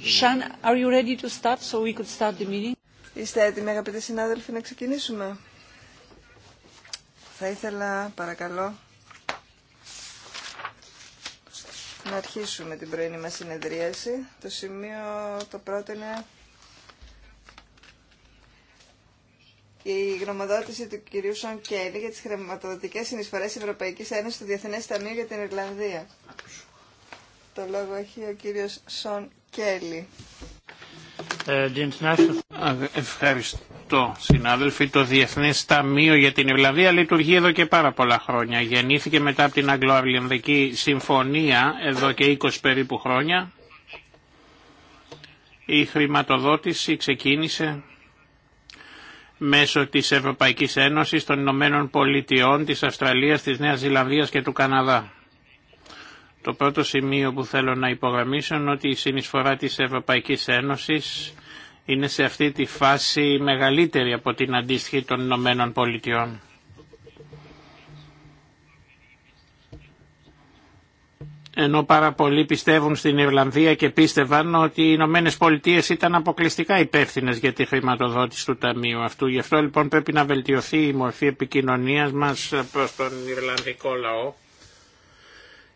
Σαν, are you ready to start so we could start the meeting? Είστε έτοιμοι αγαπητοί συνάδελφοι να ξεκινήσουμε. Θα ήθελα παρακαλώ να αρχίσουμε την πρωινή μας συνεδρίαση. Το σημείο το πρώτο είναι η γνωμοδότηση του κυρίου Σον Κέλλη για τις χρηματοδοτικές συνεισφορές Ευρωπαϊκής Ένωσης του Διεθνές Ταμείου για την Ιρλανδία. Το λόγο έχει ο κύριος Σον ε, ευχαριστώ συνάδελφοι. Το διεθνέ Ταμείο για την Ευλαβία λειτουργεί εδώ και πάρα πολλά χρόνια. Γεννήθηκε μετά από την Αγγλοαβλιανδική Συμφωνία εδώ και 20 περίπου χρόνια. Η χρηματοδότηση ξεκίνησε μέσω της Ευρωπαϊκής Ένωσης των Ηνωμένων Πολιτειών, της Αυστραλίας, της Νέας Ζηλανδίας και του Καναδά. Το πρώτο σημείο που θέλω να υπογραμμίσω είναι ότι η συνεισφορά της Ευρωπαϊκής Ένωσης είναι σε αυτή τη φάση μεγαλύτερη από την αντίστοιχη των Ηνωμένων Πολιτειών. Ενώ πάρα πολλοί πιστεύουν στην Ιρλανδία και πίστευαν ότι οι Ηνωμένε Πολιτείε ήταν αποκλειστικά υπεύθυνε για τη χρηματοδότηση του Ταμείου αυτού. Γι' αυτό λοιπόν πρέπει να βελτιωθεί η μορφή επικοινωνία μα προ τον Ιρλανδικό λαό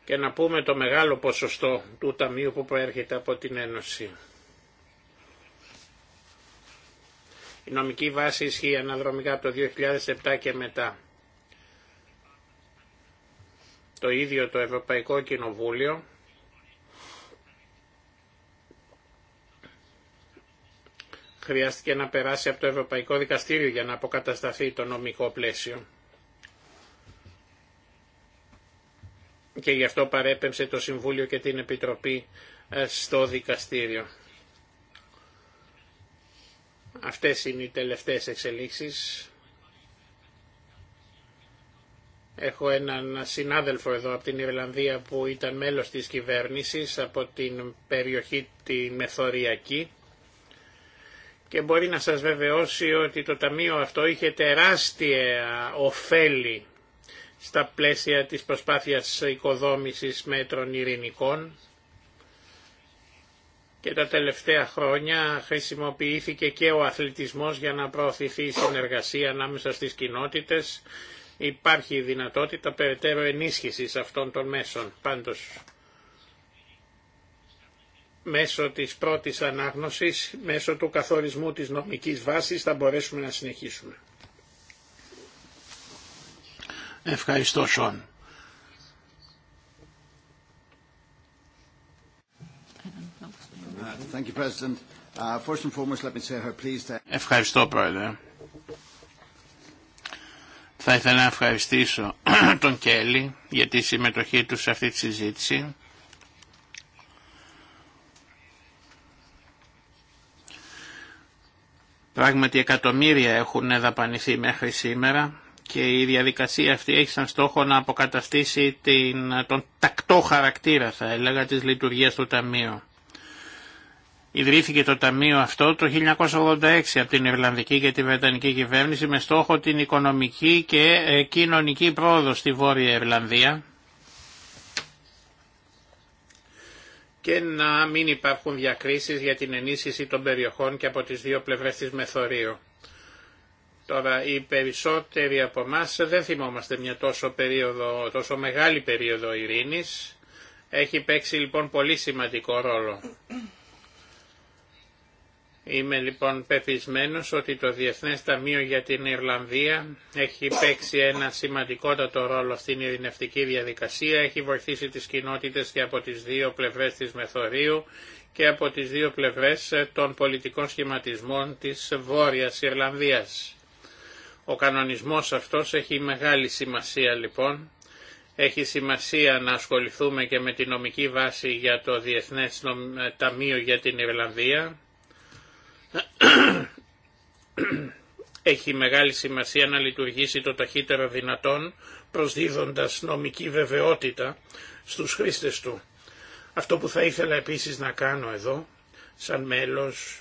και να πούμε το μεγάλο ποσοστό του ταμείου που προέρχεται από την Ένωση. Η νομική βάση ισχύει αναδρομικά από το 2007 και μετά. Το ίδιο το Ευρωπαϊκό Κοινοβούλιο χρειάστηκε να περάσει από το Ευρωπαϊκό Δικαστήριο για να αποκατασταθεί το νομικό πλαίσιο. και γι' αυτό παρέπεμψε το Συμβούλιο και την Επιτροπή ε, στο δικαστήριο. Αυτές είναι οι τελευταίες εξελίξεις. Έχω έναν συνάδελφο εδώ από την Ιρλανδία που ήταν μέλος της κυβέρνησης από την περιοχή τη Μεθοριακή και μπορεί να σας βεβαιώσει ότι το ταμείο αυτό είχε τεράστια ωφέλη στα πλαίσια της προσπάθειας οικοδόμησης μέτρων ειρηνικών και τα τελευταία χρόνια χρησιμοποιήθηκε και ο αθλητισμός για να προωθηθεί η συνεργασία ανάμεσα στις κοινότητες. Υπάρχει η δυνατότητα περαιτέρω ενίσχυσης αυτών των μέσων. Πάντως, μέσω της πρώτης ανάγνωσης, μέσω του καθορισμού της νομικής βάσης θα μπορέσουμε να συνεχίσουμε. Ευχαριστώ Σον. Ευχαριστώ Πρόεδρε. Θα ήθελα να ευχαριστήσω τον Κέλλη για τη συμμετοχή του σε αυτή τη συζήτηση. Πράγματι εκατομμύρια έχουν δαπανηθεί μέχρι σήμερα και η διαδικασία αυτή έχει σαν στόχο να αποκαταστήσει την, τον τακτό χαρακτήρα θα έλεγα της λειτουργίας του Ταμείου. Ιδρύθηκε το Ταμείο αυτό το 1986 από την Ιρλανδική και τη Βρετανική κυβέρνηση με στόχο την οικονομική και ε, κοινωνική πρόοδο στη Βόρεια Ιρλανδία και να μην υπάρχουν διακρίσεις για την ενίσχυση των περιοχών και από τις δύο πλευρές της Μεθορίου. Τώρα οι περισσότεροι από εμά δεν θυμόμαστε μια τόσο, περίοδο, τόσο μεγάλη περίοδο ειρήνης. Έχει παίξει λοιπόν πολύ σημαντικό ρόλο. Είμαι λοιπόν πεπισμένος ότι το Διεθνές Ταμείο για την Ιρλανδία έχει παίξει ένα σημαντικότατο ρόλο στην ειρηνευτική διαδικασία, έχει βοηθήσει τις κοινότητες και από τις δύο πλευρές της Μεθορίου και από τις δύο πλευρές των πολιτικών σχηματισμών της Βόρειας Ιρλανδίας. Ο κανονισμός αυτός έχει μεγάλη σημασία λοιπόν. Έχει σημασία να ασχοληθούμε και με τη νομική βάση για το Διεθνές Ταμείο για την Ιρλανδία. Έχει μεγάλη σημασία να λειτουργήσει το ταχύτερο δυνατόν, προσδίδοντας νομική βεβαιότητα στους χρήστες του. Αυτό που θα ήθελα επίσης να κάνω εδώ, σαν μέλος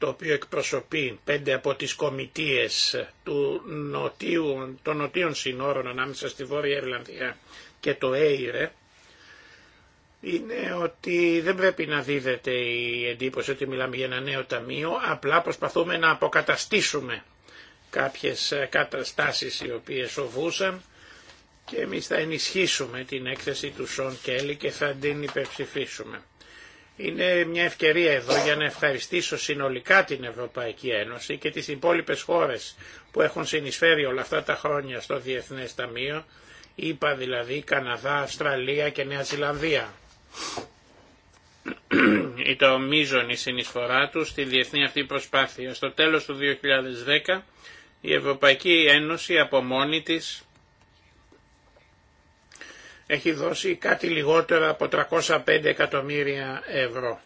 το οποίο εκπροσωπεί πέντε από τις κομιτείες του νοτίου, των νοτίων συνόρων ανάμεσα στη Βόρεια Ιρλανδία και το ΕΙΡΕ, είναι ότι δεν πρέπει να δίδεται η εντύπωση ότι μιλάμε για ένα νέο ταμείο, απλά προσπαθούμε να αποκαταστήσουμε κάποιες καταστάσεις οι οποίες οβούσαν και εμείς θα ενισχύσουμε την έκθεση του Σον Κέλλη και θα την υπερψηφίσουμε. Είναι μια ευκαιρία εδώ για να ευχαριστήσω συνολικά την Ευρωπαϊκή Ένωση και τις υπόλοιπες χώρες που έχουν συνεισφέρει όλα αυτά τα χρόνια στο Διεθνές Ταμείο, είπα δηλαδή Καναδά, Αυστραλία και Νέα Ζηλανδία. Η το η συνεισφορά του στη διεθνή αυτή προσπάθεια. Στο τέλος του 2010 η Ευρωπαϊκή Ένωση από μόνη της έχει δώσει κάτι λιγότερο από 305 εκατομμύρια ευρώ.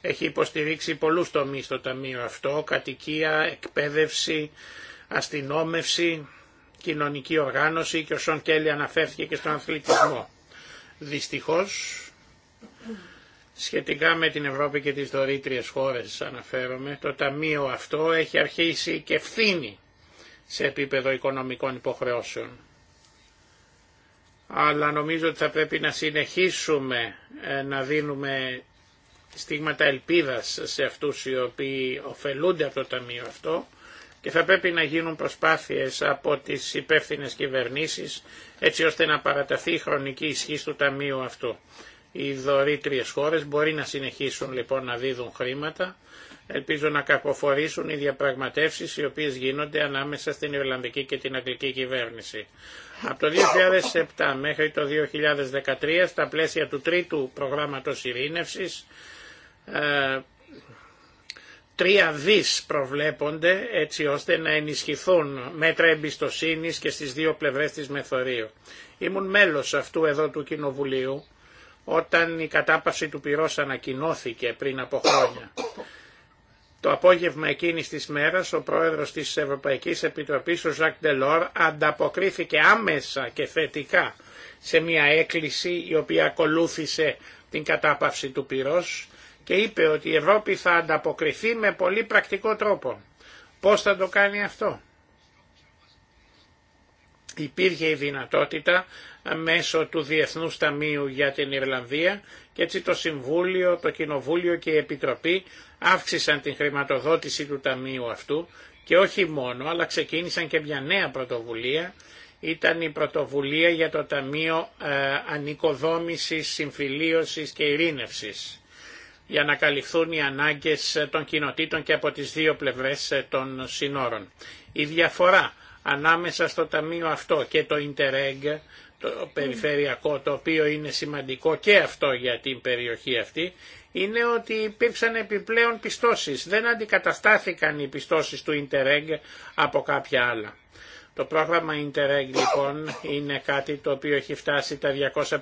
Έχει υποστηρίξει πολλούς τομείς το Ταμείο αυτό, κατοικία, εκπαίδευση, αστυνόμευση, κοινωνική οργάνωση και ο Σον Κέλλη αναφέρθηκε και στον αθλητισμό. Δυστυχώς, σχετικά με την Ευρώπη και τις δωρήτριες χώρες αναφέρομαι, το Ταμείο αυτό έχει αρχίσει και φθήνει σε επίπεδο οικονομικών υποχρεώσεων αλλά νομίζω ότι θα πρέπει να συνεχίσουμε ε, να δίνουμε στίγματα ελπίδας σε αυτούς οι οποίοι ωφελούνται από το Ταμείο αυτό και θα πρέπει να γίνουν προσπάθειες από τις υπεύθυνε κυβερνήσεις έτσι ώστε να παραταθεί η χρονική ισχύ του Ταμείου αυτού. Οι δωρήτριες χώρες μπορεί να συνεχίσουν λοιπόν να δίδουν χρήματα. Ελπίζω να κακοφορήσουν οι διαπραγματεύσεις οι οποίες γίνονται ανάμεσα στην Ιρλανδική και την Αγγλική κυβέρνηση. Από το 2007 μέχρι το 2013 στα πλαίσια του τρίτου προγράμματος ειρήνευσης ε, τρία δις προβλέπονται έτσι ώστε να ενισχυθούν μέτρα εμπιστοσύνης και στις δύο πλευρές της Μεθορίου. Ήμουν μέλος αυτού εδώ του Κοινοβουλίου όταν η κατάπαυση του πυρός ανακοινώθηκε πριν από χρόνια. Το απόγευμα εκείνης της μέρας ο πρόεδρος της Ευρωπαϊκής Επιτροπής, ο Ζακ Ντελόρ, ανταποκρίθηκε άμεσα και θετικά σε μια έκκληση η οποία ακολούθησε την κατάπαυση του πυρός και είπε ότι η Ευρώπη θα ανταποκριθεί με πολύ πρακτικό τρόπο. Πώς θα το κάνει αυτό. Υπήρχε η δυνατότητα μέσω του Διεθνούς Ταμείου για την Ιρλανδία έτσι το Συμβούλιο, το Κοινοβούλιο και η Επιτροπή αύξησαν την χρηματοδότηση του Ταμείου αυτού και όχι μόνο, αλλά ξεκίνησαν και μια νέα πρωτοβουλία. Ήταν η πρωτοβουλία για το Ταμείο ε, Ανοικοδόμησης, Συμφιλίωσης και Ειρήνευσης για να καλυφθούν οι ανάγκες των κοινοτήτων και από τις δύο πλευρές των συνόρων. Η διαφορά ανάμεσα στο Ταμείο αυτό και το Interreg το περιφερειακό το οποίο είναι σημαντικό και αυτό για την περιοχή αυτή είναι ότι υπήρξαν επιπλέον πιστώσεις. Δεν αντικαταστάθηκαν οι πιστώσεις του Interreg από κάποια άλλα. Το πρόγραμμα Interreg λοιπόν είναι κάτι το οποίο έχει φτάσει τα 256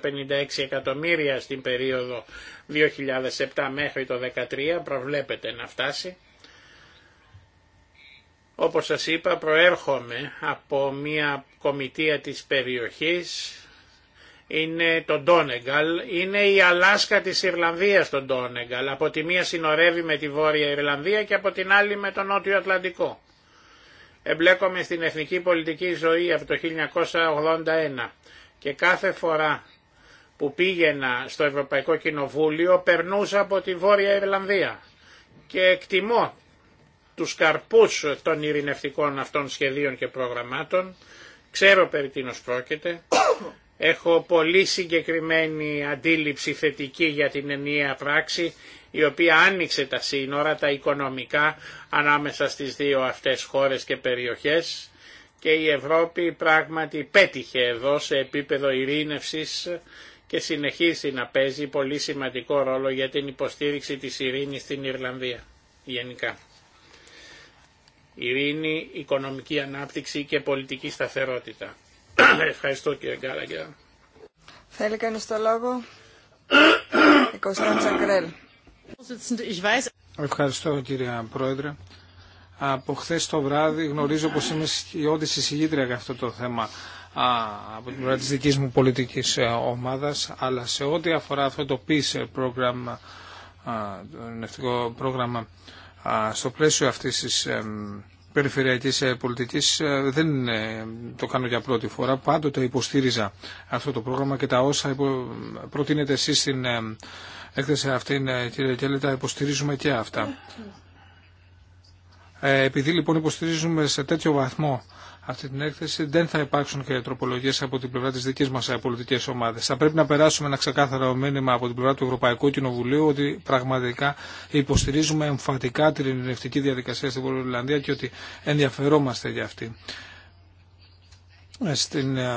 εκατομμύρια στην περίοδο 2007 μέχρι το 2013, προβλέπεται να φτάσει. Όπως σας είπα προέρχομαι από μια κομιτεία της περιοχής, είναι το Ντόνεγκαλ, είναι η Αλάσκα της Ιρλανδίας το Ντόνεγκαλ, από τη μία συνορεύει με τη Βόρεια Ιρλανδία και από την άλλη με τον Νότιο Ατλαντικό. Εμπλέκομαι στην εθνική πολιτική ζωή από το 1981 και κάθε φορά που πήγαινα στο Ευρωπαϊκό Κοινοβούλιο περνούσα από τη Βόρεια Ιρλανδία και εκτιμώ τους καρπούς των ειρηνευτικών αυτών σχεδίων και προγραμμάτων. Ξέρω περί τίνος πρόκειται. Έχω πολύ συγκεκριμένη αντίληψη θετική για την ενιαία πράξη η οποία άνοιξε τα σύνορα, τα οικονομικά ανάμεσα στις δύο αυτές χώρες και περιοχές και η Ευρώπη πράγματι πέτυχε εδώ σε επίπεδο ειρήνευσης και συνεχίζει να παίζει πολύ σημαντικό ρόλο για την υποστήριξη της ειρήνης στην Ιρλανδία γενικά ειρήνη, οικονομική ανάπτυξη και πολιτική σταθερότητα. Ευχαριστώ κύριε Γκάλαγκερ. Θέλει κανείς το λόγο. Ευχαριστώ κύριε Πρόεδρε. Από χθε το βράδυ γνωρίζω πως είμαι η όντης για αυτό το θέμα από την πλευρά της μου πολιτικής ε, ομάδας, αλλά σε ό,τι αφορά αυτό το peace ε, program, το νευτικό πρόγραμμα στο πλαίσιο αυτής της περιφερειακής ε, πολιτικής ε, δεν ε, το κάνω για πρώτη φορά. Πάντοτε υποστήριζα αυτό το πρόγραμμα και τα όσα προτείνετε εσείς στην έκθεση αυτή, κύριε Κέλλη, τα υποστηρίζουμε και αυτά. Επειδή λοιπόν υποστηρίζουμε σε τέτοιο βαθμό αυτή την έκθεση δεν θα υπάρξουν και τροπολογίε από την πλευρά τη δική μα ε, πολιτική ομάδα. Θα πρέπει να περάσουμε ένα ξεκάθαρο μήνυμα από την πλευρά του Ευρωπαϊκού Κοινοβουλίου ότι πραγματικά υποστηρίζουμε εμφαντικά την ειρηνευτική διαδικασία στην Βορειοελλανδία και ότι ενδιαφερόμαστε για αυτή. Ε, στην ε,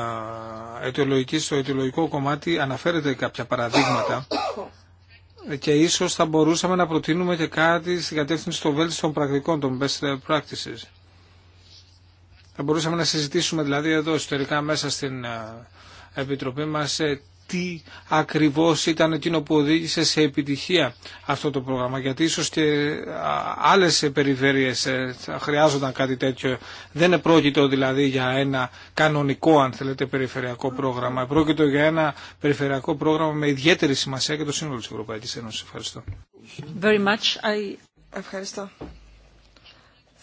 αιτιολογική, στο αιτιολογικό κομμάτι αναφέρεται κάποια παραδείγματα και ίσως θα μπορούσαμε να προτείνουμε και κάτι στην κατεύθυνση των βέλτιστων πρακτικών, των best practices. Θα μπορούσαμε να συζητήσουμε δηλαδή εδώ εσωτερικά μέσα στην ε, Επιτροπή μας ε, τι ακριβώς ήταν εκείνο που οδήγησε σε επιτυχία αυτό το πρόγραμμα. Γιατί ίσως και άλλες περιφέρειες ε, χρειάζονταν κάτι τέτοιο. Δεν επρόκειτο δηλαδή για ένα κανονικό αν θέλετε περιφερειακό πρόγραμμα. Επρόκειτο για ένα περιφερειακό πρόγραμμα με ιδιαίτερη σημασία και το σύνολο της Ευρωπαϊκής Ένωσης. Ευχαριστώ. Ευχαριστώ.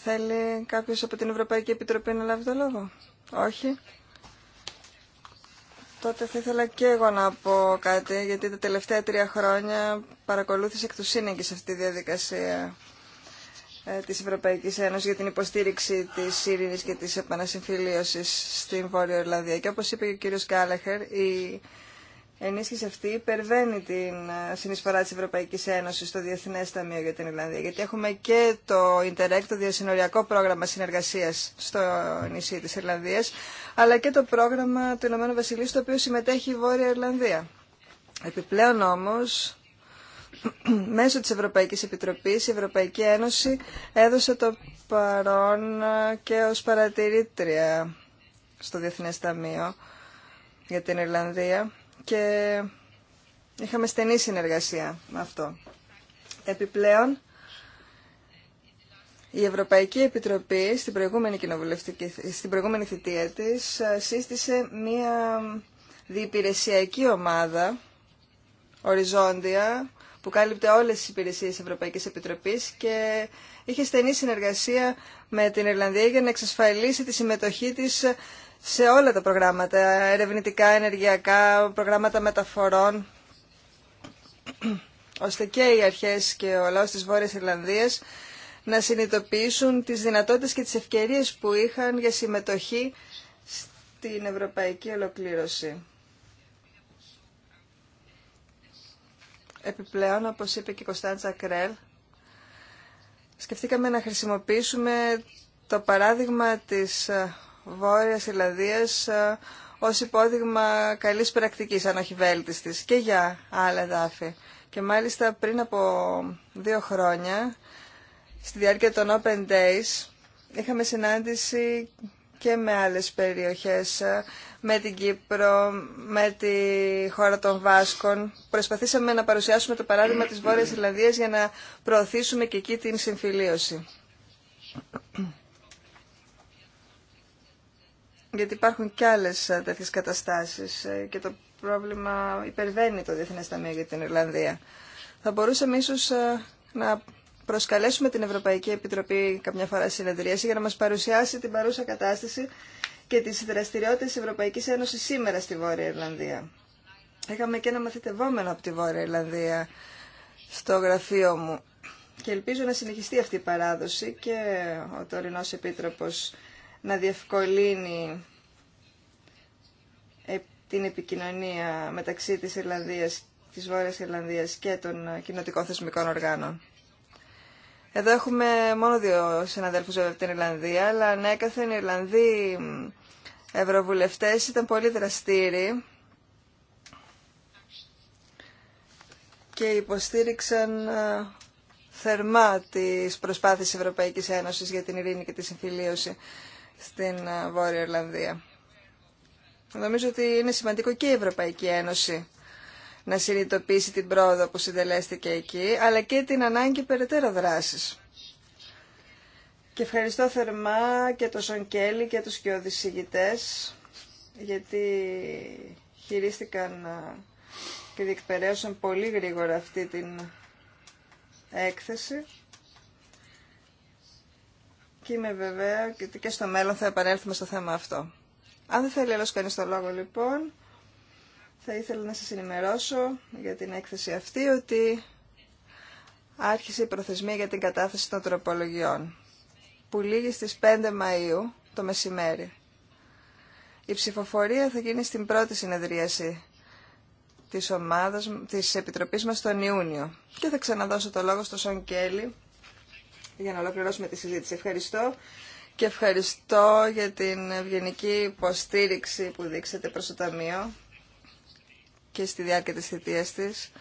Θέλει κάποιος από την Ευρωπαϊκή Επιτροπή να λάβει το λόγο. Όχι. Τότε θα ήθελα και εγώ να πω κάτι, γιατί τα τελευταία τρία χρόνια παρακολούθησε εκ του αυτή τη διαδικασία ε, της Ευρωπαϊκής Ένωσης για την υποστήριξη της ειρήνης και της επανασυμφιλίωσης στην Βόρεια Ορλανδία. Και όπως είπε και ο κύριος Κάλεχερ, η ενίσχυση αυτή υπερβαίνει την ε, συνεισφορά της Ευρωπαϊκής Ένωσης στο Διεθνές Ταμείο για την Ιρλανδία. Γιατί έχουμε και το Ιντερεκ, το διασυνοριακό πρόγραμμα συνεργασίας στο νησί της Ιρλανδίας, αλλά και το πρόγραμμα του Ηνωμένου Βασιλείου, στο οποίο συμμετέχει η Βόρεια Ιρλανδία. Επιπλέον όμως, μέσω της Ευρωπαϊκής Επιτροπής, η Ευρωπαϊκή Ένωση έδωσε το παρόν ε, και ως παρατηρήτρια στο Διεθνές Ταμείο για την Ιρλανδία και είχαμε στενή συνεργασία με αυτό. Επιπλέον, η Ευρωπαϊκή Επιτροπή στην προηγούμενη, κοινοβουλευτική, στην προηγούμενη θητεία της ε, σύστησε μία διυπηρεσιακή ομάδα οριζόντια που κάλυπτε όλες τις υπηρεσίες της Ευρωπαϊκής Επιτροπής και είχε στενή συνεργασία με την Ιρλανδία για να εξασφαλίσει τη συμμετοχή της σε όλα τα προγράμματα, ερευνητικά, ενεργειακά, προγράμματα μεταφορών, ώστε και οι αρχές και ο λαός της Βόρειας Ιρλανδίας να συνειδητοποιήσουν τις δυνατότητες και τις ευκαιρίες που είχαν για συμμετοχή στην ευρωπαϊκή ολοκλήρωση. Επιπλέον, όπως είπε και η Κωνσταντζα Κρέλ, σκεφτήκαμε να χρησιμοποιήσουμε το παράδειγμα της ε, Βόρεια Ιλλανδίας ε, ω υπόδειγμα καλής πρακτικής, αν όχι και για άλλα εδάφη. Και μάλιστα πριν από δύο χρόνια, στη διάρκεια των Open Days, είχαμε συνάντηση και με άλλες περιοχές, ε, με την Κύπρο, με τη χώρα των Βάσκων. Προσπαθήσαμε να παρουσιάσουμε το παράδειγμα της Βόρειας Ιλλανδίας για να προωθήσουμε και εκεί την συμφιλίωση γιατί υπάρχουν και άλλες ε, τέτοιες καταστάσεις ε, και το πρόβλημα υπερβαίνει το Διεθνές Ταμείο για την Ιρλανδία. Θα μπορούσαμε ίσως ε, να προσκαλέσουμε την Ευρωπαϊκή Επιτροπή καμιά φορά συνεδρίαση για να μας παρουσιάσει την παρούσα κατάσταση και τις δραστηριότητες της Ευρωπαϊκής Ένωσης σήμερα στη Βόρεια Ιρλανδία. Είχαμε και ένα μαθητευόμενο από τη Βόρεια Ιρλανδία στο γραφείο μου και ελπίζω να συνεχιστεί αυτή η παράδοση και ο τωρινό Επίτροπος να διευκολύνει ε, την επικοινωνία μεταξύ της Ιρλανδίας, της Βόρειας Ιρλανδίας και των κοινοτικών θεσμικών οργάνων. Εδώ έχουμε μόνο δύο συναδέλφους από την Ιρλανδία, αλλά ανέκαθεν ναι, οι Ιρλανδοί ευρωβουλευτές ήταν πολύ δραστήριοι και υποστήριξαν ε, θερμά τις προσπάθειες Ευρωπαϊκής Ένωσης για την ειρήνη και τη συμφιλίωση στην ε, Βόρεια Ιρλανδία. Νομίζω ότι είναι σημαντικό και η Ευρωπαϊκή Ένωση να συνειδητοποιήσει την πρόοδο που συντελέστηκε εκεί, αλλά και την ανάγκη περαιτέρω δράσης. Και ευχαριστώ θερμά και το Σον και τους και γιατί χειρίστηκαν ε, και διεκπαιρέωσαν πολύ γρήγορα αυτή την έκθεση και είμαι βεβαία και στο μέλλον θα επανέλθουμε στο θέμα αυτό. Αν δεν θέλει άλλος κανείς το λόγο λοιπόν, θα ήθελα να σας ενημερώσω για την έκθεση αυτή ότι άρχισε η προθεσμία για την κατάθεση των τροπολογιών που λήγει στις 5 Μαΐου το μεσημέρι. Η ψηφοφορία θα γίνει στην πρώτη συνεδρίαση της, ομάδας, της Επιτροπής μας τον Ιούνιο και θα ξαναδώσω το λόγο στο Σον Κέλλη για να ολοκληρώσουμε τη συζήτηση. Ευχαριστώ και ευχαριστώ για την ευγενική υποστήριξη που δείξατε προς το Ταμείο και στη διάρκεια της θητείας, της,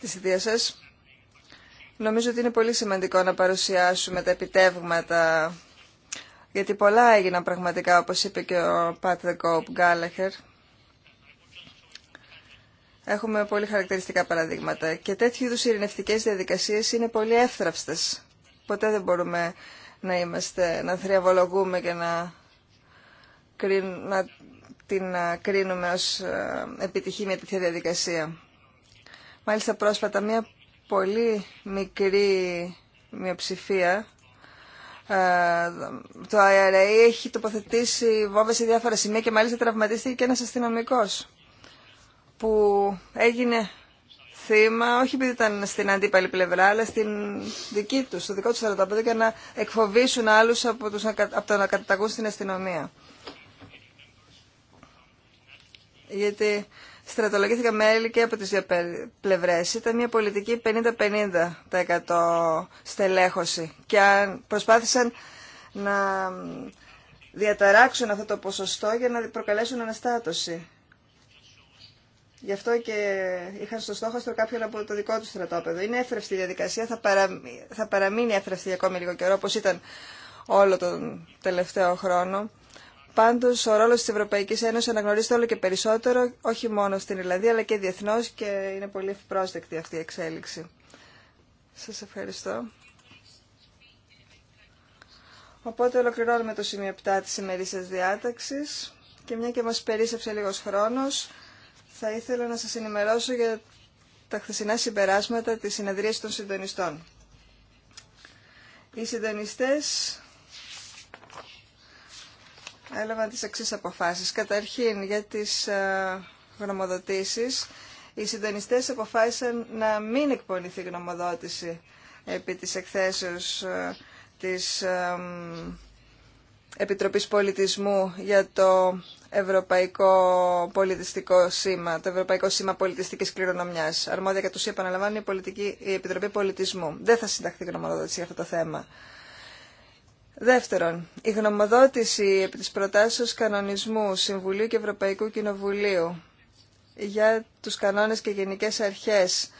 της θητείας σας. Νομίζω ότι είναι πολύ σημαντικό να παρουσιάσουμε τα επιτεύγματα, γιατί πολλά έγιναν πραγματικά, όπως είπε και ο Πάτρε the Γκάλεχερ. Έχουμε πολύ χαρακτηριστικά παραδείγματα και τέτοιου είδους ειρηνευτικές διαδικασίες είναι πολύ εύθραυστες ποτέ δεν μπορούμε να είμαστε, να θριαβολογούμε και να, να την κρίνουμε ως επιτυχή μια τέτοια διαδικασία. Μάλιστα πρόσφατα μια πολύ μικρή μειοψηφία το IRA έχει τοποθετήσει βόμβες σε διάφορα σημεία και μάλιστα τραυματίστηκε και ένας αστυνομικός που έγινε θύμα, όχι επειδή ήταν στην αντίπαλη πλευρά, αλλά στην δική του, στο δικό του στρατόπεδο και να εκφοβήσουν άλλου από, τους, από το να καταταγούν στην αστυνομία. Γιατί στρατολογήθηκαν μέλη και από τις δύο πλευρές. Ήταν μια πολιτική 50-50% στελέχωση και αν προσπάθησαν να διαταράξουν αυτό το ποσοστό για να προκαλέσουν αναστάτωση. Γι' αυτό και είχαν στο στόχο στο κάποιον από το δικό του στρατόπεδο. Είναι έφρευστη η διαδικασία, θα, παραμείνει, θα παραμείνει έφρευστη ακόμη λίγο καιρό, όπω ήταν όλο τον τελευταίο χρόνο. Πάντω ο ρόλο τη Ευρωπαϊκή Ένωση αναγνωρίζεται όλο και περισσότερο, όχι μόνο στην Ελλάδα, αλλά και διεθνώ και είναι πολύ ευπρόσδεκτη αυτή η εξέλιξη. Σα ευχαριστώ. Οπότε ολοκληρώνουμε το σημείο 7 τη ημερήσιας διάταξη και μια και μα περίσεψε λίγο χρόνο. Θα ήθελα να σας ενημερώσω για τα χθεσινά συμπεράσματα της συνεδρίας των συντονιστών. Οι συντονιστές έλαβαν τις εξής αποφάσεις. Καταρχήν, για τις ε, γνωμοδοτήσεις, οι συντονιστές αποφάσισαν να μην εκπονηθεί γνωμοδότηση επί της εκθέσεως ε, της ε, Επιτροπής Πολιτισμού για το Ευρωπαϊκό Πολιτιστικό Σήμα, το Ευρωπαϊκό Σήμα πολιτιστικής κληρονομιάς, Αρμόδια κατ' ουσία, επαναλαμβάνει η, πολιτική, η Επιτροπή Πολιτισμού. Δεν θα συνταχθεί γνωμοδότηση για αυτό το θέμα. Δεύτερον, η γνωμοδότηση επί της προτάσεως κανονισμού Συμβουλίου και Ευρωπαϊκού Κοινοβουλίου για τους κανόνες και γενικές αρχές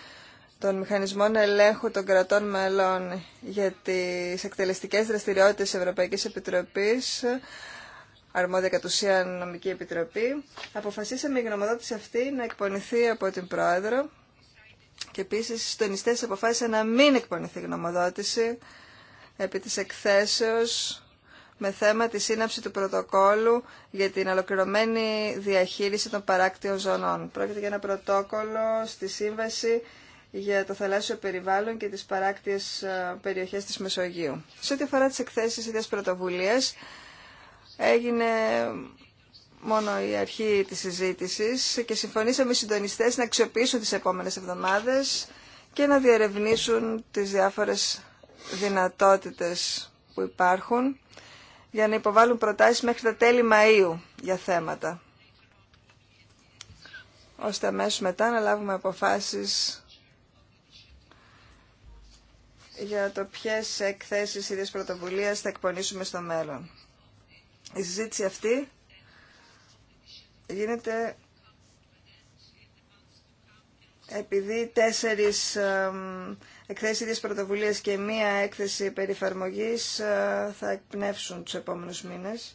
των μηχανισμών ελέγχου των κρατών μελών για τις εκτελεστικές δραστηριότητες Ευρωπαϊκής Επιτροπής, αρμόδια κατ' ουσία νομική επιτροπή, αποφασίσαμε η γνωμοδότηση αυτή να εκπονηθεί από την Πρόεδρο και επίσης οι συντονιστές αποφάσισαν να μην εκπονηθεί γνωμοδότηση επί της εκθέσεως με θέμα τη σύναψη του πρωτοκόλου για την ολοκληρωμένη διαχείριση των παράκτιων ζωνών. Πρόκειται για ένα πρωτόκολλο στη σύμβαση για το θαλάσσιο περιβάλλον και τις παράκτιες ε, περιοχές της Μεσογείου. Σε ό,τι αφορά τις εκθέσεις ίδιας πρωτοβουλίας, έγινε μόνο η αρχή της συζήτησης και συμφωνήσαμε οι συντονιστές να αξιοποιήσουν τις επόμενες εβδομάδες και να διερευνήσουν τις διάφορες δυνατότητες που υπάρχουν για να υποβάλουν προτάσεις μέχρι τα τέλη Μαΐου για θέματα ώστε αμέσως μετά να λάβουμε αποφάσεις για το ποιε εκθέσεις ίδια πρωτοβουλία θα εκπονήσουμε στο μέλλον. Η συζήτηση αυτή γίνεται επειδή τέσσερις εκθέσεις ίδιας πρωτοβουλία και μία έκθεση περιφαρμογής ε, θα εκπνεύσουν τους επόμενους μήνες.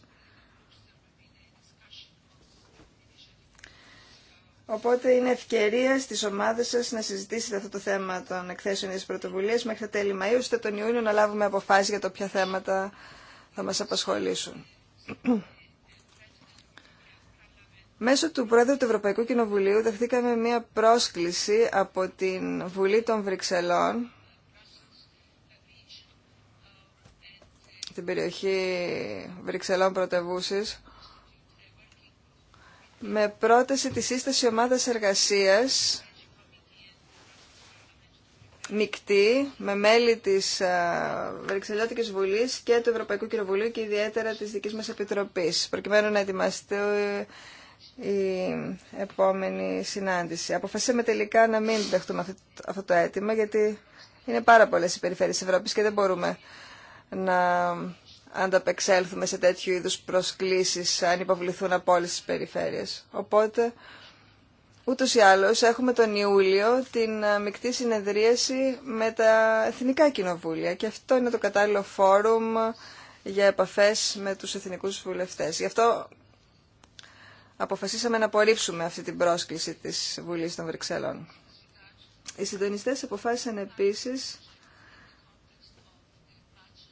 Οπότε είναι ευκαιρία στις ομάδες σας να συζητήσετε αυτό το θέμα των εκθέσεων της πρωτοβουλίας μέχρι τα τέλη Μαΐου, ώστε τον Ιούνιο να λάβουμε αποφάσεις για το ποια θέματα θα μας απασχολήσουν. Μέσω του Πρόεδρου του Ευρωπαϊκού Κοινοβουλίου δεχτήκαμε μία πρόσκληση από την Βουλή των Βρυξελών την περιοχή Βρυξελών πρωτεβούσης με πρόταση της σύσταση ομάδας εργασίας μικτή με μέλη της ε, Βρυξελιώτικης Βουλής και του Ευρωπαϊκού Κοινοβουλίου και ιδιαίτερα της δικής μας Επιτροπής, προκειμένου να ετοιμαστεί η επόμενη συνάντηση. Αποφασίσαμε τελικά να μην δεχτούμε αυτό το αίτημα, γιατί είναι πάρα πολλές οι περιφέρειες της Ευρώπης και δεν μπορούμε να ανταπεξέλθουμε σε τέτοιου είδους προσκλήσεις αν υποβληθούν από όλες τις περιφέρειες. Οπότε, ούτως ή άλλως, έχουμε τον Ιούλιο την ε, μεικτή συνεδρίαση με τα Εθνικά Κοινοβούλια και αυτό είναι το κατάλληλο φόρουμ για επαφές με τους Εθνικούς Βουλευτές. Γι' αυτό αποφασίσαμε να απορρίψουμε αυτή την πρόσκληση της Βουλής των Βρυξελών. Οι συντονιστές αποφάσισαν επίσης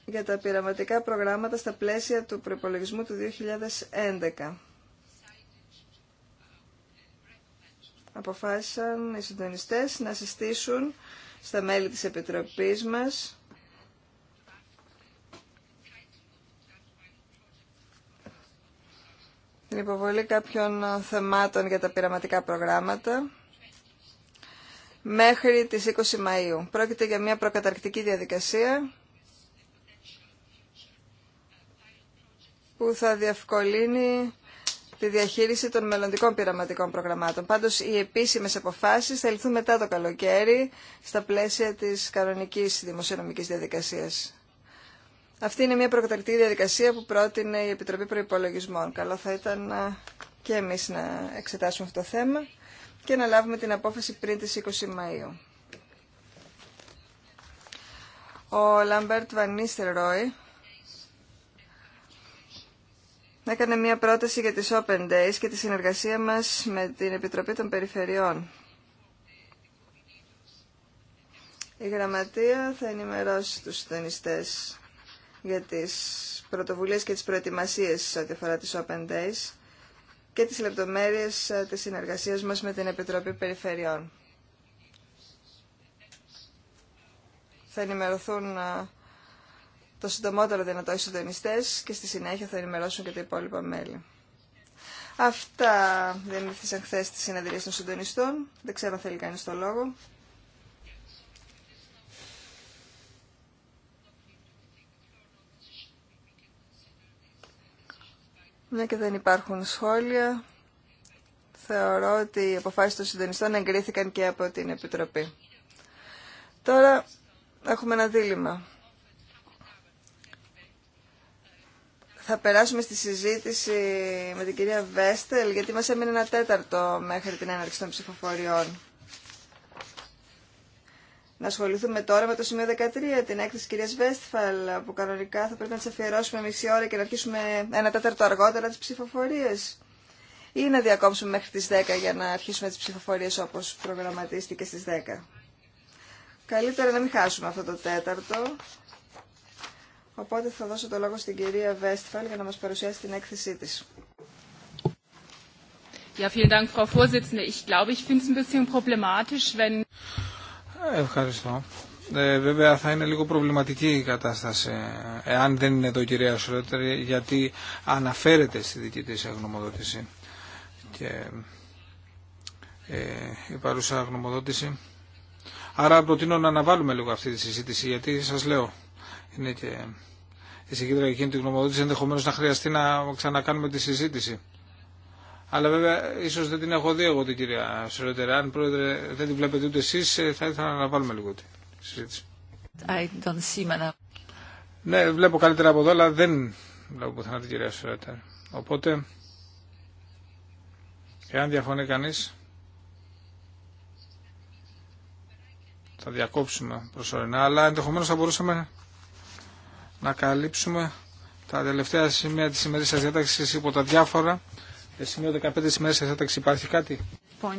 για τα πειραματικά προγράμματα στα πλαίσια του προπολογισμού του 2011. Αποφάσισαν οι συντονιστές να συστήσουν στα μέλη της Επιτροπής μας την υποβολή κάποιων θεμάτων για τα πειραματικά προγράμματα μέχρι τις 20 Μαΐου. Πρόκειται για μια προκαταρκτική διαδικασία που θα διευκολύνει τη διαχείριση των μελλοντικών πειραματικών προγραμμάτων. Πάντως, οι επίσημες αποφάσεις θα ληφθούν μετά το καλοκαίρι στα πλαίσια της κανονικής δημοσιονομικής διαδικασίας. Αυτή είναι μια προκαταρκτική διαδικασία που πρότεινε η Επιτροπή Προϋπολογισμών. Καλό θα ήταν ε, και εμείς να εξετάσουμε αυτό το θέμα και να λάβουμε την απόφαση πριν τις 20 Μαΐου. Ο Λαμπέρτ Βανίστερ Ρόι έκανε μια πρόταση για τις Open Days και τη συνεργασία μας με την Επιτροπή των Περιφερειών. Η Γραμματεία θα ενημερώσει τους συντονιστές για τις πρωτοβουλίες και τις προετοιμασίες ό,τι αφορά τις Open Days και τις λεπτομέρειες ε, της συνεργασίας μας με την Επιτροπή Περιφερειών. Θα ενημερωθούν ε, το συντομότερο δυνατό οι συντονιστές και στη συνέχεια θα ενημερώσουν και τα υπόλοιπα μέλη. Αυτά δεν ήρθαν χθε στη συνεδρία των συντονιστών. Δεν ξέρω αν θέλει κανεί το λόγο. Μια και δεν υπάρχουν σχόλια, θεωρώ ότι οι αποφάσεις των συντονιστών εγκρίθηκαν και από την Επιτροπή. Τώρα έχουμε ένα δίλημα. θα περάσουμε στη συζήτηση με την κυρία Βέστελ, γιατί μας έμεινε ένα τέταρτο μέχρι την έναρξη των ψηφοφοριών. Να ασχοληθούμε τώρα με το σημείο 13, την έκθεση κυρία Βέστφαλ, που κανονικά θα πρέπει να τη αφιερώσουμε μισή ώρα και να αρχίσουμε ένα τέταρτο αργότερα τι ψηφοφορίε. Ή να διακόψουμε μέχρι τι 10 για να αρχίσουμε τι ψηφοφορίε όπω προγραμματίστηκε στι 10. Καλύτερα να μην χάσουμε αυτό το τέταρτο Οπότε θα δώσω το λόγο στην κυρία Βέστφαλ για να μας παρουσιάσει την έκθεσή της. Ευχαριστώ. βέβαια θα είναι λίγο προβληματική η κατάσταση εάν δεν είναι εδώ η κυρία Σρότερ γιατί αναφέρεται στη δική της αγνομοδότηση και ε, η παρούσα αγνομοδότηση. Άρα προτείνω να αναβάλουμε λίγο αυτή τη συζήτηση γιατί σας λέω είναι και η συγκέντρια εκείνη τη γνωμοδότηση, ενδεχομένω να χρειαστεί να ξανακάνουμε τη συζήτηση. Αλλά βέβαια ίσω δεν την έχω δει εγώ την κυρία Σερότερα. Αν πρόεδρε δεν την βλέπετε ούτε εσεί, ε, θα ήθελα να βάλουμε λίγο τη συζήτηση. Ναι, βλέπω καλύτερα από εδώ, αλλά δεν βλέπω πουθενά την κυρία Σερότερα. Οπότε, εάν διαφωνεί κανεί, θα διακόψουμε προσωρινά. Αλλά ενδεχομένω θα μπορούσαμε να καλύψουμε τα τελευταία σημεία της σας διάταξης υπό τα διάφορα. Το ε, σημείο 15 της σας διάταξης υπάρχει κάτι. 15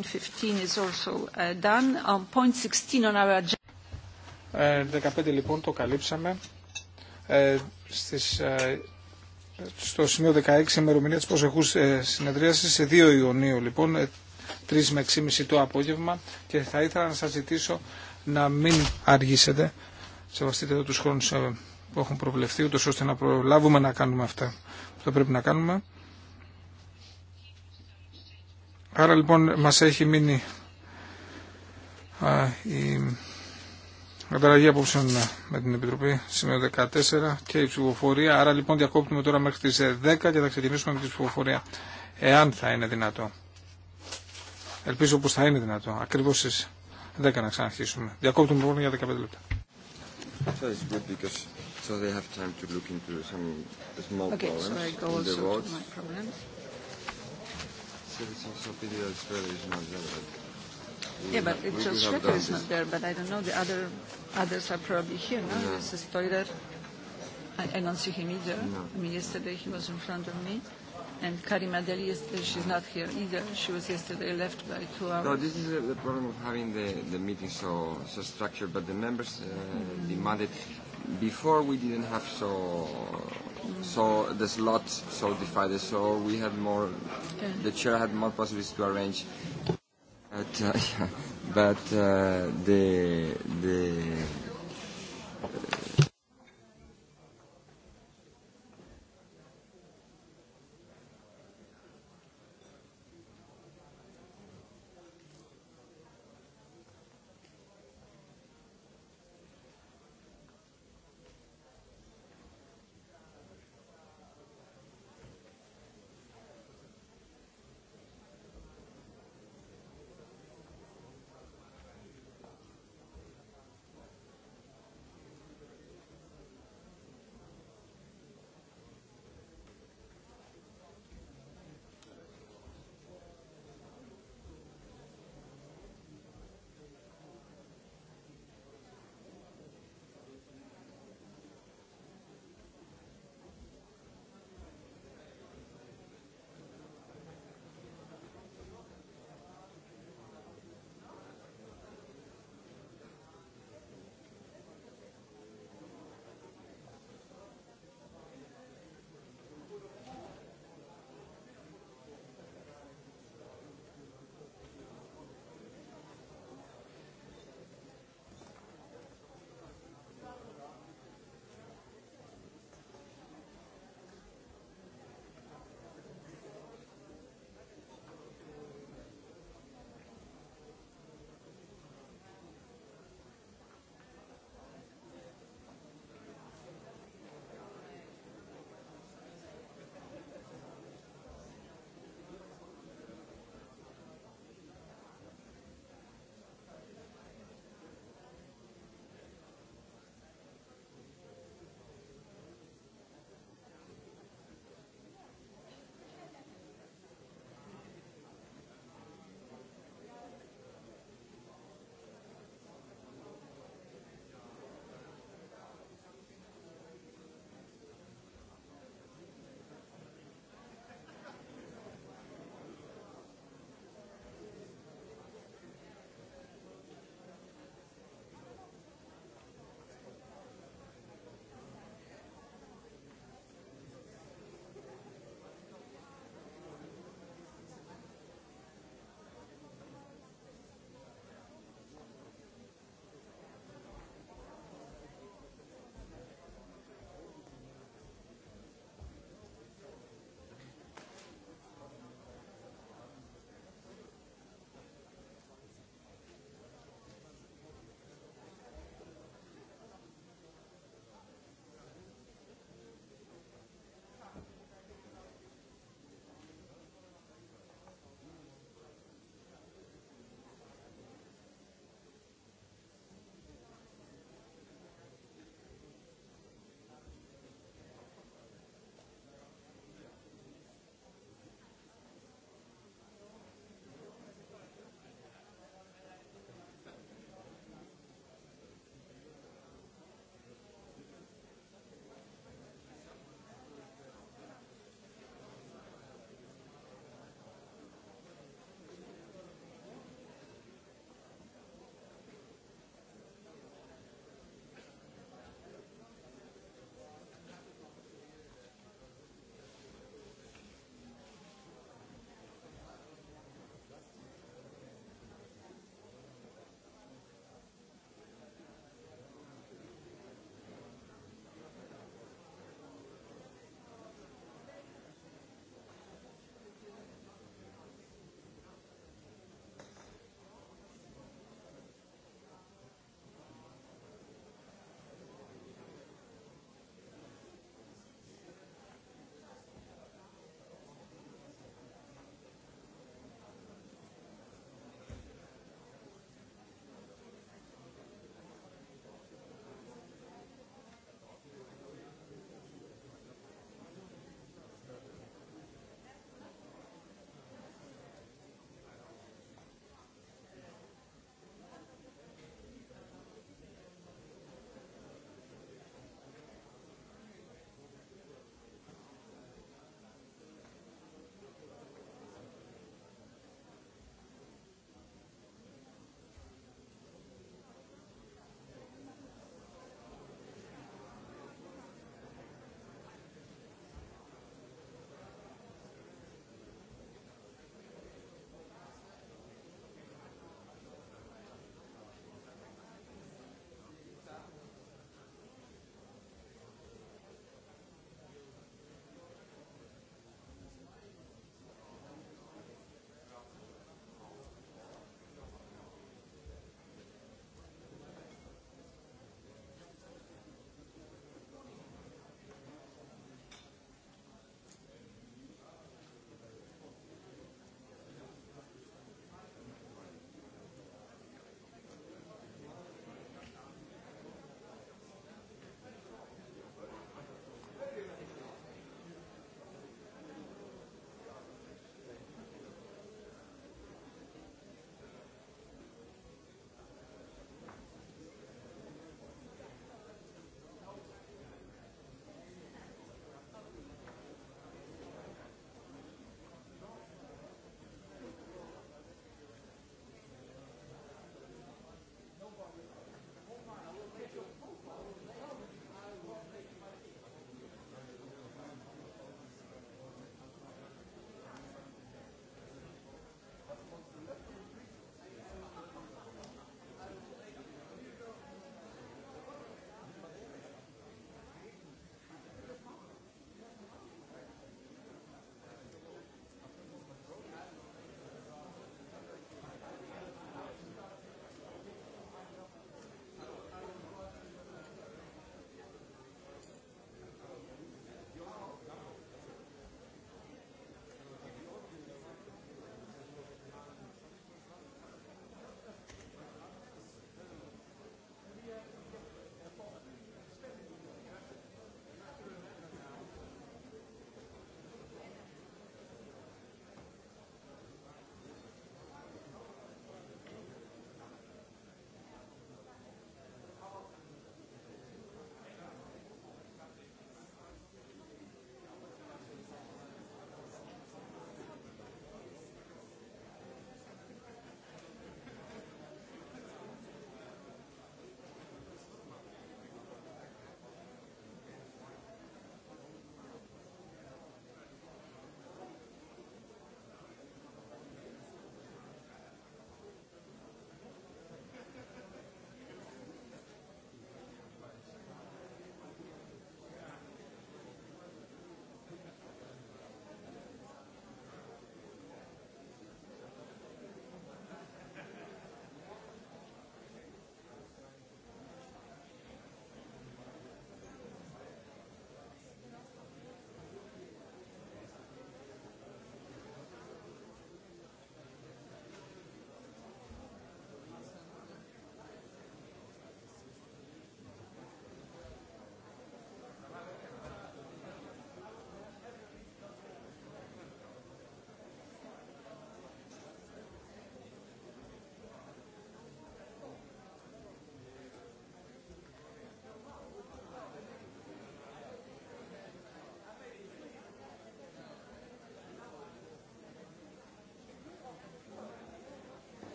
ε, um, ε, λοιπόν το καλύψαμε. Ε, στις, στο σημείο 16 ημερομηνία της προσεχούς ε, συνεδρίασης σε 2 Ιουνίου λοιπόν, ε, 3 με 6.30 το απόγευμα και θα ήθελα να σας ζητήσω να μην αργήσετε. Σεβαστείτε εδώ τους χρόνους που έχουν προβλεφθεί, ούτως ώστε να προλάβουμε να κάνουμε αυτά που θα πρέπει να κάνουμε. Άρα λοιπόν μας έχει μείνει α, η ανταλλαγή απόψεων με την Επιτροπή σημείο 14 και η ψηφοφορία. Άρα λοιπόν διακόπτουμε τώρα μέχρι τις 10 και θα ξεκινήσουμε με τη ψηφοφορία εάν θα είναι δυνατό. Ελπίζω πως θα είναι δυνατό. Ακριβώς στις 10 να ξαναρχίσουμε. Διακόπτουμε λοιπόν για 15 λεπτά. So they have time to look into some small okay, problems so I go also the roads. my problems. So it's also pity that is not there. But yeah, but it's Australia is not there, but I don't know. The other others are probably here, no? Yeah. This is Toiler. I, I don't see him either. I mean, yesterday he was in front of me and Karima Deli, she's not here either. She was yesterday left by two hours. No, this is the problem of having the, the meeting so, so structured, but the members uh, demanded. Before we didn't have so so the slots so divided, so we had more, the chair had more possibilities to arrange. But, uh, but uh, the the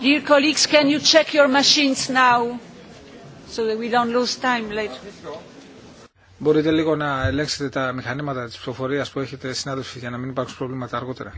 Dear colleagues, can you check your machines now, so that we don't lose time later. Μπορείτε λίγο να ελέγξετε τα μηχανήματα της ψηφοφορίας που έχετε συνάδελφοι για να μην υπάρξουν προβλήματα αργότερα.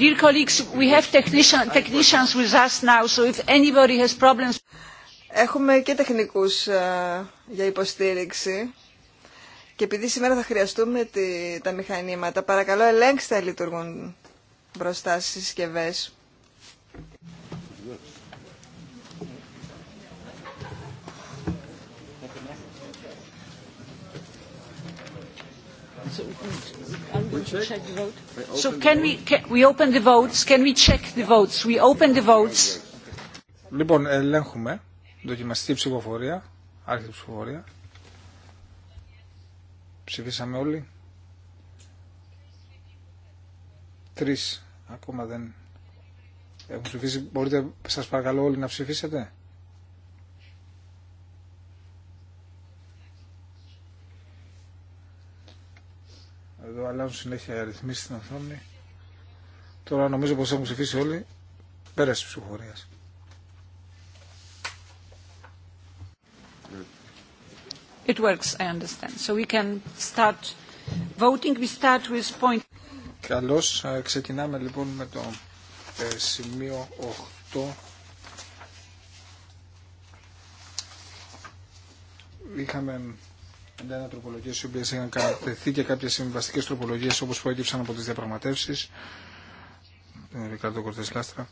Dear colleagues, we have technician, technicians with us now, so if anybody has problems... Έχουμε και τεχνικούς α, ε, για υποστήριξη και επειδή σήμερα θα χρειαστούμε τη, τα μηχανήματα, παρακαλώ ελέγξτε λειτουργούν μπροστά στις συσκευές. So, So can we, we open the votes? Can we check the votes? We open the votes. Λοιπόν, ελέγχουμε. Δοκιμαστή ψηφοφορία. η ψηφοφορία. Ψηφίσαμε όλοι. Τρεις. Ακόμα δεν έχουν ψηφίσει. Μπορείτε, σας παρακαλώ όλοι να ψηφίσετε. εδώ αλλάζουν συνέχεια οι αριθμοί στην οθόνη. Τώρα νομίζω πως έχουν ψηφίσει όλοι. Πέρασε ψηφοφορία. It works, I understand. So we can start voting. We start with point. Καλώς, ξεκινάμε λοιπόν με το ε, σημείο 8. Είχαμε ένα τροπολογίε οι οποίε είχαν κατατεθεί και κάποιε συμβαστικέ τροπολογίε όπω προέκυψαν από τι διαπραγματεύσει. Ε, Ρικάρδο Κορτέ Λάστρα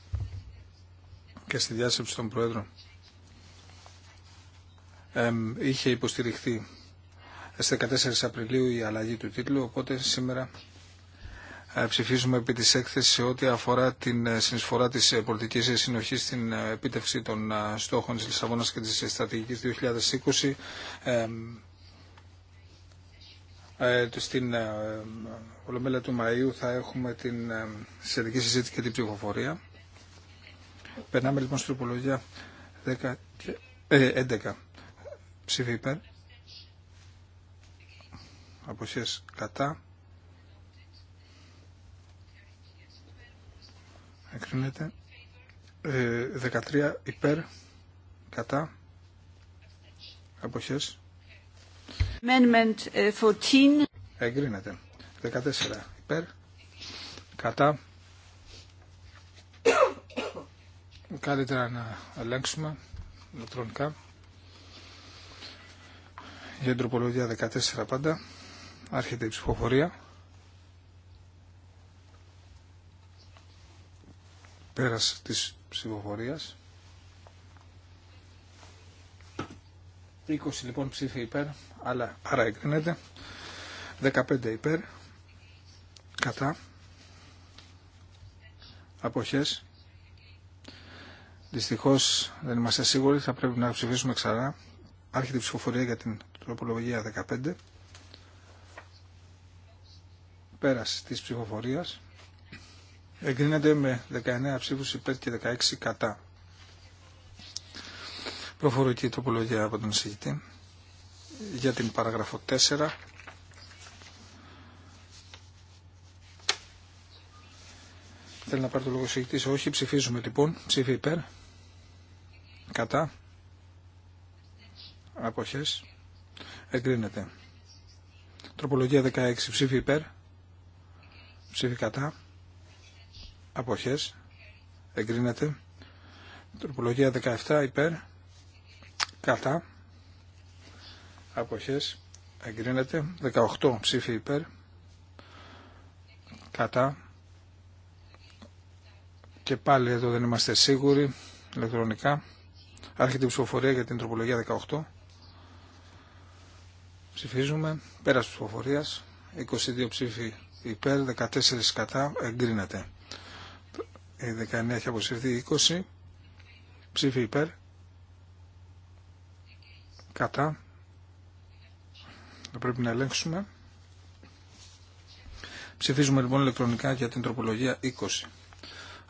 και στη διάσκεψη των Προέδρων ε, είχε υποστηριχθεί στις 14 Απριλίου η αλλαγή του τίτλου, οπότε σήμερα ε, ψηφίζουμε επί της έκθεσης σε ό,τι αφορά την ε, συνεισφορά της πολιτικής συνοχής στην επίτευξη των στόχων της Λισαβόνας και της στρατηγικής 2020 ε, στην ε, Ολομέλεια του Μαΐου θα έχουμε την ε, σχετική συζήτηση και την ψηφοφορία. Περνάμε λοιπόν στην τροπολογία 10 και, 11. Ψήφι υπέρ. Αποσίες κατά. Εκκρίνεται. 13 υπέρ. Κατά. Αποσίες. Ε, Εγκρίνεται. 14 υπέρ. Κατά. Καλύτερα να ελέγξουμε ηλεκτρονικά. Για τροπολογία 14 πάντα. Άρχεται η ψηφοφορία. Πέρας της ψηφοφορίας. 20 λοιπόν ψήφι υπέρ, αλλά άρα εγκρίνεται. 15 υπέρ, κατά, αποχές. Δυστυχώς δεν είμαστε σίγουροι, θα πρέπει να ψηφίσουμε ξανά. Άρχεται η ψηφοφορία για την τροπολογία 15. Πέραση της ψηφοφορίας. Εγκρίνεται με 19 ψήφους υπέρ και 16 κατά. Προφορική τροπολογία από τον εισηγητή για την παράγραφο 4. Θέλει να πάρει το λόγο εισηγητής. Όχι, ψηφίζουμε λοιπόν. Ψήφι υπέρ. Κατά. Αποχές. Εγκρίνεται. Τροπολογία 16. Ψήφι υπέρ. Ψήφι κατά. Αποχές. Εγκρίνεται. Τροπολογία 17 υπέρ κατά αποχές εγκρίνεται 18 ψήφι υπέρ κατά και πάλι εδώ δεν είμαστε σίγουροι ηλεκτρονικά άρχεται η ψηφοφορία για την τροπολογία 18 ψηφίζουμε πέρας ψηφοφορίας 22 ψήφοι υπέρ 14 κατά εγκρίνεται η 19 έχει αποσυρθεί 20 ψήφι υπέρ Κατά. Θα πρέπει να ελέγξουμε. Ψηφίζουμε λοιπόν ηλεκτρονικά για την τροπολογία 20.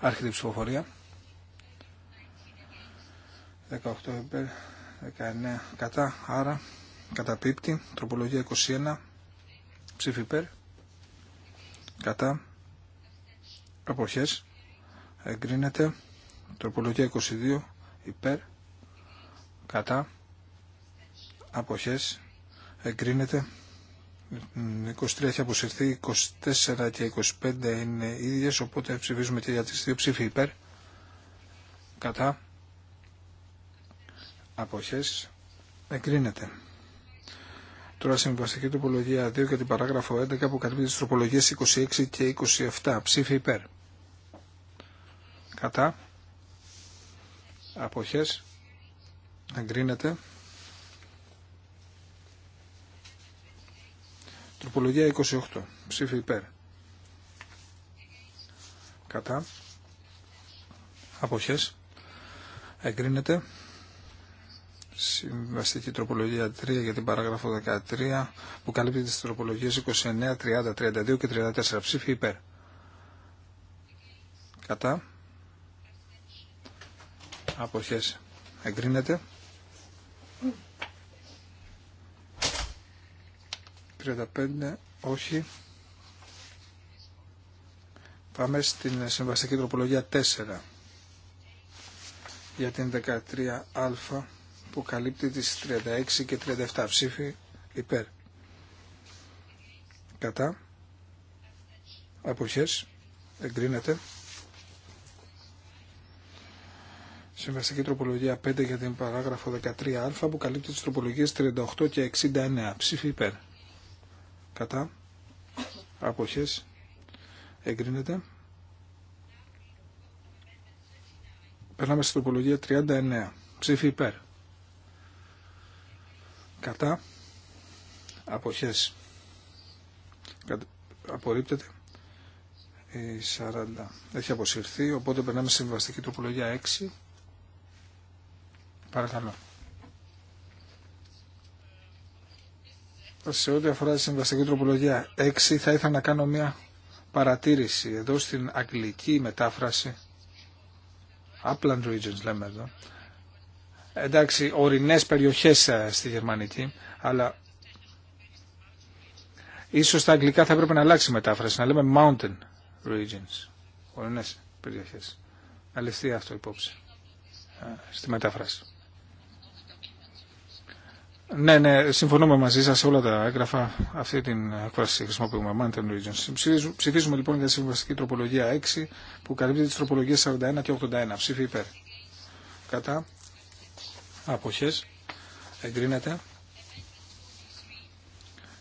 Άρχεται ψηφοφορία. 18 υπέρ, 19 κατά, άρα καταπίπτει. Τροπολογία 21. Ψήφι υπέρ. Κατά. Αποχές. Εγκρίνεται. Τροπολογία 22. Υπέρ. Κατά αποχές εγκρίνεται 23 έχει αποσυρθεί 24 και 25 είναι ίδιες οπότε ψηφίζουμε και για τις δύο ψήφοι υπέρ κατά αποχές εγκρίνεται Τώρα συμβαστική τροπολογία 2 και την παράγραφο 11 που καλύπτει τις τροπολογίες 26 και 27. ψήφοι υπέρ. Κατά. Αποχές. Εγκρίνεται. Τροπολογία 28. Ψήφι υπέρ. Κατά. Αποχές. Εγκρίνεται. Συμβαστική τροπολογία 3 για την παράγραφο 13 που καλύπτει τις τροπολογίες 29, 30, 32 και 34. Ψήφι υπέρ. Κατά. Αποχές. Εγκρίνεται. 35 όχι. Πάμε στην συμβαστική τροπολογία 4 για την 13α που καλύπτει τις 36 και 37 ψήφοι υπέρ. Κατά. Αποχές. Εγκρίνεται. Συμβαστική τροπολογία 5 για την παράγραφο 13α που καλύπτει τις τροπολογίες 38 και 69 Ψήφι υπέρ κατά αποχές εγκρίνεται. Περνάμε στην τροπολογία 39. Ψήφι υπέρ. Κατά αποχές απορρίπτεται. Η 40 έχει αποσυρθεί, οπότε περνάμε στη συμβαστική τροπολογία 6. Παρακαλώ. σε ό,τι αφορά τη συμβαστική τροπολογία 6 θα ήθελα να κάνω μια παρατήρηση εδώ στην αγγλική μετάφραση Upland Regions λέμε εδώ εντάξει ορεινές περιοχές ε, στη γερμανική αλλά ίσως στα αγγλικά θα έπρεπε να αλλάξει η μετάφραση να λέμε Mountain Regions ορεινές περιοχές να ληφθεί αυτό υπόψη ε, στη μετάφραση ναι, ναι, συμφωνούμε μαζί σα σε όλα τα έγγραφα. Αυτή την έκφραση χρησιμοποιούμε. Mountain Regions. Ψηφίζουμε λοιπόν για τη συμβαστική τροπολογία 6 που καλύπτει τι τροπολογίε 41 και 81. Ψήφι υπέρ. Κατά. Αποχέ. Εγκρίνεται.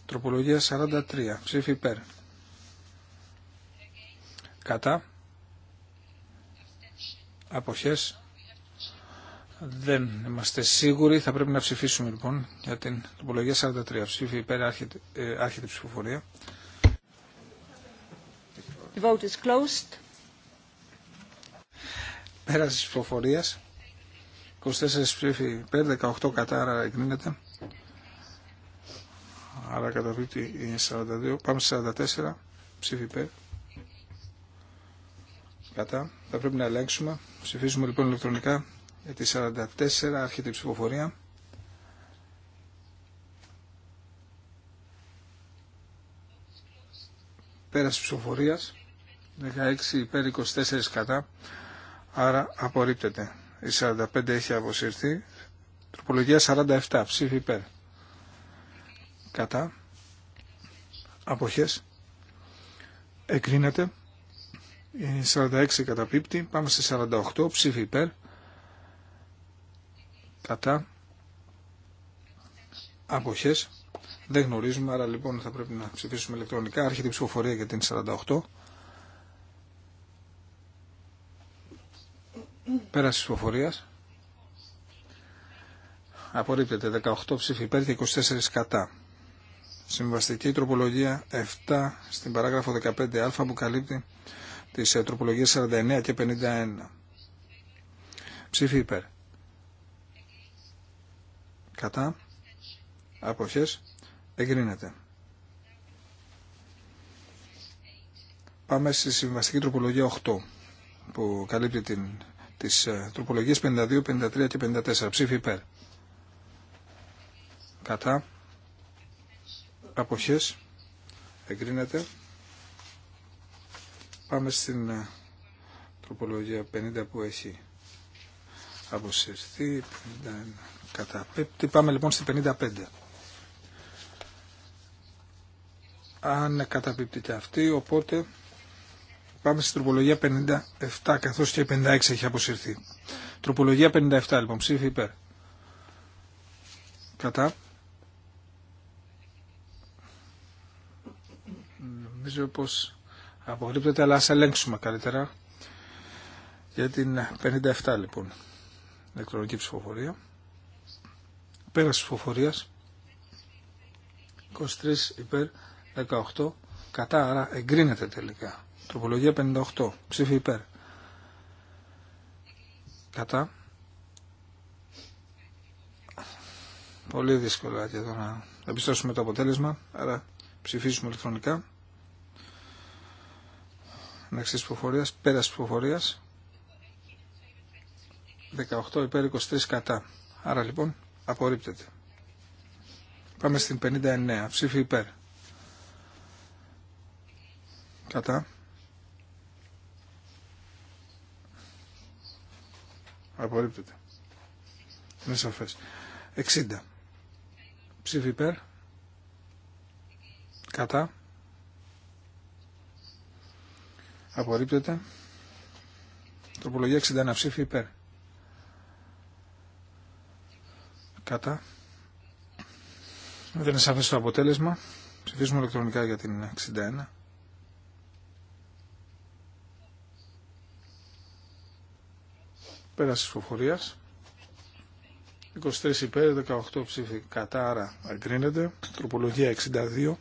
Τροπολογία 43. Ψήφι υπέρ. Κατά. Αποχές. Δεν είμαστε σίγουροι. Θα πρέπει να ψηφίσουμε λοιπόν για την τοπολογία 43. Ψήφι υπέρ άρχεται, ε, ψηφοφορία. The vote is closed. Πέραση της ψηφοφορίας. 24 ψήφι υπέρ, 18 κατά, άρα εγκρίνεται. Άρα καταβλήτη είναι 42. Πάμε σε 44. Ψήφι υπέρ. Κατά. Θα πρέπει να ελέγξουμε. Ψηφίζουμε λοιπόν ηλεκτρονικά για τη 44 άρχεται η ψηφοφορία. Πέραση ψηφοφορίας 16 υπέρ 24 κατά άρα απορρίπτεται. Η 45 έχει αποσυρθεί. Τροπολογία 47 ψήφι υπέρ. Κατά. Αποχές. Εκρίνεται. Η 46 καταπίπτει. Πάμε στη 48 ψήφι υπέρ κατά αποχές δεν γνωρίζουμε, άρα λοιπόν θα πρέπει να ψηφίσουμε ηλεκτρονικά. Άρχεται η ψηφοφορία για την 48. Πέραση ψηφοφορίας. Απορρίπτεται 18 ψήφοι υπέρ και 24 κατά. Συμβαστική τροπολογία 7 στην παράγραφο 15α που καλύπτει τις ε, τροπολογίες 49 και 51. Ψήφι υπέρ κατά αποχές εγκρίνεται. Πάμε στη συμβαστική τροπολογία 8 που καλύπτει την, τις ε, τροπολογίες 52, 53 και 54. Ψήφι υπέρ. Κατά. Αποχές. Εγκρίνεται. Πάμε στην ε, τροπολογία 50 που έχει αποσυρθεί. Κατά. Ε, πάμε λοιπόν στη 55. Αν καταπίπτει αυτή, οπότε πάμε στη τροπολογία 57, καθώς και 56 έχει αποσυρθεί. Τροπολογία 57 λοιπόν, ψήφι υπέρ. Κατά. Νομίζω πως απορρίπτεται, αλλά ας ελέγξουμε καλύτερα. Για την 57 λοιπόν, ηλεκτρονική ψηφοφορία. Πέρας της 23 υπέρ 18 κατά, άρα εγκρίνεται τελικά. Τροπολογία 58, ψήφι υπέρ. Κατά. Πολύ δύσκολα και εδώ να εμπιστώσουμε το αποτέλεσμα, άρα ψηφίσουμε ηλεκτρονικά. Μεταξύ της ψηφοφορίας, πέρας της 18 υπέρ 23 κατά. Άρα λοιπόν Απορρίπτεται. Πάμε στην 59. Ψήφι υπέρ. Κατά. Απορρίπτεται. Είναι σαφέ. 60. Ψήφι υπέρ. Κατά. Απορρίπτεται. Τροπολογία 61. Ψήφι υπέρ. Κατά. Δεν είναι σαφές το αποτέλεσμα. Ψηφίζουμε ηλεκτρονικά για την 61. Πέραση ψηφοφορίας. 23 υπέρ, 18 ψήφι κατά, άρα εγκρίνεται. Τροπολογία 62,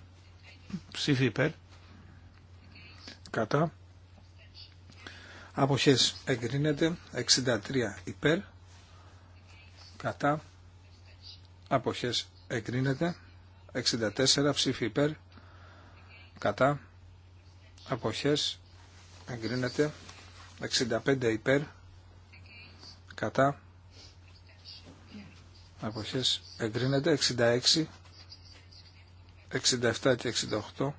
ψήφι υπέρ, κατά. Αποχές εγκρίνεται, 63 υπέρ, κατά αποχές εγκρίνεται 64 ψήφι υπέρ κατά αποχές εγκρίνεται 65 υπέρ κατά αποχές εγκρίνεται 66 67 και 68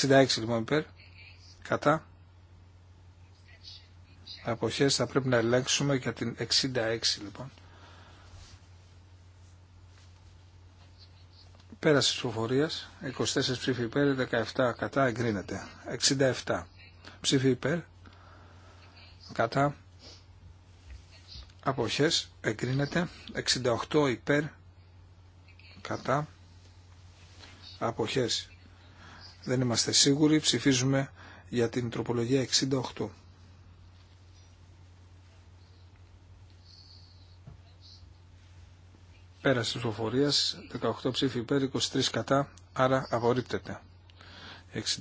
66 λοιπόν υπέρ κατά αποχές θα πρέπει να ελέγξουμε για την 66 λοιπόν Πέραση τη ψηφοφορίας, 24 ψήφοι υπέρ, 17 κατά, εγκρίνεται. 67 ψήφοι υπέρ, κατά, αποχές, εγκρίνεται. 68 υπέρ, κατά, αποχές. Δεν είμαστε σίγουροι, ψηφίζουμε για την τροπολογία 68. Πέραση τη ψηφοφορίας, 18 ψήφοι υπέρ, 23 κατά, άρα απορρίπτεται.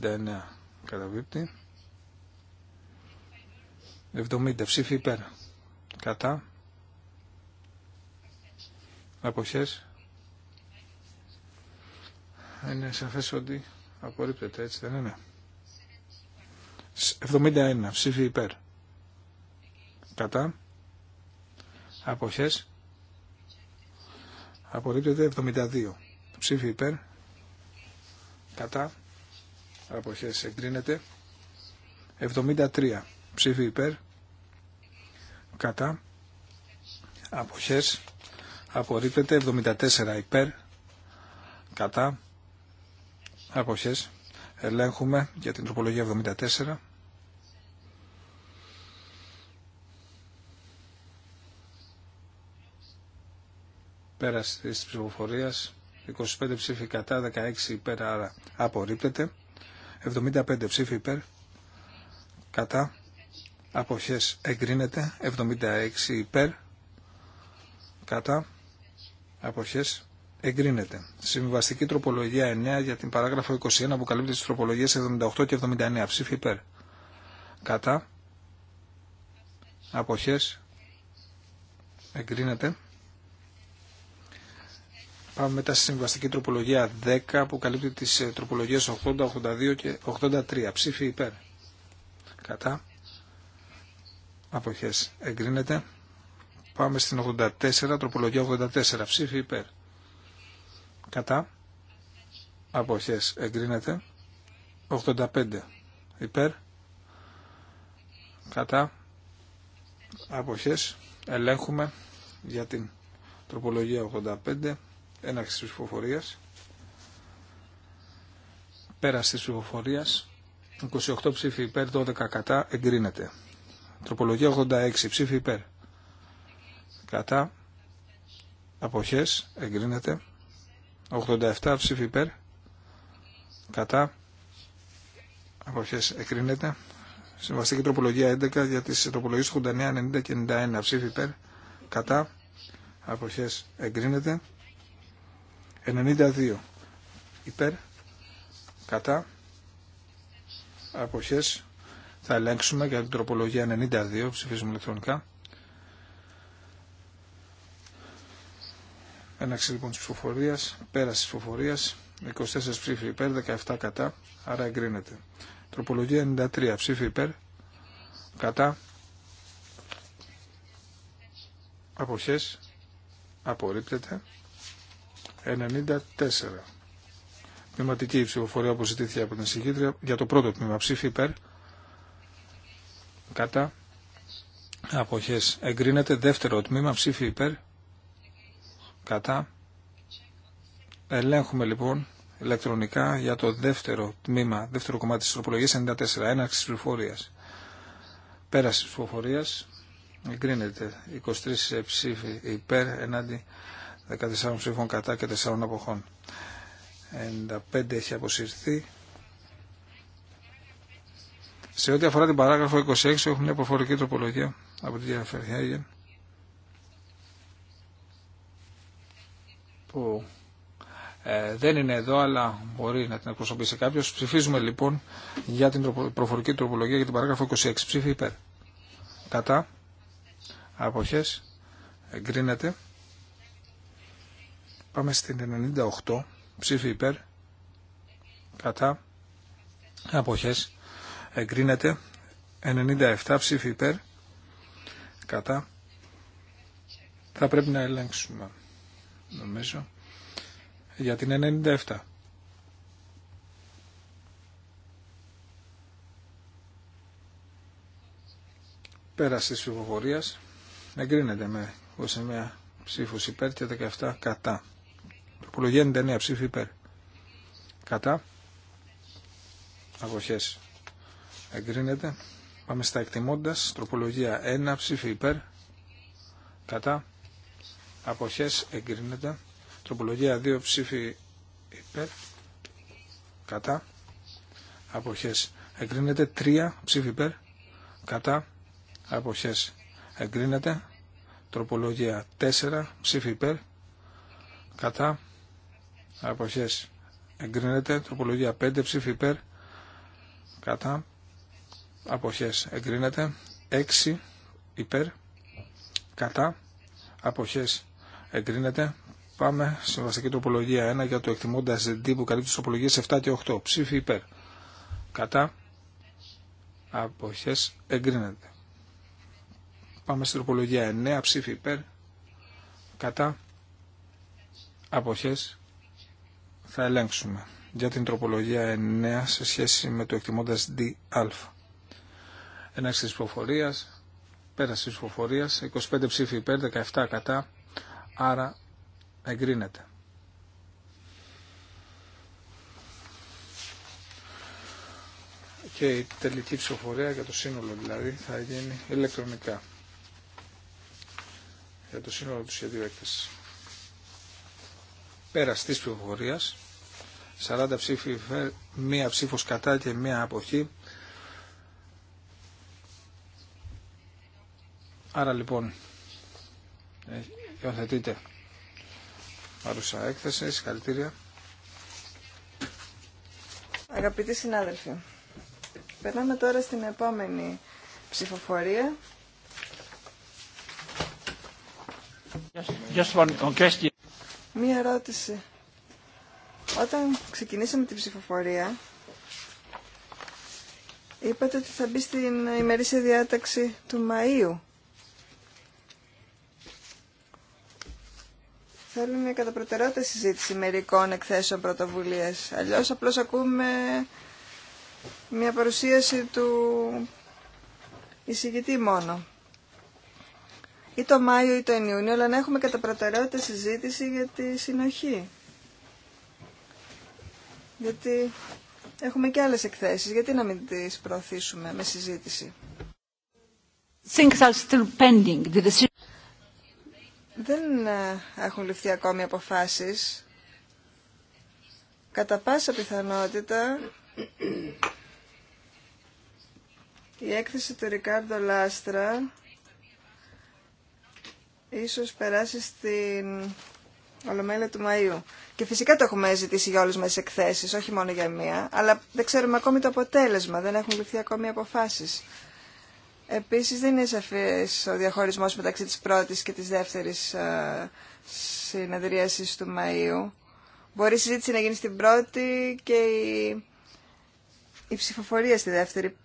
69 καταβίπτει. 70 ψήφοι υπέρ, κατά. Αποχές. Είναι σαφές ότι απορρίπτεται, έτσι δεν είναι. 71 ψήφοι υπέρ, κατά. Αποχές Απορρίπτεται 72. Ψήφι υπέρ. Κατά. Αποχές εγκρίνεται. 73. Ψήφι υπέρ. Κατά. Αποχές. Απορρίπτεται 74 υπέρ. Κατά. Αποχές. Ελέγχουμε για την τροπολογία 74. Πέρας της ψηφοφορίας 25 ψήφοι κατά, 16 υπέρ, άρα απορρίπτεται. 75 ψήφοι υπέρ, κατά, αποχές εγκρίνεται. 76 υπέρ, κατά, αποχές εγκρίνεται. Συμβαστική τροπολογία 9 για την παράγραφο 21 που καλύπτει τις τροπολογίες 78 και 79 ψήφοι υπέρ, κατά, αποχές εγκρίνεται. Πάμε μετά στη συμβαστική τροπολογία 10 που καλύπτει τις ε, τροπολογίες 80, 82 και 83. Ψήφι υπέρ. Κατά. Αποχές. Εγκρίνεται. Πάμε στην 84, τροπολογία 84. Ψήφι υπέρ. Κατά. Αποχές. Εγκρίνεται. 85. Υπέρ. Κατά. Αποχές. Ελέγχουμε για την τροπολογία 85 έναρξη της ψηφοφορίας, πέρας της ψηφοφορίας, 28 ψήφοι υπέρ, 12 κατά, εγκρίνεται. Τροπολογία 86, ψήφοι υπέρ, κατά, αποχές, εγκρίνεται. 87 ψήφοι υπέρ, κατά, αποχές, εγκρίνεται. Συμβαστική τροπολογία 11 για τις τροπολογίες 89, 90 και 91 ψήφοι υπέρ, κατά, αποχές εγκρίνεται. 92 υπέρ, κατά, αποχές, θα ελέγξουμε για την τροπολογία 92, ψηφίζουμε ηλεκτρονικά. Έναξη λοιπόν της ψηφοφορίας, πέραση της ψηφοφορίας, 24 ψήφοι υπέρ, 17 κατά, άρα εγκρίνεται. Τροπολογία 93, ψήφοι υπέρ, κατά, αποχές, απορρίπτεται. 94. Πνευματική ψηφοφορία που ζητήθηκε από την συγκίτρια για το πρώτο τμήμα. Ψήφι υπέρ. Κατά. Αποχές. Εγκρίνεται δεύτερο τμήμα. Ψήφι υπέρ. Κατά. Ελέγχουμε λοιπόν ηλεκτρονικά για το δεύτερο τμήμα, δεύτερο κομμάτι της τροπολογίας 94, έναρξη της ψηφοφορίας. Πέραση της ψηφοφορίας εγκρίνεται 23 ψήφι υπέρ ενάντια 14 ψήφων κατά και 4 αποχών. 95 έχει αποσυρθεί. Σε ό,τι αφορά την παράγραφο 26 έχουμε μια προφορική τροπολογία από την κυρία που ε, δεν είναι εδώ αλλά μπορεί να την εκπροσωπήσει κάποιος. Ψηφίζουμε λοιπόν για την προφορική τροπολογία για την παράγραφο 26. Ψήφι υπέρ. Κατά. Αποχές. Εγκρίνεται. Πάμε στην 98. Ψήφι υπέρ. Κατά. Αποχές. Εγκρίνεται. 97. Ψήφι υπέρ. Κατά. Θα πρέπει να ελέγξουμε. Νομίζω. Για την 97. Πέραση της ψηφοφορίας εγκρίνεται με 21 ψήφους υπέρ και 17 κατά. Τροπολογία 99 ψήφι υπέρ. Κατά. Αποχές. Εγκρίνεται. Πάμε στα εκτιμώντας. Τροπολογία 1 ψήφι υπέρ. Κατά. Αποχές. Εγκρίνεται. Τροπολογία 2 ψήφι υπέρ. Κατά. Αποχές. Εγκρίνεται. 3 ψήφι υπέρ. Κατά. Αποχές. Εγκρίνεται. Τροπολογία 4 ψήφι υπέρ. Κατά αποχές εγκρίνεται. Τροπολογία 5 ψήφι υπέρ κατά αποχές εγκρίνεται. 6 υπέρ κατά αποχές εγκρίνεται. Πάμε σε βασική τροπολογία 1 για το εκτιμώντα D που καλύπτει τι τροπολογίε 7 και 8. Ψήφι υπέρ. Κατά αποχέ εγκρίνεται. Πάμε στην τροπολογία 9. Ψήφι υπέρ. Κατά αποχέ θα ελέγξουμε για την τροπολογία 9 σε σχέση με το εκτιμώντας Dα. Α. της ψηφοφορία, πέραση της 25 ψήφοι υπέρ, 17 κατά, άρα εγκρίνεται. Και η τελική ψηφοφορία για το σύνολο δηλαδή θα γίνει ηλεκτρονικά για το σύνολο του σχεδίου έκθεσης. Πέραστης τη ψηφοφορία. 40 ψήφοι μία ψήφος κατά και μία αποχή. Άρα λοιπόν, ε, υιοθετείτε παρούσα έκθεση, συγχαρητήρια. Αγαπητοί συνάδελφοι, περνάμε τώρα στην επόμενη ψηφοφορία. Just one question. Μία ερώτηση. Όταν ξεκινήσαμε την ψηφοφορία, είπατε ότι θα μπει στην ημερήσια διάταξη του Μαΐου. Θέλουμε κατά προτεραιότητα συζήτηση μερικών εκθέσεων πρωτοβουλία. Αλλιώ απλώ ακούμε μια παρουσίαση του εισηγητή μόνο ή το Μάιο ή τον Ιούνιο, αλλά να έχουμε κατά προτεραιότητα συζήτηση για τη συνοχή. Γιατί έχουμε και άλλες εκθέσεις, γιατί να μην τις προωθήσουμε με συζήτηση. Δεν ε, έχουν ληφθεί ακόμη αποφάσεις. Κατά πάσα πιθανότητα η έκθεση του Ρικάρντο Λάστρα ίσως περάσει στην Ολομέλεια του Μαΐου. Και φυσικά το έχουμε ζητήσει για όλες μας εκθέσεις, όχι μόνο για μία, αλλά δεν ξέρουμε ακόμη το αποτέλεσμα, δεν έχουν ληφθεί ακόμη αποφάσεις. Επίσης δεν είναι σαφής ο διαχωρισμός μεταξύ της πρώτης και της δεύτερης ε, συνεδρίασης του Μαΐου. Μπορεί η συζήτηση να γίνει στην πρώτη και η, η ψηφοφορία στη δεύτερη.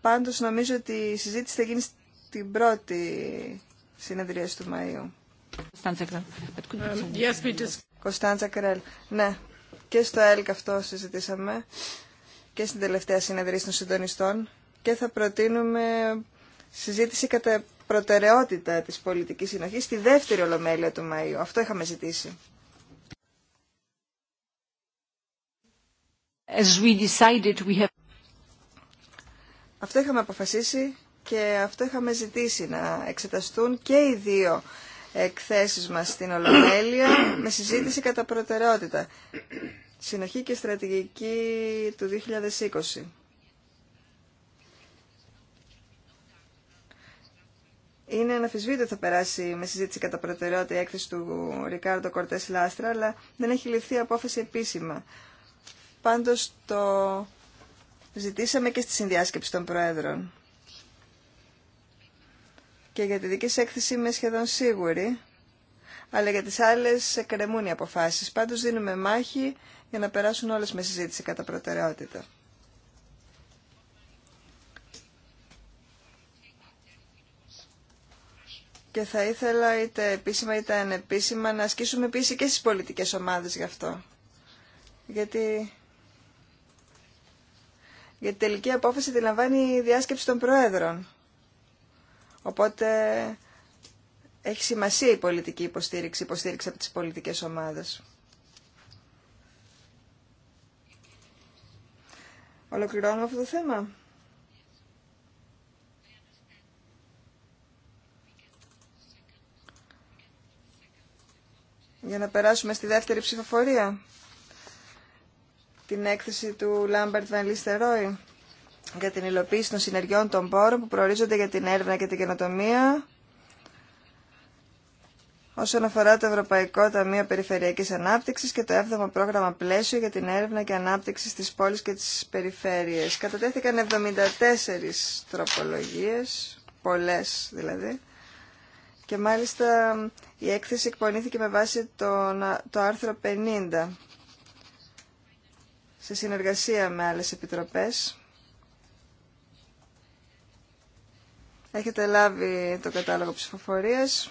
Πάντως νομίζω ότι η συζήτηση θα γίνει στην πρώτη συνεδρίαση του Μαΐου. Um, Κωνσταντζα Κρέλ. Ναι, και στο ΕΛΚ αυτό συζητήσαμε και στην τελευταία συνεδρίαση των συντονιστών και θα προτείνουμε συζήτηση κατά προτεραιότητα της πολιτικής συνοχής στη δεύτερη ολομέλεια του Μαΐου. Αυτό είχαμε ζητήσει. As we decided we have... Αυτό είχαμε αποφασίσει και αυτό είχαμε ζητήσει να εξεταστούν και οι δύο εκθέσεις μας στην Ολομέλεια με συζήτηση κατά προτεραιότητα. Συνοχή και στρατηγική του 2020. Είναι αναφυσβήτητο ότι θα περάσει με συζήτηση κατά προτεραιότητα η έκθεση του Ρικάρντο Κορτέ Λάστρα, αλλά δεν έχει ληφθεί απόφαση επίσημα. Πάντως το ζητήσαμε και στη συνδιάσκεψη των Προέδρων. Και για τη δική σας έκθεση είμαι σχεδόν σίγουρη, αλλά για τις άλλες κρεμούν οι αποφάσεις. Πάντως δίνουμε μάχη για να περάσουν όλες με συζήτηση κατά προτεραιότητα. Και θα ήθελα είτε επίσημα είτε ανεπίσημα να ασκήσουμε πίεση και στις πολιτικές ομάδες γι' αυτό. Γιατί γιατί τελική απόφαση τη λαμβάνει η διάσκεψη των Προέδρων. Οπότε έχει σημασία η πολιτική υποστήριξη, υποστήριξη από τις πολιτικές ομάδες. Ολοκληρώνουμε αυτό το θέμα. Για να περάσουμε στη δεύτερη ψηφοφορία. Την έκθεση του Λάμπερτ Βαν Ρόι για την υλοποίηση των συνεργειών των πόρων που προορίζονται για την έρευνα και την καινοτομία όσον αφορά το Ευρωπαϊκό Ταμείο Περιφερειακής Ανάπτυξης και το 7ο πρόγραμμα πλαίσιο για την έρευνα και ανάπτυξη στις πόλεις και τις περιφέρειες. Κατατέθηκαν 74 τροπολογίες, πολλές δηλαδή, και μάλιστα η έκθεση εκπονήθηκε με βάση το, το άρθρο 50 σε συνεργασία με άλλες επιτροπές Έχετε λάβει το κατάλογο ψηφοφορίας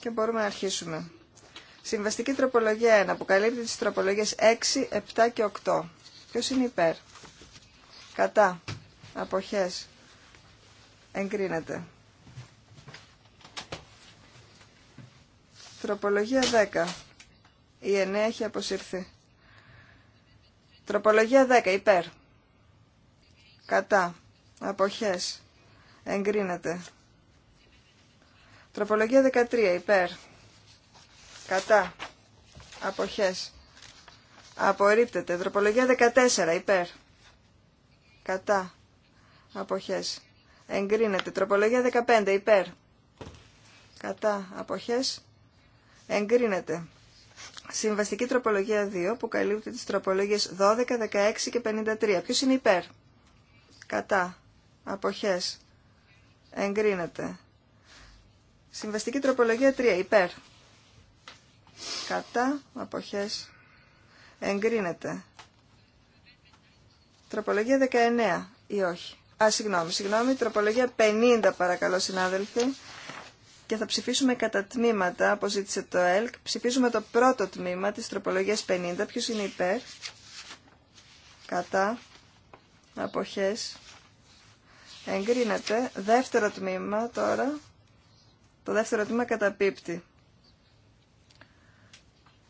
και μπορούμε να αρχίσουμε. Συμβαστική τροπολογία 1 που καλύπτει τις τροπολογίες 6, 7 και 8. Ποιος είναι υπέρ. Κατά. Αποχές. Εγκρίνεται. Τροπολογία 10. Η 9 έχει αποσύρθει. Τροπολογία 10. Υπέρ. Κατά. Αποχές. Εγκρίνεται. Τροπολογία 13. Υπέρ. Κατά. Αποχές. Απορρίπτεται. Τροπολογία 14. Υπέρ. Κατά. Αποχές. Εγκρίνεται. Τροπολογία 15. Υπέρ. Κατά. Αποχές. Εγκρίνεται. Συμβαστική τροπολογία 2 που καλύπτει τις τροπολογίες 12, 16 και 53. Ποιος είναι υπέρ. Κατά. Αποχές. Εγκρίνεται. Συμβαστική τροπολογία 3. Υπέρ. Κατά. Αποχές. Εγκρίνεται. Τροπολογία 19. Ή όχι. Α, συγγνώμη, συγγνώμη. Τροπολογία 50 παρακαλώ συνάδελφοι. Και θα ψηφίσουμε κατά τμήματα, όπω ζήτησε το ΕΛΚ. Ψηφίζουμε το πρώτο τμήμα της τροπολογίας 50. Ποιος είναι υπέρ. Κατά. Αποχές. Εγκρίνεται. Δεύτερο τμήμα τώρα. Το δεύτερο τμήμα καταπίπτει.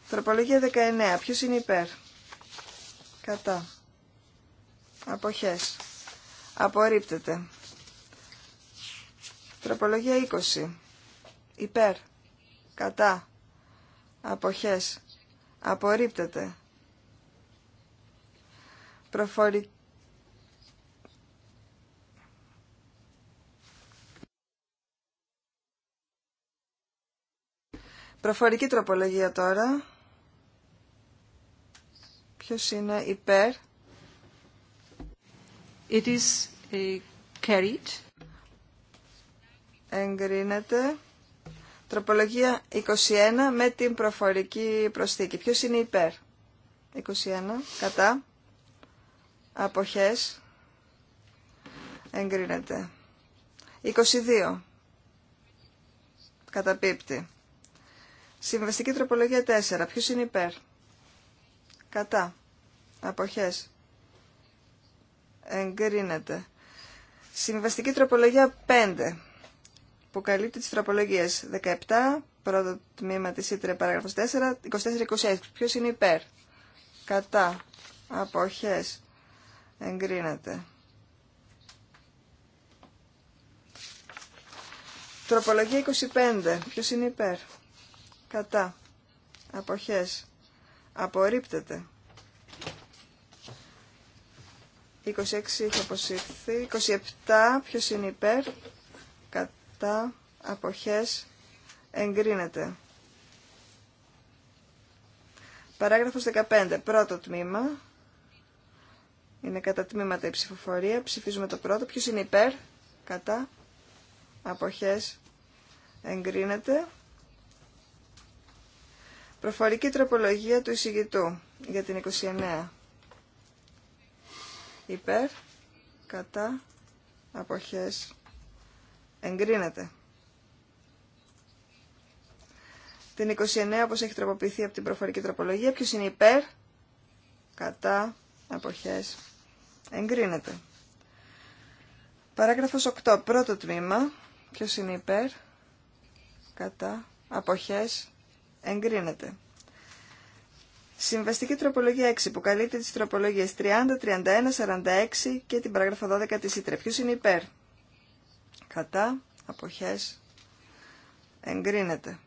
Τροπολογία 19. Ποιος είναι υπέρ. Κατά. Αποχές. Απορρίπτεται. Τροπολογία 20. Υπέρ. Κατά. Αποχές. Απορρίπτεται. Προφορική Προφορική τροπολογία τώρα. Ποιος είναι υπέρ. It is ε, carried. Εγκρίνεται. Τροπολογία 21 με την προφορική προσθήκη. Ποιος είναι υπέρ. 21. Κατά. Αποχές. Εγκρίνεται. 22. Καταπίπτει. Συμβαστική τροπολογία 4. Ποιος είναι υπέρ. Κατά. Αποχές. Εγκρίνεται. Συμβαστική τροπολογία 5 που καλύπτει τις τροπολογίες 17, πρώτο τμήμα της ΙΤΡΕ παράγραφος 4, 24-26. Ποιος είναι υπέρ. Κατά. Αποχές. Εγκρίνεται. Τροπολογία 25. Ποιος είναι υπέρ κατά αποχές απορρίπτεται 26 έχει αποσυρθεί 27 ποιος είναι υπέρ κατά αποχές εγκρίνεται Παράγραφος 15 πρώτο τμήμα είναι κατά τμήματα η ψηφοφορία ψηφίζουμε το πρώτο ποιος είναι υπέρ κατά αποχές εγκρίνεται Προφορική τροπολογία του εισηγητού για την 29. Υπέρ, κατά, αποχές, εγκρίνεται. Την 29 όπως έχει τροποποιηθεί από την προφορική τροπολογία. Ποιος είναι υπέρ, κατά, αποχές, εγκρίνεται. Παράγραφος 8, πρώτο τμήμα. Ποιος είναι υπέρ, κατά, αποχές, Εγκρίνεται. Συμβαστική τροπολογία 6 που καλύπτει τις τροπολογίες 30, 31, 46 και την παράγραφο 12 της ΙΤΡΕ. Ποιος είναι υπέρ. Κατά. Αποχές. Εγκρίνεται.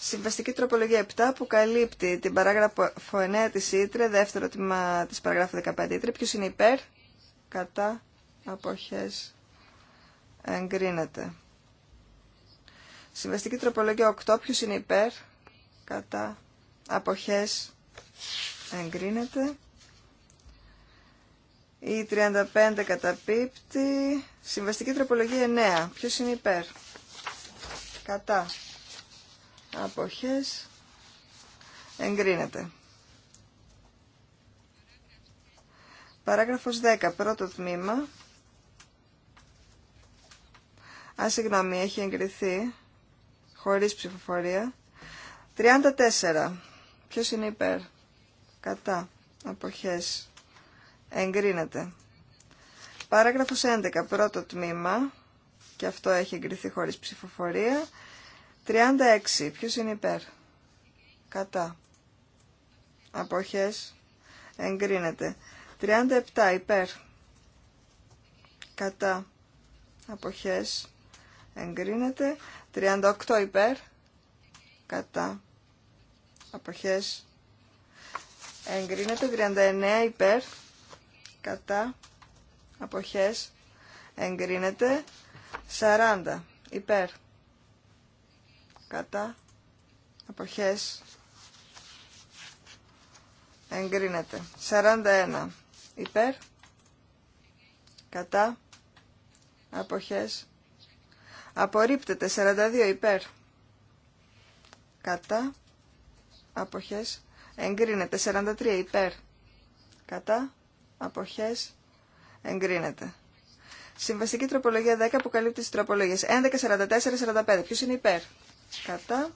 Συμβαστική τροπολογία 7 που καλύπτει την παράγραφο 9 της ΙΤΡΕ, δεύτερο τμήμα της παράγραφου 15 ΙΤΡΕ. Ποιος είναι υπέρ. Κατά. Αποχές. Εγκρίνεται. Συμβαστική τροπολογία 8. Ποιο είναι υπέρ. Κατά. Αποχές. Εγκρίνεται. Η 35 καταπίπτει. Συμβαστική τροπολογία 9. Ποιο είναι υπέρ. Κατά. Αποχέ. Εγκρίνεται. Παράγραφος 10. Πρώτο τμήμα. Α, συγγνώμη, έχει εγκριθεί χωρίς ψηφοφορία. 34. Ποιος είναι υπέρ. Κατά. Αποχές. Εγκρίνεται. Παράγραφος 11. Πρώτο τμήμα. Και αυτό έχει εγκριθεί χωρίς ψηφοφορία. 36. Ποιος είναι υπέρ. Κατά. Αποχές. Εγκρίνεται. 37. Υπέρ. Κατά. Αποχές. Εγκρίνεται. 38 υπέρ κατά αποχές εγκρίνεται 39 υπέρ κατά αποχές εγκρίνεται 40 υπέρ κατά αποχές εγκρίνεται 41 υπέρ κατά αποχές Απορρίπτεται 42 υπέρ. Κατά. Αποχές. Εγκρίνεται 43 υπέρ. Κατά. Αποχές. Εγκρίνεται. Συμβαστική τροπολογία 10 που τις τροπολογίες 11, 44, 45. Ποιος είναι υπέρ. Κατά.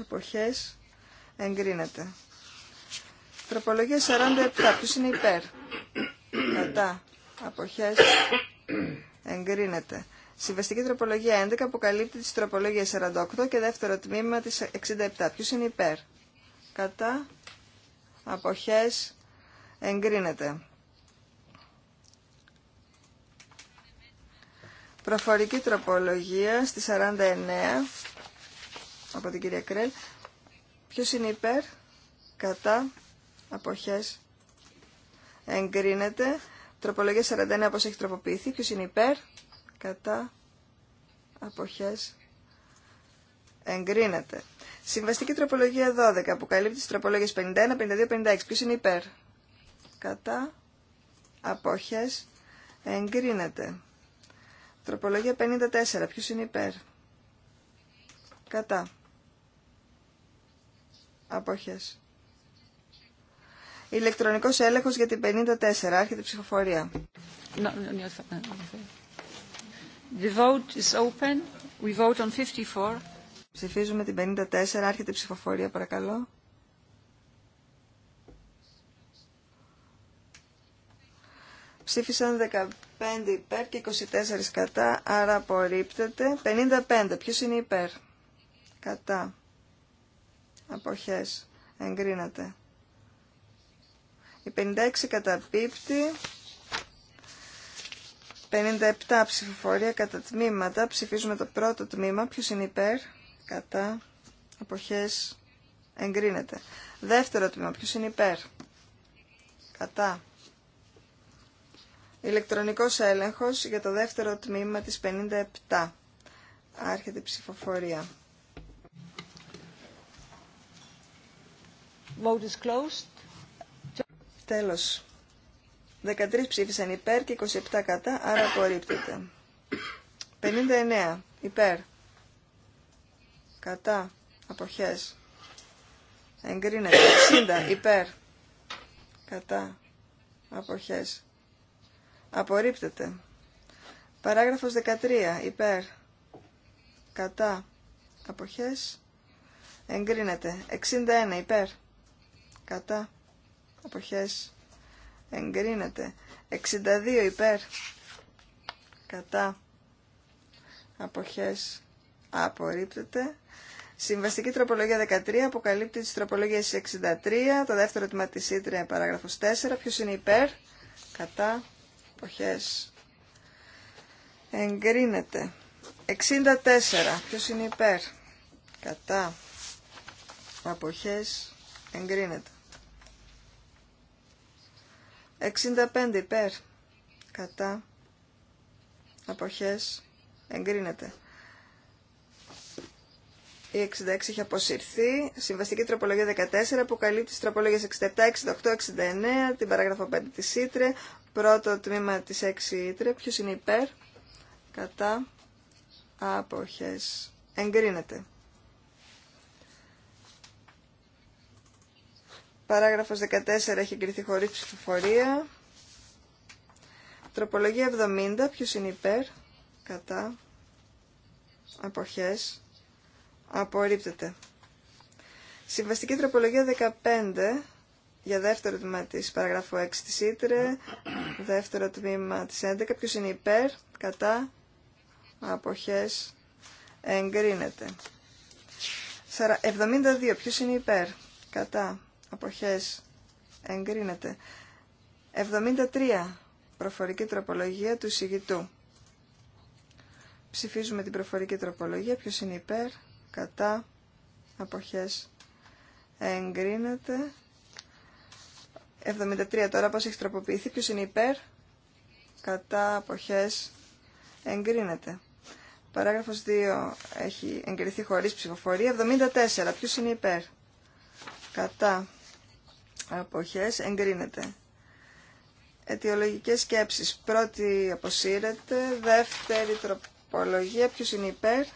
Αποχές. Εγκρίνεται. Τροπολογία 47. Ποιος είναι υπέρ. Κατά. Αποχές. Εγκρίνεται. Συμβαστική τροπολογία 11 αποκαλύπτει τις τροπολογίες 48 και δεύτερο τμήμα της 67. Ποιος είναι υπέρ. Κατά. Αποχές. Εγκρίνεται. Προφορική τροπολογία στη 49 από την κυρία Κρέλ. Ποιος είναι υπέρ. Κατά. Αποχές. Εγκρίνεται. Τροπολογία 49 όπως έχει τροποποιηθεί. Ποιος είναι υπέρ κατά αποχές εγκρίνεται. Συμβαστική τροπολογία 12 που καλύπτει τις τροπολογίες 51, 52, 56. Ποιος είναι υπέρ. Κατά αποχές εγκρίνεται. Τροπολογία 54. Ποιος είναι υπέρ. Κατά. Αποχές. Ηλεκτρονικός έλεγχος για την 54. Άρχεται η ψηφοφορία. The Ψηφίζουμε την 54. Άρχεται η ψηφοφορία, παρακαλώ. Ψήφισαν 15 υπέρ και 24 κατά, άρα απορρίπτεται. 55. Ποιος είναι υπέρ? Κατά. Αποχές. Εγκρίνατε. Η 56 καταπίπτει. 57 ψηφοφορία κατά τμήματα. Ψηφίζουμε το πρώτο τμήμα. Ποιος είναι υπέρ, κατά, αποχές, εγκρίνεται. Δεύτερο τμήμα. Ποιος είναι υπέρ, κατά. Ηλεκτρονικός έλεγχος για το δεύτερο τμήμα της 57. Άρχεται η ψηφοφορία. Τέλο. Τέλος. 13 ψήφισαν υπέρ και 27 κατά, άρα απορρίπτεται. 59 υπέρ. Κατά. Αποχές. Εγκρίνεται. 60 υπέρ. Κατά. Αποχές. Απορρίπτεται. Παράγραφος 13 υπέρ. Κατά. Αποχές. Εγκρίνεται. 61 υπέρ. Κατά. Αποχές εγκρίνεται. 62 υπέρ κατά αποχές απορρίπτεται. Συμβαστική τροπολογία 13 αποκαλύπτει τις τροπολογίες 63, το δεύτερο τμήμα της Ήτρε παράγραφος 4. Ποιος είναι υπέρ, κατά, αποχές. Εγκρίνεται. 64. Ποιος είναι υπέρ, κατά, αποχές. Εγκρίνεται. 65 υπέρ κατά αποχές εγκρίνεται. Η 66 έχει αποσυρθεί. Συμβαστική τροπολογία 14 που καλύπτει τις τροπολογίες 67, 68, 69, την παράγραφο 5 της Ήτρε, πρώτο τμήμα της 6 Ήτρε. Ποιος είναι υπέρ, κατά, αποχές. Εγκρίνεται. Παράγραφος 14 έχει εγκριθεί χωρίς ψηφοφορία. Τροπολογία 70. Ποιος είναι υπέρ. Κατά. Αποχές. Απορρίπτεται. Συμβαστική τροπολογία 15 για δεύτερο τμήμα της παραγράφου 6 της Ήτρε, δεύτερο τμήμα της 11. Ποιος είναι υπέρ, κατά, αποχές, εγκρίνεται. 72. Ποιος είναι υπέρ, κατά, αποχές εγκρίνεται. 73 προφορική τροπολογία του συγητού. Ψηφίζουμε την προφορική τροπολογία. Ποιος είναι υπέρ, κατά, αποχές εγκρίνεται. 73 τώρα πώς έχει τροποποιηθεί. Ποιος είναι υπέρ, κατά, αποχές εγκρίνεται. Παράγραφος 2 έχει εγκριθεί χωρίς ψηφοφορία. 74. Ποιος είναι υπέρ. Κατά αποχές εγκρίνεται. Αιτιολογικές σκέψεις. Πρώτη αποσύρεται, δεύτερη τροπολογία, ποιος είναι υπέρ,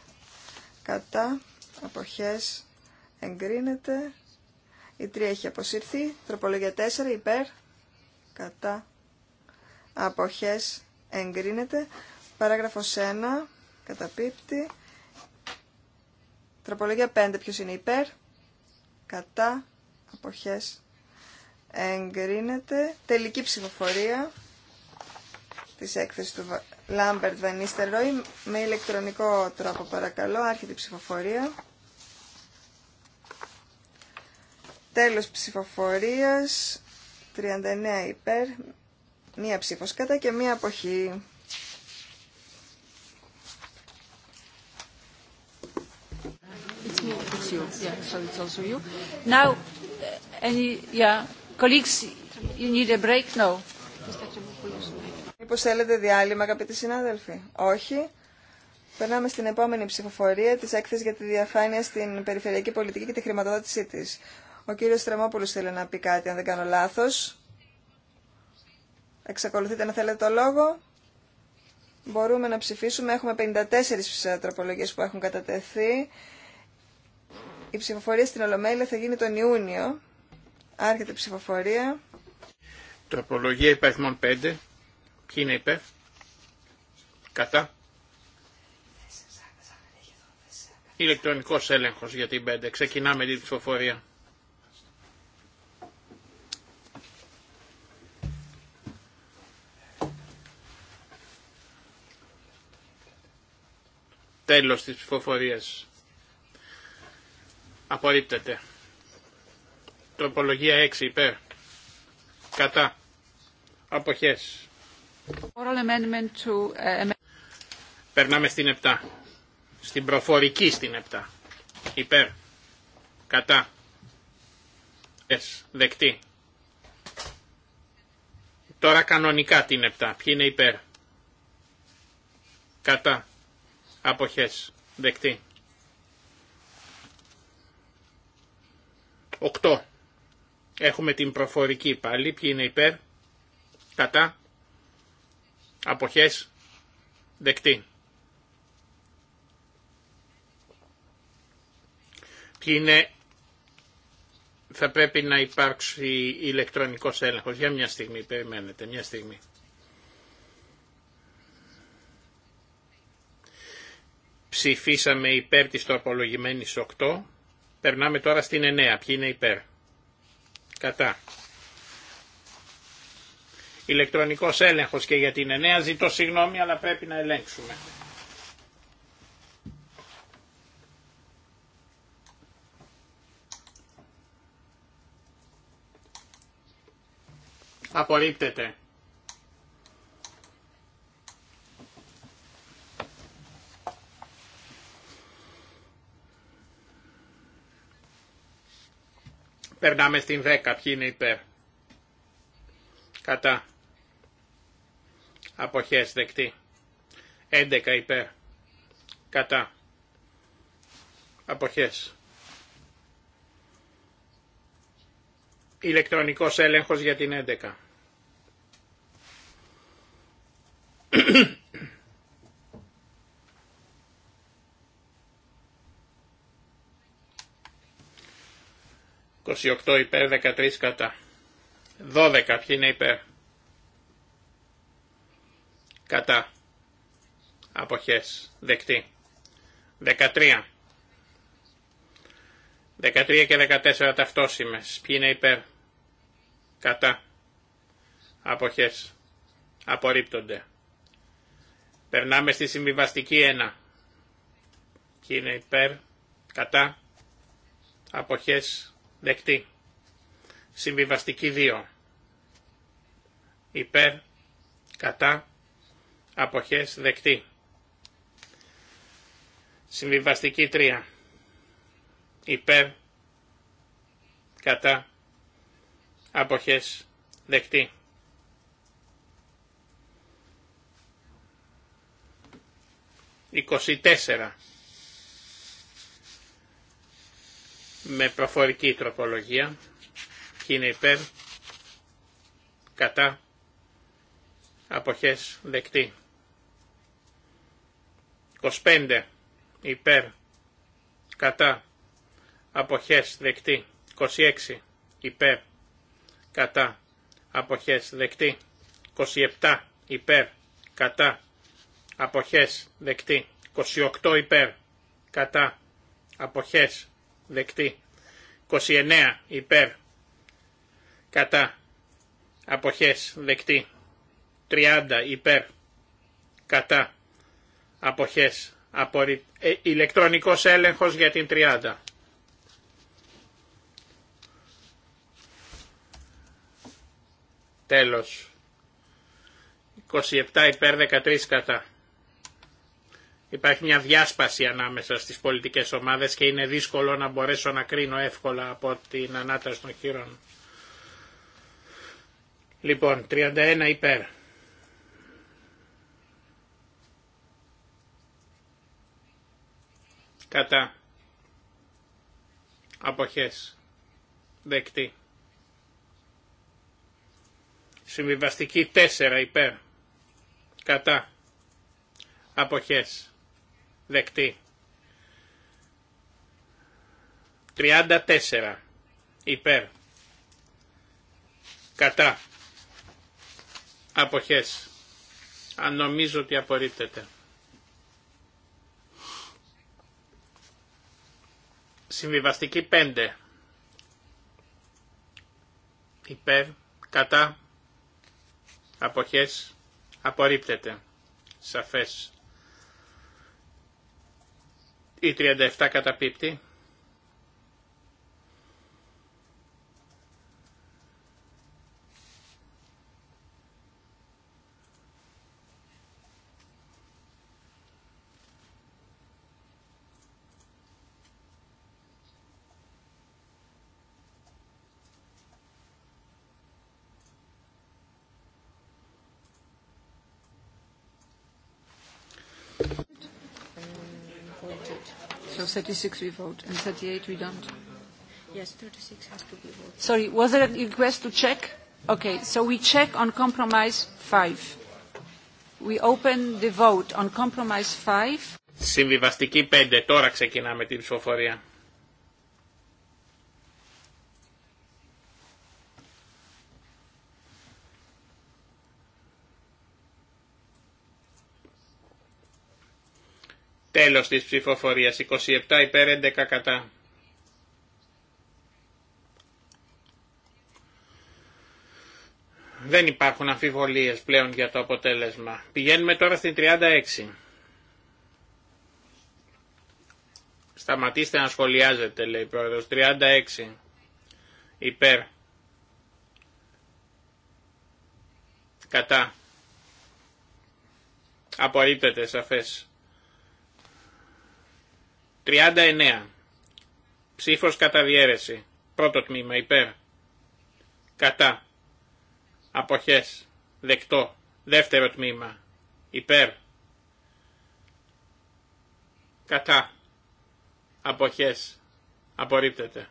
κατά, αποχές εγκρίνεται. Η τρία έχει αποσύρθει, τροπολογία τέσσερα υπέρ, κατά, αποχές εγκρίνεται. Παράγραφος 1, καταπίπτει. Τροπολογία 5, ποιος είναι υπέρ, κατά, αποχές εγκρίνεται. Τελική ψηφοφορία της έκθεσης του Λάμπερτ Βανίστερ με ηλεκτρονικό τρόπο παρακαλώ. Άρχεται ψηφοφορία. Τέλος ψηφοφορίας. 39 υπέρ. Μία ψήφος κατά και μία αποχή. Colleagues, you need a break Μήπως θέλετε διάλειμμα, αγαπητοί συνάδελφοι. Όχι. Περνάμε στην επόμενη ψηφοφορία της έκθεσης για τη διαφάνεια στην περιφερειακή πολιτική και τη χρηματοδότησή της. Ο κύριος Στρεμόπουλος θέλει να πει κάτι, αν δεν κάνω λάθος. Εξακολουθείτε να θέλετε το λόγο. Μπορούμε να ψηφίσουμε. Έχουμε 54 ε, τροπολογίες που έχουν κατατεθεί. Η ψηφοφορία στην Ολομέλεια θα γίνει τον Ιούνιο. Άρχεται η ψηφοφορία. Τροπολογία υπαριθμών 5. Ποιοι είναι υπέρ. Κατά. Ηλεκτρονικός έλεγχος για την 5. Ξεκινάμε την ψηφοφορία. Τέλος της ψηφοφορίας. Απορρίπτεται. Τροπολογία 6 υπέρ. Κατά. Αποχές. Ε, ε, Περνάμε στην 7. Στην προφορική στην 7. Υπέρ. Κατά. Εσ. Δεκτή. Τώρα κανονικά την 7. Ποιοι είναι υπέρ. Κατά. Αποχές. Δεκτή. 8. Έχουμε την προφορική πάλι. Ποιοι είναι υπέρ. Κατά. Αποχές. Δεκτή. Ποιοι είναι. Θα πρέπει να υπάρξει ηλεκτρονικός έλεγχος. Για μια στιγμή. Περιμένετε. Μια στιγμή. Ψηφίσαμε υπέρ της τροπολογημένης 8. Περνάμε τώρα στην 9. Ποιοι είναι υπέρ. Κατά. Ηλεκτρονικός έλεγχος και για την ενέα ζητώ συγγνώμη αλλά πρέπει να ελέγξουμε. Απορρίπτεται. Περνάμε στην 10. Ποιοι είναι υπέρ. Κατά. Αποχές δεκτή. 11 υπέρ. Κατά. Αποχές. Ηλεκτρονικός έλεγχος για την 11. 28 υπέρ, 13 κατά. 12 ποιοι είναι υπέρ. Κατά. Αποχές. Δεκτή. 13. 13 και 14 ταυτόσημες. Ποιοι είναι υπέρ. Κατά. Αποχές. Απορρίπτονται. Περνάμε στη συμβιβαστική 1. Ποιοι είναι υπέρ. Κατά. Αποχές. Δεκτή. Συμβιβαστική 2. Υπέρ. Κατά. Αποχές. Δεκτή. Συμβιβαστική 3. Υπέρ. Κατά. Αποχές. Δεκτή. Εικοσιτέσσερα. με προφορική τροπολογία. Ποιοι είναι υπέρ, κατά, αποχές, δεκτή. 25 υπέρ, κατά, αποχές, δεκτή. 26 υπέρ, κατά, αποχές, δεκτή. 27 υπέρ, κατά, αποχές, δεκτή. 28 υπέρ, κατά, αποχές, δεκτή. 29 υπέρ κατά αποχές δεκτή. 30 υπέρ κατά αποχές απορρι... Ε, ηλεκτρονικός έλεγχος για την 30. Τέλος. 27 υπέρ 13 κατά. Υπάρχει μια διάσπαση ανάμεσα στις πολιτικές ομάδες και είναι δύσκολο να μπορέσω να κρίνω εύκολα από την ανάταση των χείρων. Λοιπόν, 31 υπέρ. Κατά. Αποχές. Δεκτή. Συμβιβαστική 4 υπέρ. Κατά. Αποχές δεκτή. 34 υπέρ κατά αποχές αν νομίζω ότι απορρίπτεται. Συμβιβαστική 5 υπέρ κατά αποχές απορρίπτεται. Σαφές. Η 37 καταπίπτει. 36 we vote and 38 we don't. Yes, 36 has to be voted. Sorry, was there a request to check? Okay, so we check on compromise 5. We open the vote on compromise 5. Συμβιβαστική 5. Τώρα ξεκινάμε την ψηφοφορία. Τέλος της ψηφοφορίας. 27 υπέρ 11 κατά. Δεν υπάρχουν αμφιβολίες πλέον για το αποτέλεσμα. Πηγαίνουμε τώρα στην 36. Σταματήστε να σχολιάζετε, λέει η πρόεδρος. 36. Υπέρ. Κατά. Απορρίπτεται, σαφές. 39. Ψήφος κατά διέρεση. Πρώτο τμήμα υπέρ. Κατά. Αποχές. Δεκτό. Δεύτερο τμήμα. Υπέρ. Κατά. Αποχές. Απορρίπτεται.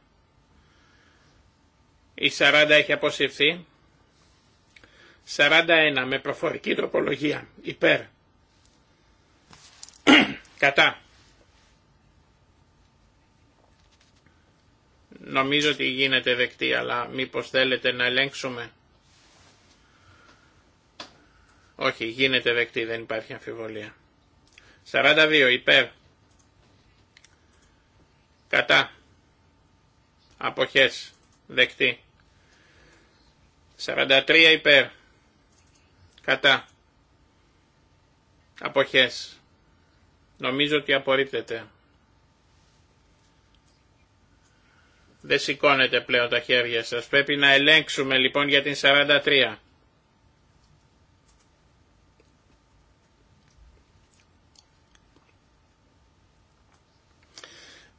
Η 40 έχει αποσυρθεί. 41 με προφορική τροπολογία. Υπέρ. Κατά. Νομίζω ότι γίνεται δεκτή, αλλά μήπως θέλετε να ελέγξουμε. Όχι, γίνεται δεκτή, δεν υπάρχει αμφιβολία. 42 υπέρ. Κατά. Αποχές. Δεκτή. 43 υπέρ. Κατά. Αποχές. Νομίζω ότι απορρίπτεται. Δεν σηκώνετε πλέον τα χέρια σας. Πρέπει να ελέγξουμε λοιπόν για την 43.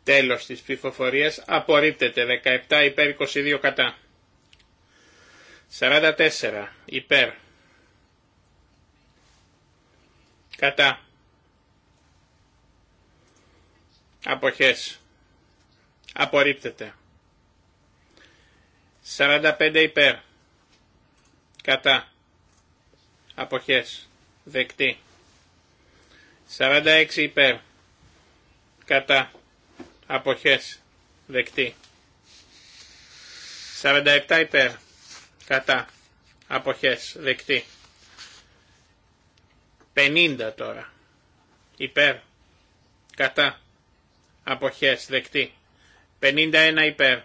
Τέλος της ψηφοφορίας απορρίπτεται 17 υπέρ 22 κατά. 44 υπέρ. Κατά. Αποχές. Απορρίπτεται. 45 υπέρ. Κατά. Αποχές. Δεκτή. 46 υπέρ. Κατά. Αποχές. Δεκτή. 47 υπέρ. Κατά. Αποχές. Δεκτή. 50 τώρα. Υπέρ. Κατά. Αποχές. Δεκτή. 51 υπέρ.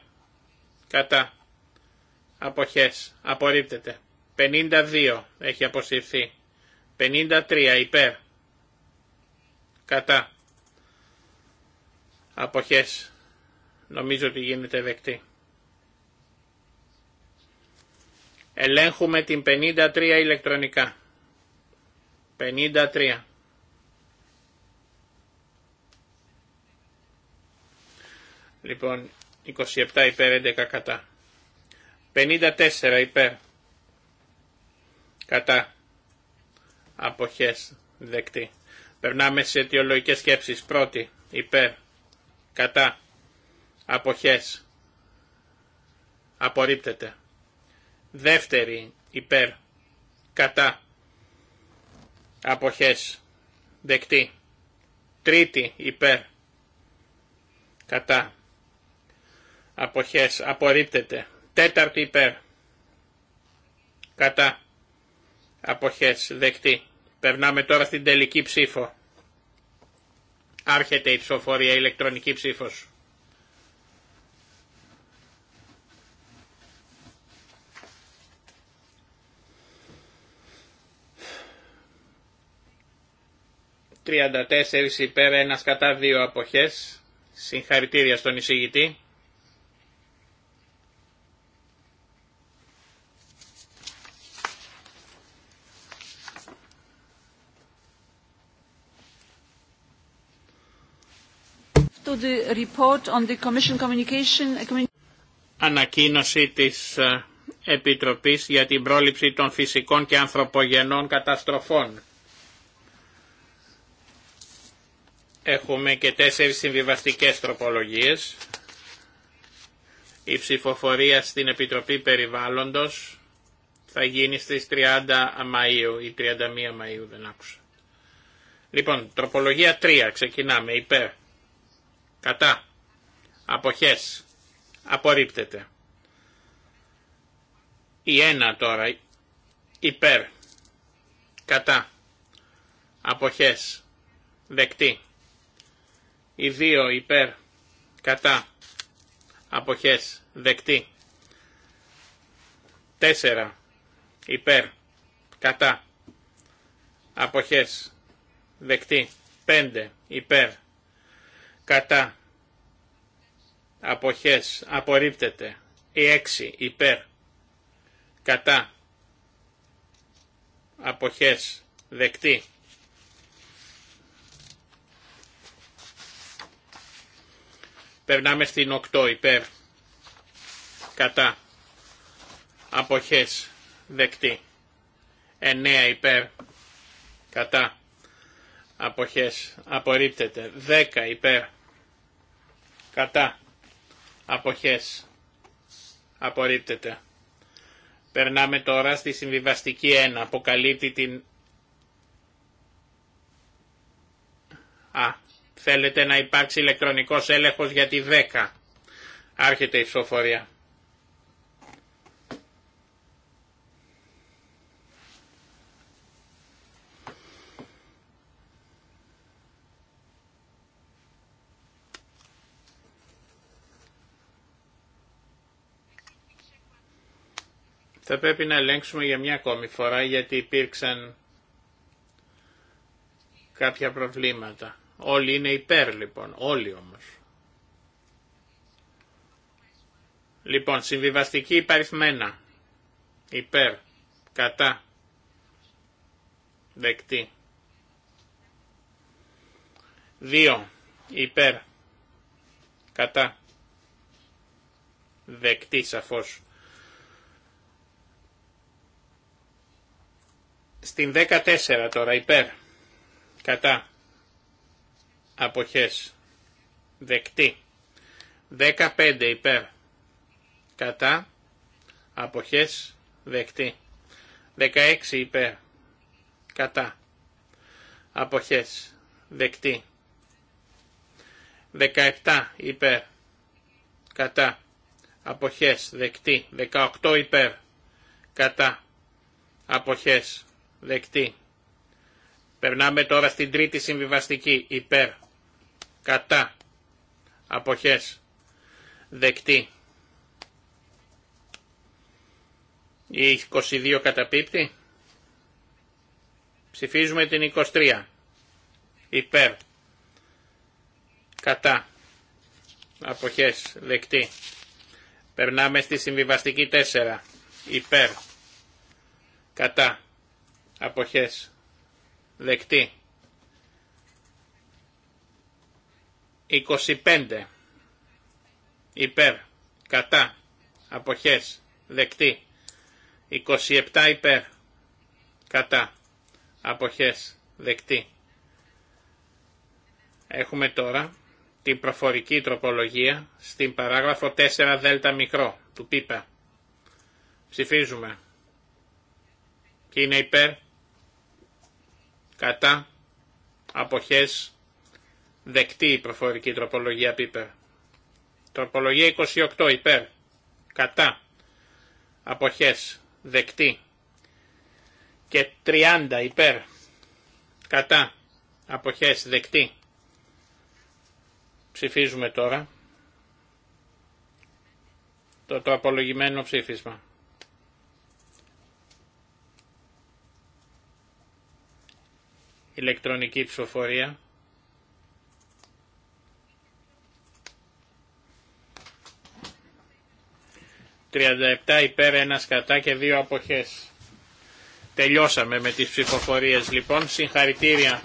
Κατά αποχές, απορρίπτεται. 52 έχει αποσυρθεί. 53 υπέρ, κατά, αποχές, νομίζω ότι γίνεται δεκτή. Ελέγχουμε την 53 ηλεκτρονικά. 53. Λοιπόν, 27 υπέρ 11 κατά. 54 υπέρ. Κατά. Αποχές. Δεκτή. Περνάμε σε αιτιολογικές σκέψεις. Πρώτη. Υπέρ. Κατά. Αποχές. Απορρίπτεται. Δεύτερη. Υπέρ. Κατά. Αποχές. Δεκτή. Τρίτη. Υπέρ. Κατά. Αποχές. Απορρίπτεται. Τέταρτη υπέρ. Κατά. Αποχές. Δεκτή. Περνάμε τώρα στην τελική ψήφο. Άρχεται η ψηφοφορία, η ηλεκτρονική ψήφος. «34 υπέρ, 1 κατά δύο αποχές. Συγχαρητήρια στον εισηγητή. Uh, Ανακοίνωση της ε, Επιτροπής για την πρόληψη των φυσικών και ανθρωπογενών καταστροφών. Έχουμε και τέσσερις συμβιβαστικές τροπολογίες. Η ψηφοφορία στην Επιτροπή Περιβάλλοντος θα γίνει στις 30 Μαΐου ή 31 Μαΐου δεν άκουσα. Λοιπόν, τροπολογία 3, ξεκινάμε, υπέρ. Κατά. Αποχές. Απορρίπτεται. Η ένα τώρα. Υπέρ. Κατά. Αποχές. Δεκτή. Η δύο υπέρ. Κατά. Αποχές. Δεκτή. Τέσσερα υπέρ. Κατά. Αποχές. Δεκτή. Πέντε υπέρ κατά, αποχές, απορρίπτεται. Η 6 υπέρ, κατά, αποχές, δεκτή. Περνάμε στην 8 υπέρ, κατά, αποχές, δεκτή. 9 υπέρ, κατά, αποχές, απορρίπτεται. 10 υπέρ, Κατά. Αποχές. Απορρίπτεται. Περνάμε τώρα στη συμβιβαστική 1. Αποκαλύπτει την... Α, θέλετε να υπάρξει ηλεκτρονικός έλεγχος για τη 10. Άρχεται η ψηφοφορία. Θα πρέπει να ελέγξουμε για μια ακόμη φορά γιατί υπήρξαν κάποια προβλήματα. Όλοι είναι υπέρ λοιπόν, όλοι όμως. Λοιπόν, συμβιβαστική υπαριθμένα. Υπέρ, κατά, δεκτή. Δύο, υπέρ, κατά, δεκτή σαφώς. Στην 14 τώρα υπέρ, κατά, αποχές, δεκτή. 15 υπέρ, κατά, αποχές, δεκτή. 16 υπέρ, κατά, αποχές, δεκτή. 17 υπέρ, κατά, αποχές, δεκτή. 18 υπέρ, κατά, αποχές, Δεκτή. Περνάμε τώρα στην τρίτη συμβιβαστική. Υπέρ. Κατά. Αποχές. Δεκτή. Η 22 καταπίπτει. Ψηφίζουμε την 23. Υπέρ. Κατά. Αποχές. Δεκτή. Περνάμε στη συμβιβαστική 4. Υπέρ. Κατά αποχές δεκτή 25 υπέρ κατά αποχές δεκτή 27 υπέρ κατά αποχές δεκτή έχουμε τώρα την προφορική τροπολογία στην παράγραφο 4 δέλτα μικρό του πίπα ψηφίζουμε και είναι υπέρ κατά, αποχές, δεκτή η προφορική τροπολογία Πίπερ. Τροπολογία 28 υπέρ, κατά, αποχές, δεκτή. Και 30 υπέρ, κατά, αποχές, δεκτή. Ψηφίζουμε τώρα το, το ψήφισμα. ηλεκτρονική ψηφοφορία. ...37 υπέρ, 1 κατά και 2 αποχές. Τελειώσαμε με τις ψηφοφορίες λοιπόν. Συγχαρητήρια.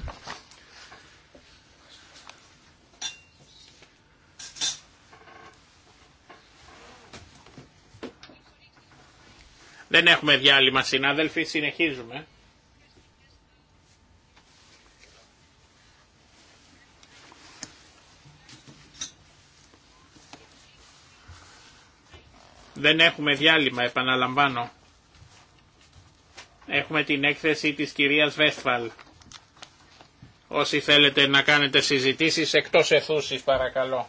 Δεν έχουμε διάλειμμα συνάδελφοι, συνεχίζουμε. Δεν έχουμε διάλειμμα, επαναλαμβάνω. Έχουμε την έκθεση της κυρίας Βέστφαλ. Όσοι θέλετε να κάνετε συζητήσεις εκτός εθούσης παρακαλώ.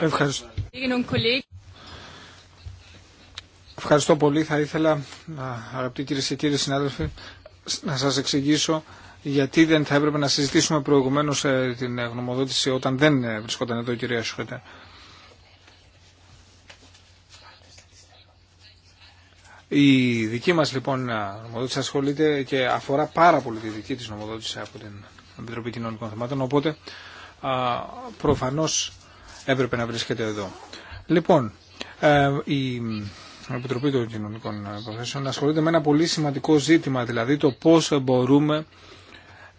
Ευχαριστώ. Ευχαριστώ πολύ. Θα ήθελα, αγαπητοί κύριε και κύριοι συνάδελφοι, να σας εξηγήσω γιατί δεν θα έπρεπε να συζητήσουμε προηγουμένω ε, την ε, γνωμοδότηση όταν δεν ε, βρισκόταν εδώ η κυρία Σούχετα. Η δική μας λοιπόν νομοδότηση ασχολείται και αφορά πάρα πολύ τη δική της νομοδότηση από την Επιτροπή Κοινωνικών Θεμάτων, οπότε α, προφανώς έπρεπε να βρίσκεται εδώ. Λοιπόν, η Επιτροπή των Κοινωνικών Υποθέσεων ασχολείται με ένα πολύ σημαντικό ζήτημα, δηλαδή το πώς μπορούμε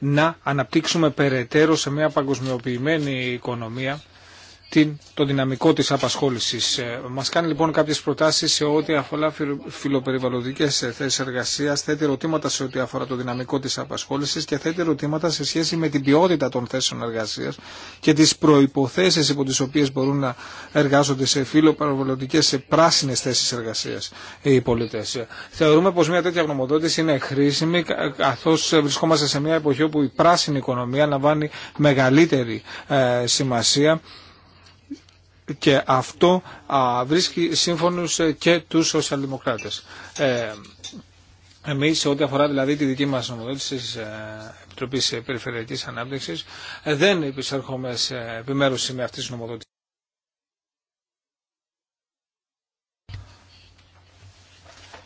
να αναπτύξουμε περαιτέρω σε μια παγκοσμιοποιημένη οικονομία την, το δυναμικό της απασχόλησης. Ε, μας κάνει λοιπόν κάποιες προτάσεις σε ό,τι αφορά φιλοπεριβαλλοντικές ε, θέσεις εργασίας, θέτει ερωτήματα σε ό,τι αφορά το δυναμικό της απασχόλησης και θέτει ερωτήματα σε σχέση με την ποιότητα των θέσεων εργασίας και τις προϋποθέσεις υπό τις οποίες μπορούν να εργάζονται σε φιλοπεριβαλλοντικές, σε πράσινες θέσεις εργασίας οι πολίτες. Ε, θεωρούμε πως μια τέτοια γνωμοδότηση είναι χρήσιμη καθώς βρισκόμαστε σε μια εποχή όπου η πράσινη οικονομία λαμβάνει μεγαλύτερη σημασία και αυτό βρίσκει σύμφωνος ε, και τους σοσιαλδημοκράτες. Ε, Εμεί, σε ό,τι αφορά δηλαδή τη δική μα νομοδότηση τη ε, Επιτροπή Περιφερειακή Ανάπτυξη, δεν επισέρχομαι σε επιμέρου με αυτή τη νομοδότηση.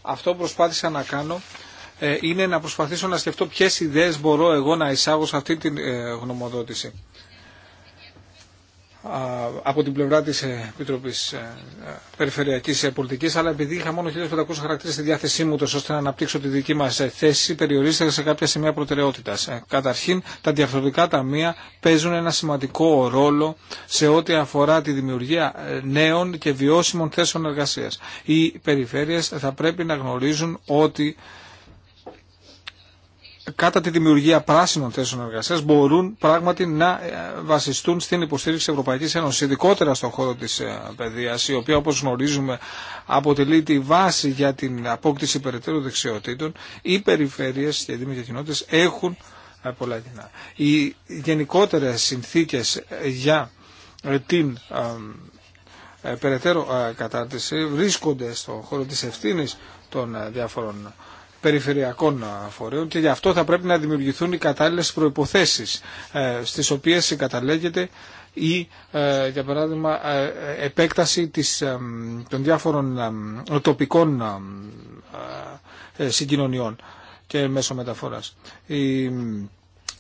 Αυτό που προσπάθησα να κάνω είναι να προσπαθήσω να σκεφτώ ποιες ιδέες μπορώ εγώ να εισάγω σε αυτή τη γνωμοδότηση από την πλευρά της ε, Επιτροπής ε, ε, Περιφερειακής Πολιτικής, αλλά επειδή είχα μόνο 1500 χαρακτήρες στη διάθεσή μου, τόσο ώστε να αναπτύξω τη δική μας θέση, περιορίστηκα σε κάποια σημεία προτεραιότητας. Καταρχήν, τα διαφορετικά ταμεία παίζουν ένα σημαντικό ρόλο σε ό,τι αφορά τη δημιουργία νέων και βιώσιμων θέσεων εργασίας. Οι περιφέρειες θα πρέπει να γνωρίζουν ότι κατά τη δημιουργία πράσινων θέσεων εργασίας μπορούν πράγματι να ε, βασιστούν στην υποστήριξη Ευρωπαϊκής Ένωση, ειδικότερα στον χώρο της ε, παιδείας, η οποία όπως γνωρίζουμε αποτελεί τη βάση για την απόκτηση περαιτέρω δεξιοτήτων, οι περιφέρειες και οι δήμοι και κοινότητε έχουν ε, πολλά κοινά. Οι γενικότερε συνθήκε για την περαιτέρω κατάρτιση βρίσκονται στον χώρο τη ευθύνη των διάφορων περιφερειακών φορέων και γι' αυτό θα πρέπει να δημιουργηθούν οι κατάλληλες προϋποθέσεις ε, στις οποίες συγκαταλέγεται ή ε, για παράδειγμα ε, επέκταση της, των διάφορων τοπικών συγκοινωνιών και μέσω μεταφοράς. Η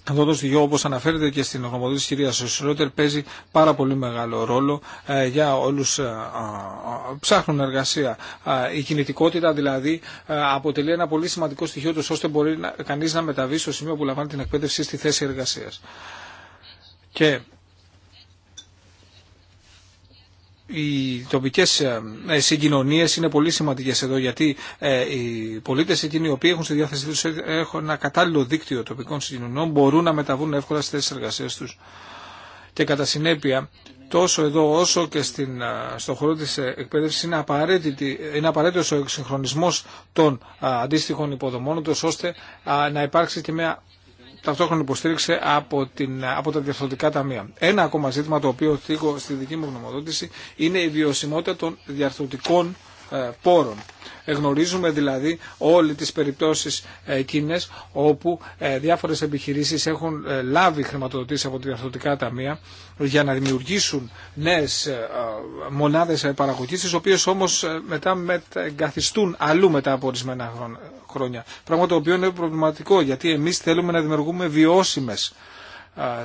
αυτό το στοιχείο, όπως αναφέρεται και στην γνωμοδότηση της κυρία Σρότερ, παίζει πάρα πολύ μεγάλο ρόλο ε, για όλους ε, ψάχνουν εργασία. Η κινητικότητα δηλαδή ε, αποτελεί ένα πολύ σημαντικό στοιχείο του ώστε μπορεί κανείς να μεταβεί στο σημείο που λαμβάνει την εκπαίδευση στη θέση εργασίας. Και οι τοπικές ε, ε, συγκοινωνίες είναι πολύ σημαντικές εδώ γιατί ε, οι πολίτες εκείνοι οι οποίοι έχουν στη διάθεσή τους έχουν ένα κατάλληλο δίκτυο τοπικών συγκοινωνιών μπορούν να μεταβούν εύκολα στις θέσεις εργασίας τους και κατά συνέπεια τόσο εδώ όσο και στον στο χώρο της εκπαίδευσης είναι, απαραίτητο είναι απαραίτητος ο εξυγχρονισμός των αντίστοιχων υποδομών ώστε να υπάρξει και μια ταυτόχρονα υποστήριξε από, την, από τα διαρθρωτικά ταμεία. Ένα ακόμα ζήτημα το οποίο θίγω στη δική μου γνωμοδότηση είναι η βιωσιμότητα των διαρθρωτικών ε, πόρων. Εγνωρίζουμε δηλαδή όλη τις περιπτώσεις εκείνες όπου ε, διάφορες επιχειρήσεις έχουν ε, λάβει χρηματοδοτήσεις από τη διαρθρωτικά ταμεία για να δημιουργήσουν νέες μονάδες παραγωγής τις οποίες όμως μετά εγκαθιστούν αλλού μετά από ορισμένα χρόνια. Πράγμα το οποίο είναι προβληματικό γιατί εμείς θέλουμε να δημιουργούμε βιώσιμες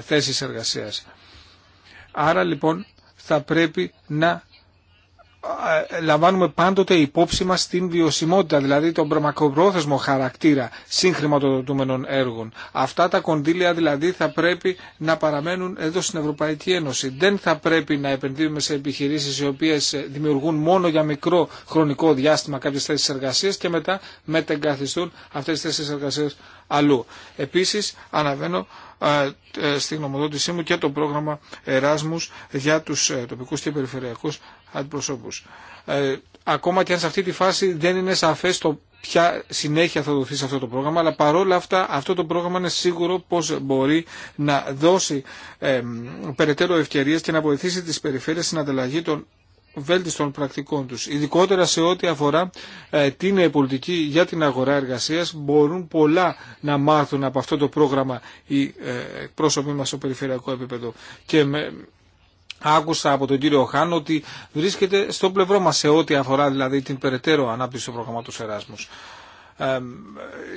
θέσεις εργασίας. Άρα λοιπόν θα πρέπει να ε, λαμβάνουμε πάντοτε υπόψη μας την βιωσιμότητα, δηλαδή τον πρόθεσμο χαρακτήρα συγχρηματοδοτούμενων έργων. Αυτά τα κονδύλια δηλαδή θα πρέπει να παραμένουν εδώ στην Ευρωπαϊκή Ένωση. Δεν θα πρέπει να επενδύουμε σε επιχειρήσεις οι οποίες δημιουργούν μόνο για μικρό χρονικό διάστημα κάποιες θέσεις εργασίας και μετά μετεγκαθιστούν αυτές τις θέσεις εργασίας αλλού. Επίσης, αναβαίνω ε, στη γνωμοδότησή μου και το πρόγραμμα Εράσμους για τους ε, τοπικούς και περιφερειακούς αντιπροσώπους. Ε, ακόμα και αν σε αυτή τη φάση δεν είναι σαφές το ποια συνέχεια θα δοθεί σε αυτό το πρόγραμμα, αλλά παρόλα αυτά αυτό το πρόγραμμα είναι σίγουρο πως μπορεί να δώσει περαιτέρω ευκαιρίες και να βοηθήσει τις περιφέρειες στην ανταλλαγή των βέλτιστων πρακτικών τους. Ειδικότερα σε ό,τι αφορά ε, την πολιτική για την αγορά εργασίας μπορούν πολλά να μάθουν από αυτό το πρόγραμμα οι ε, πρόσωποι μας στο περιφερειακό επίπεδο. Και Άκουσα από τον κύριο Χάν ότι βρίσκεται στο πλευρό μας σε ό,τι αφορά δηλαδή την περαιτέρω ανάπτυξη του πρόγραμματος Εράσμους.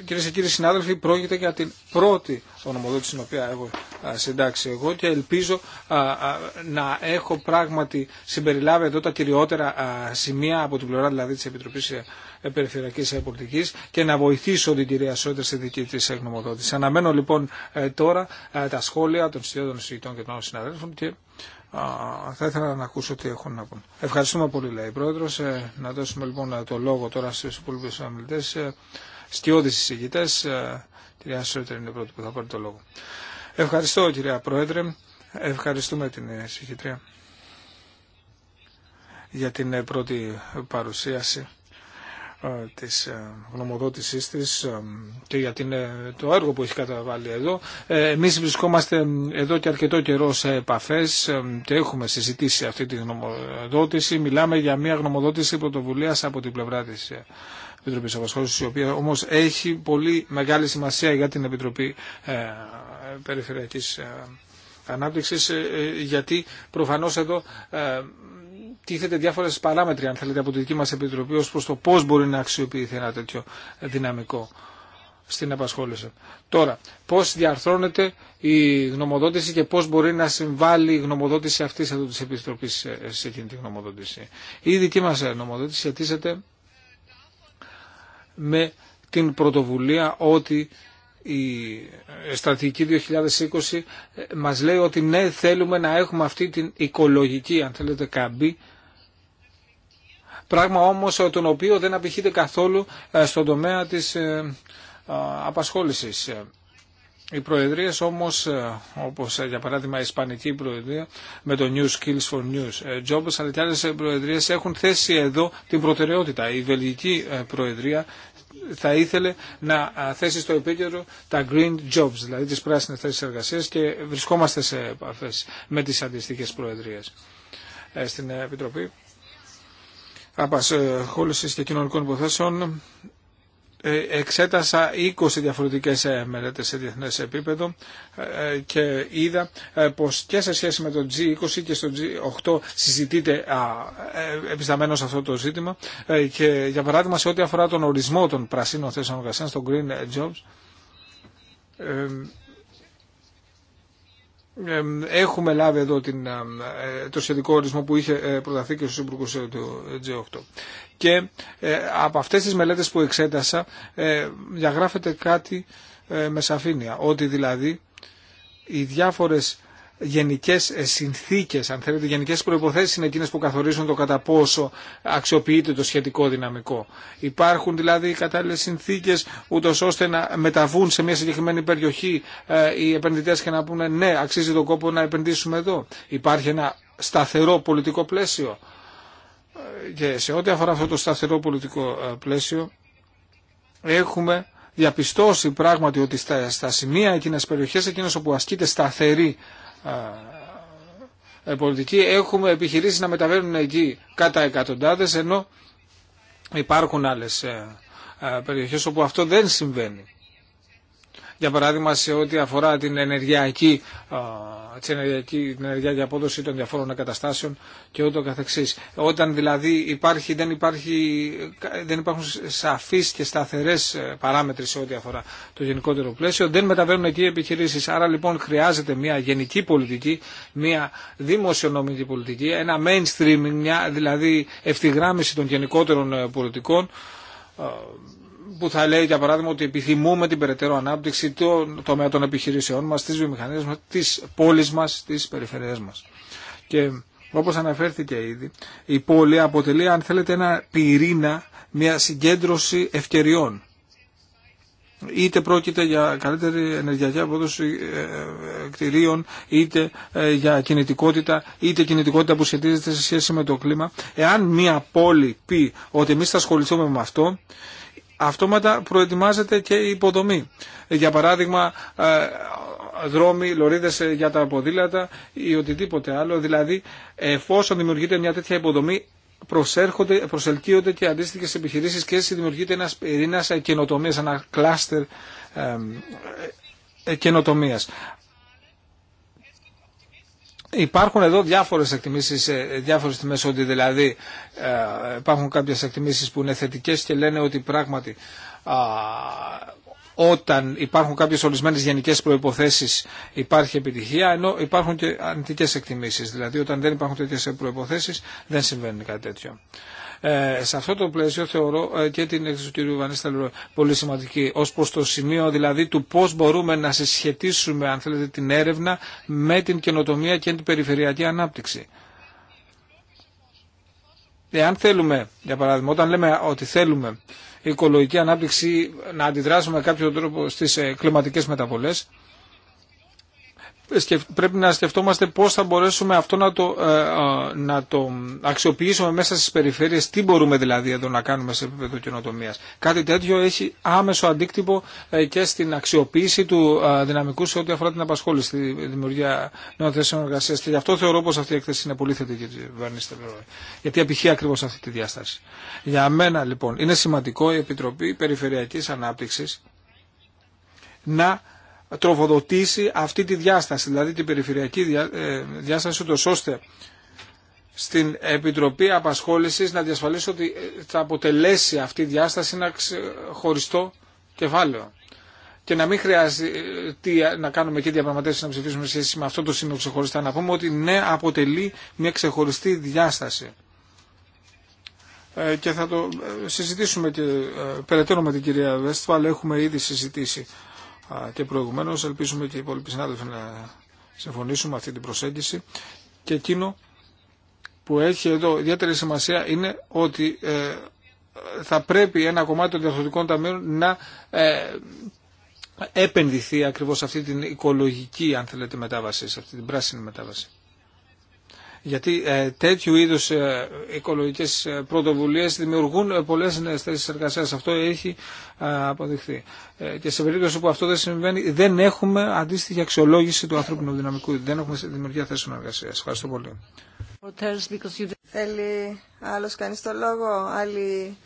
Κυρίε και κύριοι συνάδελφοι, πρόκειται για την πρώτη ονομοδότηση την οποία έχω συντάξει εγώ και ελπίζω να έχω πράγματι συμπεριλάβει εδώ τα κυριότερα σημεία από την πλευρά δηλαδή της Επιτροπής ε, Περιφερειακής Πολιτικής και να βοηθήσω την κυρία Σόντερ στη δική της γνωμοδότηση. Αναμένω λοιπόν ε, τώρα ε, τα σχόλια των συνδέων των και των συναδέλφων και θα ήθελα να ακούσω τι έχουν να πούν. Ευχαριστούμε πολύ, λέει η Πρόεδρο. Ε, να δώσουμε λοιπόν το λόγο τώρα στου υπόλοιπου στιώδη ε, Σκιώδη εισηγητέ. Ε, κυρία Σότερ είναι η πρώτη που θα πάρει το λόγο. Ευχαριστώ, κυρία Πρόεδρε. Ευχαριστούμε την εισηγητρία για την πρώτη παρουσίαση ε, της ε, γνωμοδότησής της ε, και για την, το έργο που έχει καταβάλει εδώ. Εμείς βρισκόμαστε εδώ και αρκετό καιρό σε επαφές και έχουμε συζητήσει αυτή τη γνωμοδότηση. Μιλάμε για μια γνωμοδότηση πρωτοβουλία από την πλευρά της Επιτροπής Απασχόλησης, η οποία όμως έχει πολύ μεγάλη σημασία για την Επιτροπή Περιφερειακής Ανάπτυξης, γιατί προφανώς εδώ τίθεται διάφορε παράμετροι, αν θέλετε, από τη δική μα επιτροπή ω προ το πώ μπορεί να αξιοποιηθεί ένα τέτοιο δυναμικό στην απασχόληση. Τώρα, πώ διαρθρώνεται η γνωμοδότηση και πώ μπορεί να συμβάλλει η γνωμοδότηση αυτή εδώ τη επιτροπή ε, ε, σε εκείνη τη γνωμοδότηση. Η δική μα ε, γνωμοδότηση σχετίζεται με την πρωτοβουλία ότι η στρατηγική 2020 μας λέει ότι ναι θέλουμε να έχουμε αυτή την οικολογική αν θέλετε καμπή Πράγμα όμως τον οποίο δεν απηχείται καθόλου ε, στον τομέα της ε, απασχόλησης. Οι προεδρίες όμως, ε, όπως για παράδειγμα η Ισπανική Προεδρία με το New Skills for News Jobs, αλλά και άλλες προεδρίες έχουν θέσει εδώ την προτεραιότητα. Η Βελγική Προεδρία θα ήθελε να θέσει στο επίκεντρο τα green jobs, δηλαδή τις πράσινες θέσεις εργασίας και βρισκόμαστε σε επαφές με τις αντιστοιχές προεδρίες στην Επιτροπή. Απασχόλησης ε, και Κοινωνικών Υποθέσεων ε, εξέτασα 20 διαφορετικές ε, μελέτες σε διεθνές επίπεδο και είδα πως και σε σχέση με το G20 και στο G8 συζητείται επισταμένως αυτό το ζήτημα και για παράδειγμα σε ό,τι αφορά τον ορισμό των πρασίνων θέσεων εργασίας, των green jobs έχουμε λάβει εδώ την, ε, το σχετικό ορισμό που είχε ε, προταθεί και στους Υπουργούς ε, του G8. Και από αυτές τις μελέτες που εξέτασα διαγράφεται κάτι με σαφήνεια, ότι δηλαδή οι διάφορες γενικέ ε, συνθήκε, αν θέλετε, γενικέ προποθέσει είναι εκείνε που καθορίζουν το κατά πόσο αξιοποιείται το σχετικό δυναμικό. Υπάρχουν δηλαδή οι κατάλληλε συνθήκε, ούτω ώστε να μεταβούν σε μια συγκεκριμένη περιοχή ε, οι επενδυτέ και να πούνε ναι, αξίζει τον κόπο να επενδύσουμε εδώ. Υπάρχει ένα σταθερό πολιτικό πλαίσιο. Ε, και σε ό,τι αφορά αυτό το σταθερό πολιτικό πλαίσιο, έχουμε διαπιστώσει πράγματι ότι στα, στα σημεία εκείνες περιοχές εκείνες όπου ασκείται σταθερή ε, πολιτική έχουμε επιχειρήσει να μεταβαίνουν εκεί κατά εκατοντάδες ενώ υπάρχουν άλλες ε, ε, περιοχές όπου αυτό δεν συμβαίνει για παράδειγμα σε ό,τι αφορά την ενεργειακή, την ενεργειακή, την απόδοση των διαφόρων εγκαταστάσεων και ούτω καθεξής. Όταν δηλαδή υπάρχει, δεν, υπάρχει, δεν υπάρχουν σαφείς και σταθερές ε, παράμετροι σε ό,τι αφορά το γενικότερο πλαίσιο, δεν μεταβαίνουν εκεί οι επιχειρήσεις. Άρα λοιπόν χρειάζεται μια γενική πολιτική, μια δημοσιονομική πολιτική, ένα mainstreaming, μια δηλαδή ευθυγράμμιση των γενικότερων ε, πολιτικών ε, που θα λέει για παράδειγμα ότι επιθυμούμε την περαιτέρω ανάπτυξη των τομέα των επιχειρήσεών μας, της βιομηχανίας μας, της πόλης μας, της περιφερειάς μας. Και όπως αναφέρθηκε ήδη, η πόλη αποτελεί αν θέλετε ένα πυρήνα, μια συγκέντρωση ευκαιριών. Είτε πρόκειται για καλύτερη ενεργειακή απόδοση ε, κτηρίων, είτε ε, για κινητικότητα, είτε κινητικότητα που σχετίζεται σε σχέση με το κλίμα. Εάν μια πόλη πει ότι εμεί θα ασχοληθούμε με αυτό, αυτόματα προετοιμάζεται και η υποδομή. Για παράδειγμα, ε, δρόμοι, λωρίδες ε, για τα ποδήλατα ή οτιδήποτε άλλο. Δηλαδή, εφόσον δημιουργείται μια τέτοια υποδομή, προσέρχονται, προσελκύονται και αντίστοιχε επιχειρήσει και έτσι δημιουργείται ένα πυρήνα καινοτομία, ένα κλάστερ ε, καινοτομία υπάρχουν εδώ διάφορες εκτιμήσεις, ε, διάφορες τιμές ότι δηλαδή ε, υπάρχουν κάποιες εκτιμήσεις που είναι θετικές και λένε ότι πράγματι όταν υπάρχουν κάποιε ορισμένε γενικέ προποθέσει, υπάρχει επιτυχία, ενώ υπάρχουν και αρνητικέ εκτιμήσει. Δηλαδή όταν δεν υπάρχουν τέτοιε προποθέσει, δεν συμβαίνει κάτι τέτοιο. Ε, σε αυτό το πλαίσιο θεωρώ ε, και την έκθεση του κ. Βανίστα πολύ σημαντική ως προς το σημείο δηλαδή του πώς μπορούμε να συσχετίσουμε αν θέλετε την έρευνα με την καινοτομία και την περιφερειακή ανάπτυξη εάν θέλουμε, για παράδειγμα, όταν λέμε ότι θέλουμε η οικολογική ανάπτυξη να αντιδράσουμε κάποιο τρόπο στις ε, κλιματικές μεταβολές, πρέπει να σκεφτόμαστε πώς θα μπορέσουμε αυτό να το, ε, ε, να το αξιοποιήσουμε μέσα στις περιφέρειες, τι μπορούμε δηλαδή εδώ να κάνουμε σε επίπεδο καινοτομία. Κάτι τέτοιο έχει άμεσο αντίκτυπο ε, και στην αξιοποίηση του δυναμικού σε ό,τι αφορά την απασχόληση, τη δημιουργία νέων θέσεων εργασίας. Και γι' αυτό θεωρώ πως αυτή η έκθεση είναι πολύ θετική, γιατί απηχεί ακριβώς αυτή τη διάσταση. Για μένα λοιπόν είναι σημαντικό η Επιτροπή Περιφερειακής Ανάπτυξης να τροφοδοτήσει αυτή τη διάσταση, δηλαδή την περιφερειακή ε, διάσταση, ούτως ώστε στην Επιτροπή Απασχόλησης να διασφαλίσει ότι ε, θα αποτελέσει αυτή η διάσταση ένα χωριστό κεφάλαιο. Και να μην χρειάζεται ε, να κάνουμε και διαπραγματεύσει να ψηφίσουμε σχέση με αυτό το σύνολο ξεχωριστά. Να πούμε ότι ναι, αποτελεί μια ξεχωριστή διάσταση. Και θα το συζητήσουμε και περαιτέρω με την κυρία Βέσφα, αλλά έχουμε ήδη συζητήσει και προηγουμένως ελπίζουμε και οι υπόλοιποι συνάδελφοι να συμφωνήσουμε με αυτή την προσέγγιση και εκείνο που έχει εδώ ιδιαίτερη σημασία είναι ότι ε, θα πρέπει ένα κομμάτι των διαρθρωτικών ταμείων να ε, επενδυθεί ακριβώς σε αυτή την οικολογική αν θέλετε μετάβαση, σε αυτή την πράσινη μετάβαση γιατί ε, τέτοιου είδου ε, οικολογικές ε, πρωτοβουλίε δημιουργούν πολλές νέες θέσεις εργασίας. Αυτό έχει αποδειχθεί. Και σε περίπτωση που αυτό δεν συμβαίνει δεν έχουμε αντίστοιχη αξιολόγηση του ανθρώπινου δυναμικού. Δεν έχουμε δημιουργία θέσεων εργασίας. Ευχαριστώ πολύ. Θέλει άλλο κάνει το λόγο, άλλοι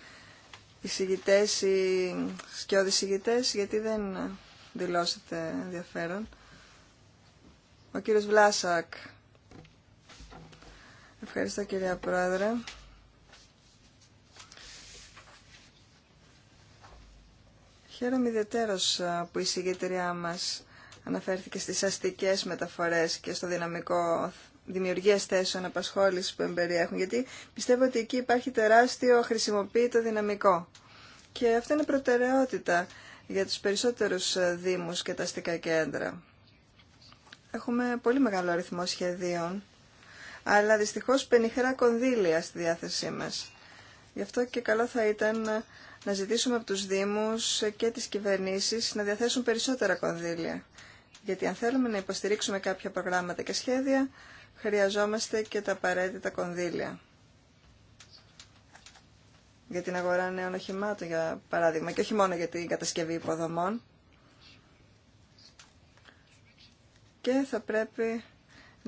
εισηγητές ή σκιώδη εισηγητές, γιατί δεν δηλώσετε ενδιαφέρον. Ο κύριος Βλάσακ. Ευχαριστώ κυρία Πρόεδρε. Χαίρομαι ιδιαίτερος που η συγκεκριά μας αναφέρθηκε στις αστικές μεταφορές και στο δυναμικό δημιουργία θέσεων απασχόλησης που εμπεριέχουν, γιατί πιστεύω ότι εκεί υπάρχει τεράστιο χρησιμοποιητό δυναμικό. Και αυτό είναι προτεραιότητα για τους περισσότερους δήμους και τα αστικά κέντρα. Έχουμε πολύ μεγάλο αριθμό σχεδίων αλλά δυστυχώς πενιχρά κονδύλια στη διάθεσή μας. Γι' αυτό και καλό θα ήταν να ζητήσουμε από τους Δήμους και τις κυβερνήσεις να διαθέσουν περισσότερα κονδύλια. Γιατί αν θέλουμε να υποστηρίξουμε κάποια προγράμματα και σχέδια, χρειαζόμαστε και τα απαραίτητα κονδύλια. Για την αγορά νέων οχημάτων, για παράδειγμα, και όχι μόνο για την κατασκευή υποδομών. Και θα πρέπει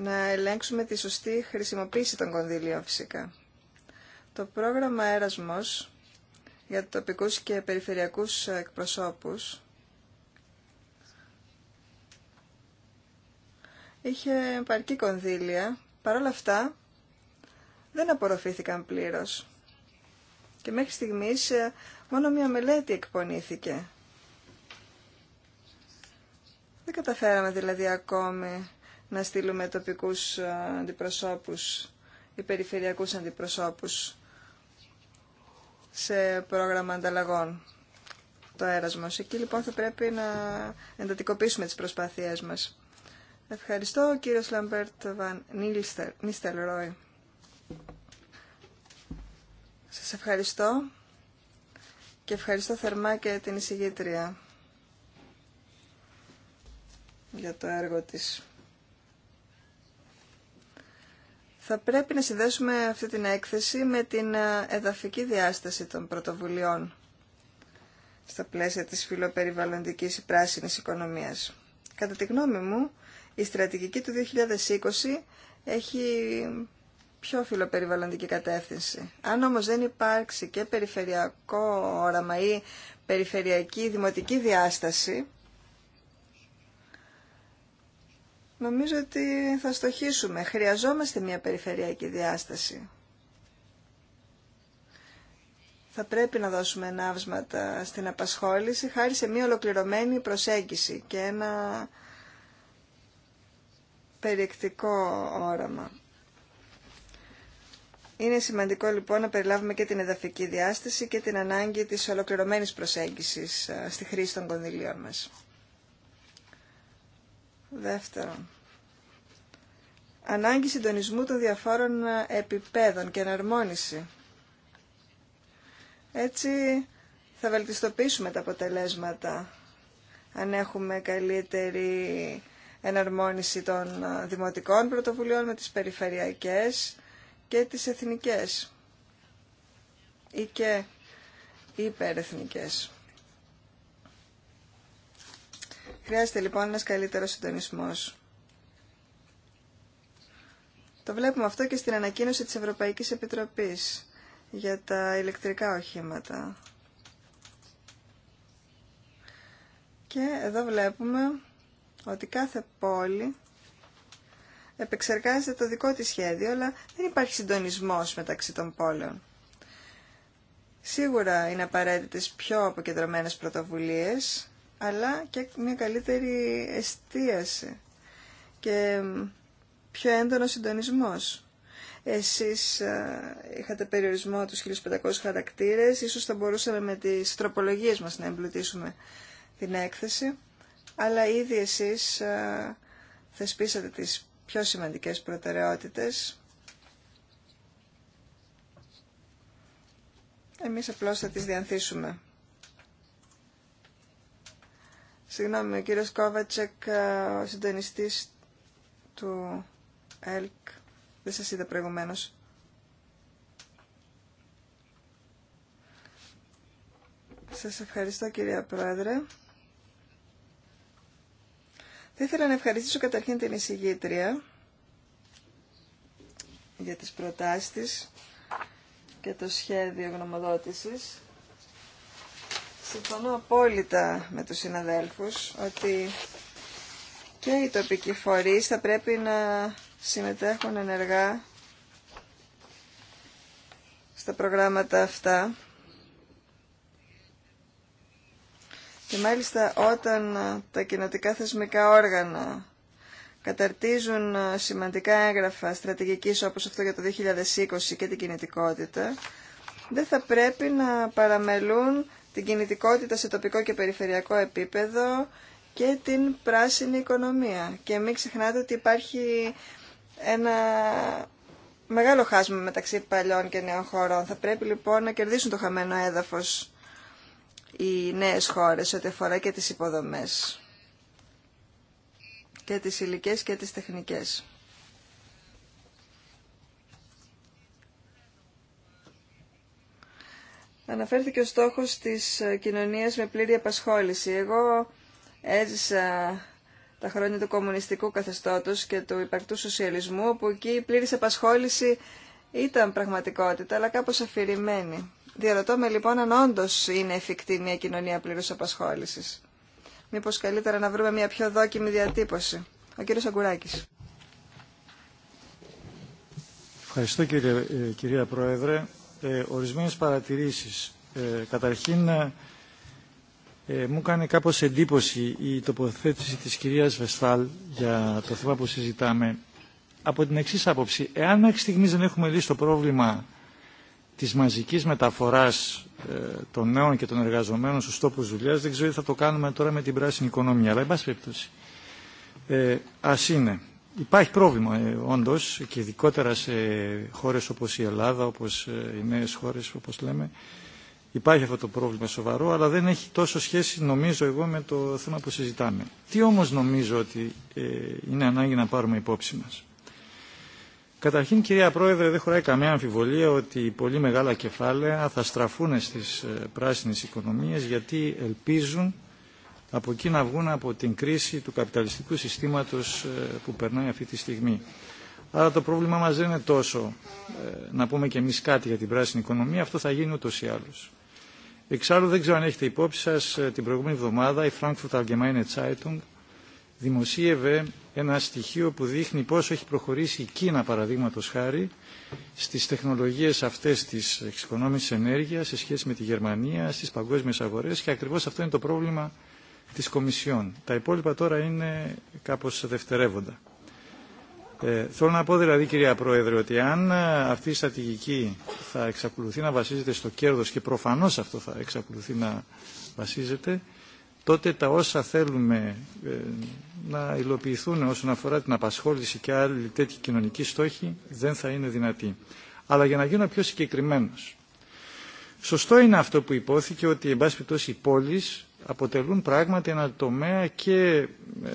να ελέγξουμε τη σωστή χρησιμοποίηση των κονδύλιων φυσικά. Το πρόγραμμα Έρασμος για τοπικούς και περιφερειακούς εκπροσώπους είχε παρκή κονδύλια. Παρ' όλα αυτά δεν απορροφήθηκαν πλήρως. Και μέχρι στιγμής ε, μόνο μια μελέτη εκπονήθηκε. Δεν καταφέραμε δηλαδή ακόμη να στείλουμε τοπικούς ε, αντιπροσώπους ή περιφερειακούς αντιπροσώπους σε πρόγραμμα ανταλλαγών το μας. Εκεί λοιπόν θα πρέπει να εντατικοποιήσουμε τις προσπάθειές μας. Ευχαριστώ ο κύριος Λαμπέρτ Βαν Νίστελ Ρόι. Σας ευχαριστώ και ευχαριστώ θερμά και την εισηγήτρια για το έργο της. θα πρέπει να συνδέσουμε αυτή την έκθεση με την ε, εδαφική διάσταση των πρωτοβουλειών στα πλαίσια της φιλοπεριβαλλοντικής πράσινης οικονομίας. Κατά τη γνώμη μου, η στρατηγική του 2020 έχει πιο φιλοπεριβαλλοντική κατεύθυνση. Αν όμως δεν υπάρξει και περιφερειακό όραμα ή περιφερειακή δημοτική διάσταση, Νομίζω ότι θα στοχίσουμε. Χρειαζόμαστε μια περιφερειακή διάσταση. Θα πρέπει να δώσουμε ναύσματα στην απασχόληση χάρη σε μια ολοκληρωμένη προσέγγιση και ένα περιεκτικό όραμα. Είναι σημαντικό λοιπόν να περιλάβουμε και την εδαφική διάσταση και την ανάγκη της ολοκληρωμένης προσέγγισης ε, στη χρήση των κονδυλίων μας. Δεύτερον, ανάγκη συντονισμού των διαφόρων επιπέδων και εναρμόνιση. Έτσι θα βελτιστοποιήσουμε τα αποτελέσματα αν έχουμε καλύτερη εναρμόνιση των δημοτικών πρωτοβουλειών με τις περιφερειακές και τις εθνικές ή και υπερεθνικές. Χρειάζεται λοιπόν ένας καλύτερος συντονισμός. Το βλέπουμε αυτό και στην ανακοίνωση της Ευρωπαϊκής Επιτροπής για τα ηλεκτρικά οχήματα. Και εδώ βλέπουμε ότι κάθε πόλη επεξεργάζεται το δικό της σχέδιο, αλλά δεν υπάρχει συντονισμός μεταξύ των πόλεων. Σίγουρα είναι απαραίτητες πιο αποκεντρωμένες πρωτοβουλίες αλλά και μια καλύτερη εστίαση και πιο έντονο συντονισμός. Εσείς ε, είχατε περιορισμό τους 1500 χαρακτήρες, ίσως θα μπορούσαμε με τις τροπολογίες μας να εμπλουτίσουμε την έκθεση, αλλά ήδη εσείς ε, θεσπίσατε τις πιο σημαντικές προτεραιότητες. Εμείς απλώς θα τις διανθίσουμε. Συγγνώμη, ο κύριος Κόβατσεκ, ε, ο συντονιστής του ΕΛΚ, δεν σας είδα προηγουμένως. Σας ευχαριστώ κυρία Πρόεδρε. Θα ήθελα να ευχαριστήσω καταρχήν την εισηγήτρια για τις προτάσεις και το σχέδιο γνωμοδότησης. Συμφωνώ απόλυτα με τους συναδέλφους ότι και οι τοπικοί φορείς θα πρέπει να συμμετέχουν ενεργά στα προγράμματα αυτά και μάλιστα όταν τα κοινοτικά θεσμικά όργανα καταρτίζουν σημαντικά έγγραφα στρατηγικής όπως αυτό για το 2020 και την κινητικότητα δεν θα πρέπει να παραμελούν την κινητικότητα σε τοπικό και περιφερειακό επίπεδο και την πράσινη οικονομία. Και μην ξεχνάτε ότι υπάρχει ένα μεγάλο χάσμα μεταξύ παλιών και νέων χωρών. Θα πρέπει λοιπόν να κερδίσουν το χαμένο έδαφος οι νέες χώρες ό,τι αφορά και τις υποδομές και τις υλικές και τις τεχνικές. Αναφέρθηκε ο στόχος της ε, κοινωνίας με πλήρη απασχόληση. Εγώ έζησα τα χρόνια του κομμουνιστικού καθεστώτος και του υπαρκτού σοσιαλισμού, όπου εκεί η πλήρης απασχόληση ήταν πραγματικότητα, αλλά κάπως αφηρημένη. Διαρωτώ με λοιπόν αν όντω είναι εφικτή μια κοινωνία πλήρους απασχόλησης. Μήπως καλύτερα να βρούμε μια πιο δόκιμη διατύπωση. Ο κύριος Αγκουράκης. Ευχαριστώ κύριε, ε, κυρία Πρόεδρε ε, ορισμένες παρατηρήσεις. Ε, καταρχήν, ε, ε μου κάνει κάπως εντύπωση η τοποθέτηση της κυρίας Βεστάλ για το θέμα που συζητάμε από την εξής άποψη. Εάν μέχρι στιγμή δεν έχουμε λύσει το πρόβλημα της μαζικής μεταφοράς ε, των νέων και των εργαζομένων στους τόπους δουλειάς, δεν ξέρω τι θα το κάνουμε τώρα με την πράσινη οικονομία, αλλά εν πάση περιπτώσει. Ε, ας είναι. Υπάρχει πρόβλημα ε, όντως και ειδικότερα σε χώρες όπως η Ελλάδα, όπως ε, οι νέες χώρες όπως λέμε. Υπάρχει αυτό το πρόβλημα σοβαρό, αλλά δεν έχει τόσο σχέση νομίζω εγώ με το θέμα που συζητάμε. Τι όμως νομίζω ότι ε, είναι ανάγκη να πάρουμε υπόψη μας. Καταρχήν κυρία Πρόεδρε δεν χωράει καμία αμφιβολία ότι πολύ μεγάλα κεφάλαια θα στραφούν στις ε, πράσινες οικονομίες γιατί ελπίζουν από εκεί να βγουν από την κρίση του καπιταλιστικού συστήματος ε, που περνάει αυτή τη στιγμή. Άρα το πρόβλημά μας δεν είναι τόσο ε, να πούμε και εμείς κάτι για την πράσινη οικονομία, αυτό θα γίνει ούτως ή άλλως. Εξάλλου δεν ξέρω αν έχετε υπόψη σας, ε, την προηγούμενη εβδομάδα η Frankfurt Allgemeine Zeitung δημοσίευε ένα στοιχείο που δείχνει πόσο έχει προχωρήσει η Κίνα παραδείγματος χάρη στις τεχνολογίες αυτές της εξοικονόμησης ενέργειας σε σχέση με τη Γερμανία, στις παγκόσμιες αγορές και ακριβώς αυτό είναι το πρόβλημα της Κομισιόν. Τα υπόλοιπα τώρα είναι κάπως δευτερεύοντα. Ε, θέλω να πω δηλαδή κυρία Πρόεδρε ότι αν ε, αυτή η στρατηγική θα εξακολουθεί να βασίζεται στο κέρδος και προφανώς αυτό θα εξακολουθεί να βασίζεται τότε τα όσα θέλουμε ε, να υλοποιηθούν όσον αφορά την απασχόληση και άλλοι τέτοιοι κοινωνικοί στόχοι δεν θα είναι δυνατοί. Αλλά για να γίνω πιο συγκεκριμένος. Σωστό είναι αυτό που υπόθηκε ότι εν πάση περιπτώσει οι πόλεις αποτελούν πράγματι ένα τομέα και ε,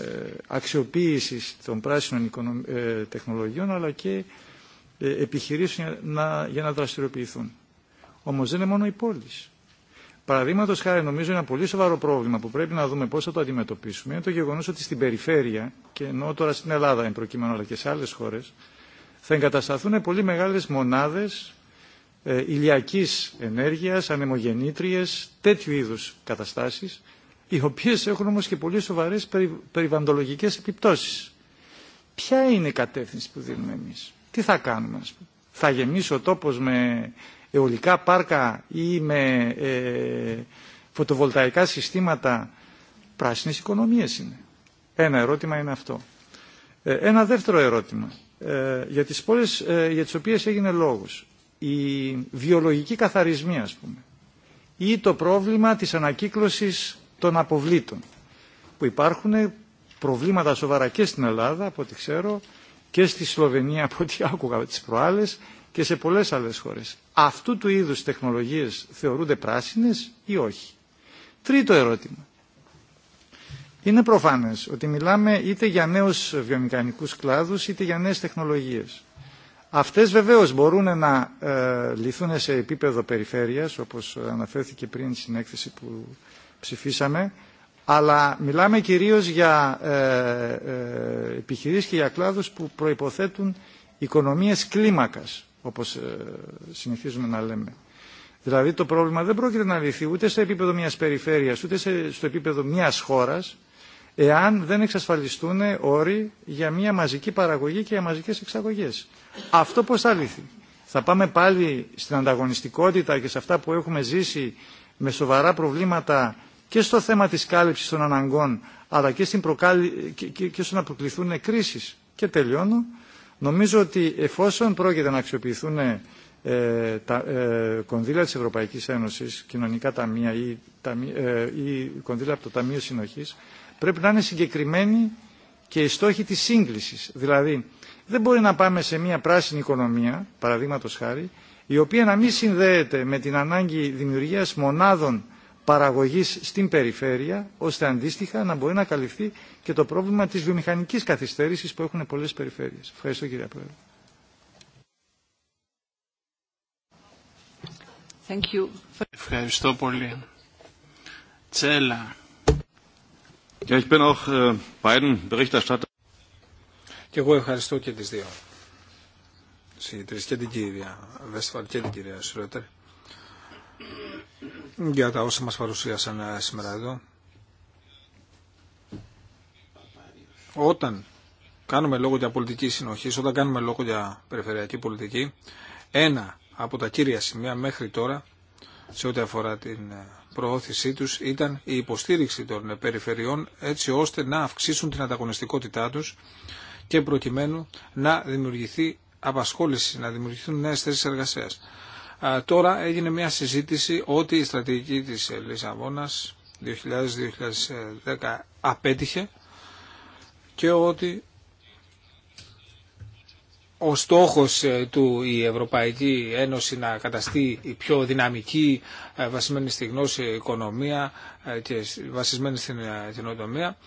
αξιοποίησης των πράσινων ε, τεχνολογιών αλλά και ε, επιχειρήσεων για να δραστηριοποιηθούν. Όμως δεν είναι μόνο οι πόλεις. Παραδείγματο χάρη, νομίζω ένα πολύ σοβαρό πρόβλημα που πρέπει να δούμε πώ θα το αντιμετωπίσουμε είναι το γεγονό ότι στην περιφέρεια, και εννοώ τώρα στην Ελλάδα εν προκειμένου αλλά και σε άλλε χώρε, θα εγκατασταθούν πολύ μεγάλε μονάδε ε, ηλιακής ενέργειας, ανεμογεννήτριες, τέτοιου είδους καταστάσεις, οι οποίες έχουν όμως και πολύ σοβαρές περιβαντολογικές επιπτώσεις. Ποια είναι η κατεύθυνση που δίνουμε εμείς. Τι θα κάνουμε, ας πούμε. Θα γεμίσει ο τόπος με αιωλικά πάρκα ή με ε, φωτοβολταϊκά συστήματα. Πράσινες οικονομίες είναι. Ένα ερώτημα είναι αυτό. Ε, ένα δεύτερο ερώτημα για τις πόλεις για τις οποίες έγινε λόγος. Η βιολογική καθαρισμή ας πούμε ή το πρόβλημα της ανακύκλωσης των αποβλήτων που υπάρχουν προβλήματα σοβαρά και στην Ελλάδα από ό,τι ξέρω και στη Σλοβενία από ό,τι άκουγα τις προάλλες και σε πολλές άλλες χώρες. Αυτού του είδους τεχνολογίες θεωρούνται πράσινες ή όχι. Τρίτο ερώτημα. Είναι προφανές ότι μιλάμε είτε για νέους βιομηχανικούς κλάδους είτε για νέες τεχνολογίες. Αυτές βεβαίως μπορούν να ε, λυθούν σε επίπεδο περιφέρειας, όπως αναφέρθηκε πριν στην έκθεση που ψηφίσαμε, αλλά μιλάμε κυρίως για ε, ε, επιχειρήσεις και για κλάδους που προϋποθέτουν οικονομίες κλίμακας, όπως συνηθίζουμε να λέμε. Δηλαδή το πρόβλημα δεν πρόκειται να λυθεί ούτε σε επίπεδο μιας περιφέρειας, ούτε στο επίπεδο μιας χώρας, εάν δεν εξασφαλιστούν όροι για μια μαζική παραγωγή και για μαζικές εξαγωγές. Αυτό πώς θα λυθεί. Θα πάμε πάλι στην ανταγωνιστικότητα και σε αυτά που έχουμε ζήσει με σοβαρά προβλήματα και στο θέμα της κάλυψης των αναγκών αλλά και, στην προκάλυ... και, στο να προκληθούν κρίσεις. Και τελειώνω. Νομίζω ότι εφόσον πρόκειται να αξιοποιηθούν ε, τα ε, κονδύλια της Ευρωπαϊκής Ένωσης, κοινωνικά ταμεία ή, ταμεία, ή κονδύλια από το Ταμείο Συνοχής, πρέπει να είναι συγκεκριμένοι και οι στόχοι της σύγκλησης. Δηλαδή, δεν μπορεί να πάμε σε μια πράσινη οικονομία, παραδείγματο χάρη, η οποία να μην συνδέεται με την ανάγκη δημιουργίας μονάδων παραγωγής στην περιφέρεια, ώστε αντίστοιχα να μπορεί να καλυφθεί και το πρόβλημα της βιομηχανικής καθυστέρησης που έχουν πολλές περιφέρειες. Ευχαριστώ κύριε Πρόεδρε. Ευχαριστώ πολύ. Τσέλα. Äh, και εγώ ευχαριστώ και τις δύο συντηρήσει και την κυρία Βέσφαλ και την κυρία Σρότερ για τα όσα μας παρουσίασαν ε, σήμερα εδώ. Όταν κάνουμε λόγο για πολιτική συνοχή, όταν κάνουμε λόγο για περιφερειακή πολιτική, ένα από τα κύρια σημεία μέχρι τώρα σε ό,τι αφορά την ε, προώθησή τους ήταν η υποστήριξη των περιφερειών έτσι ώστε να αυξήσουν την ανταγωνιστικότητά τους και προκειμένου να δημιουργηθεί απασχόληση, να δημιουργηθούν νέες θέσεις εργασίας. Τώρα έγινε μια συζήτηση ότι η στρατηγική της Λισαβόνας 2000-2010 απέτυχε και ότι ο στόχος ε, του η Ευρωπαϊκή Ένωση να καταστεί η πιο δυναμική ε, βασισμένη στη γνώση οικονομία ε, και βασισμένη στην κοινοτομία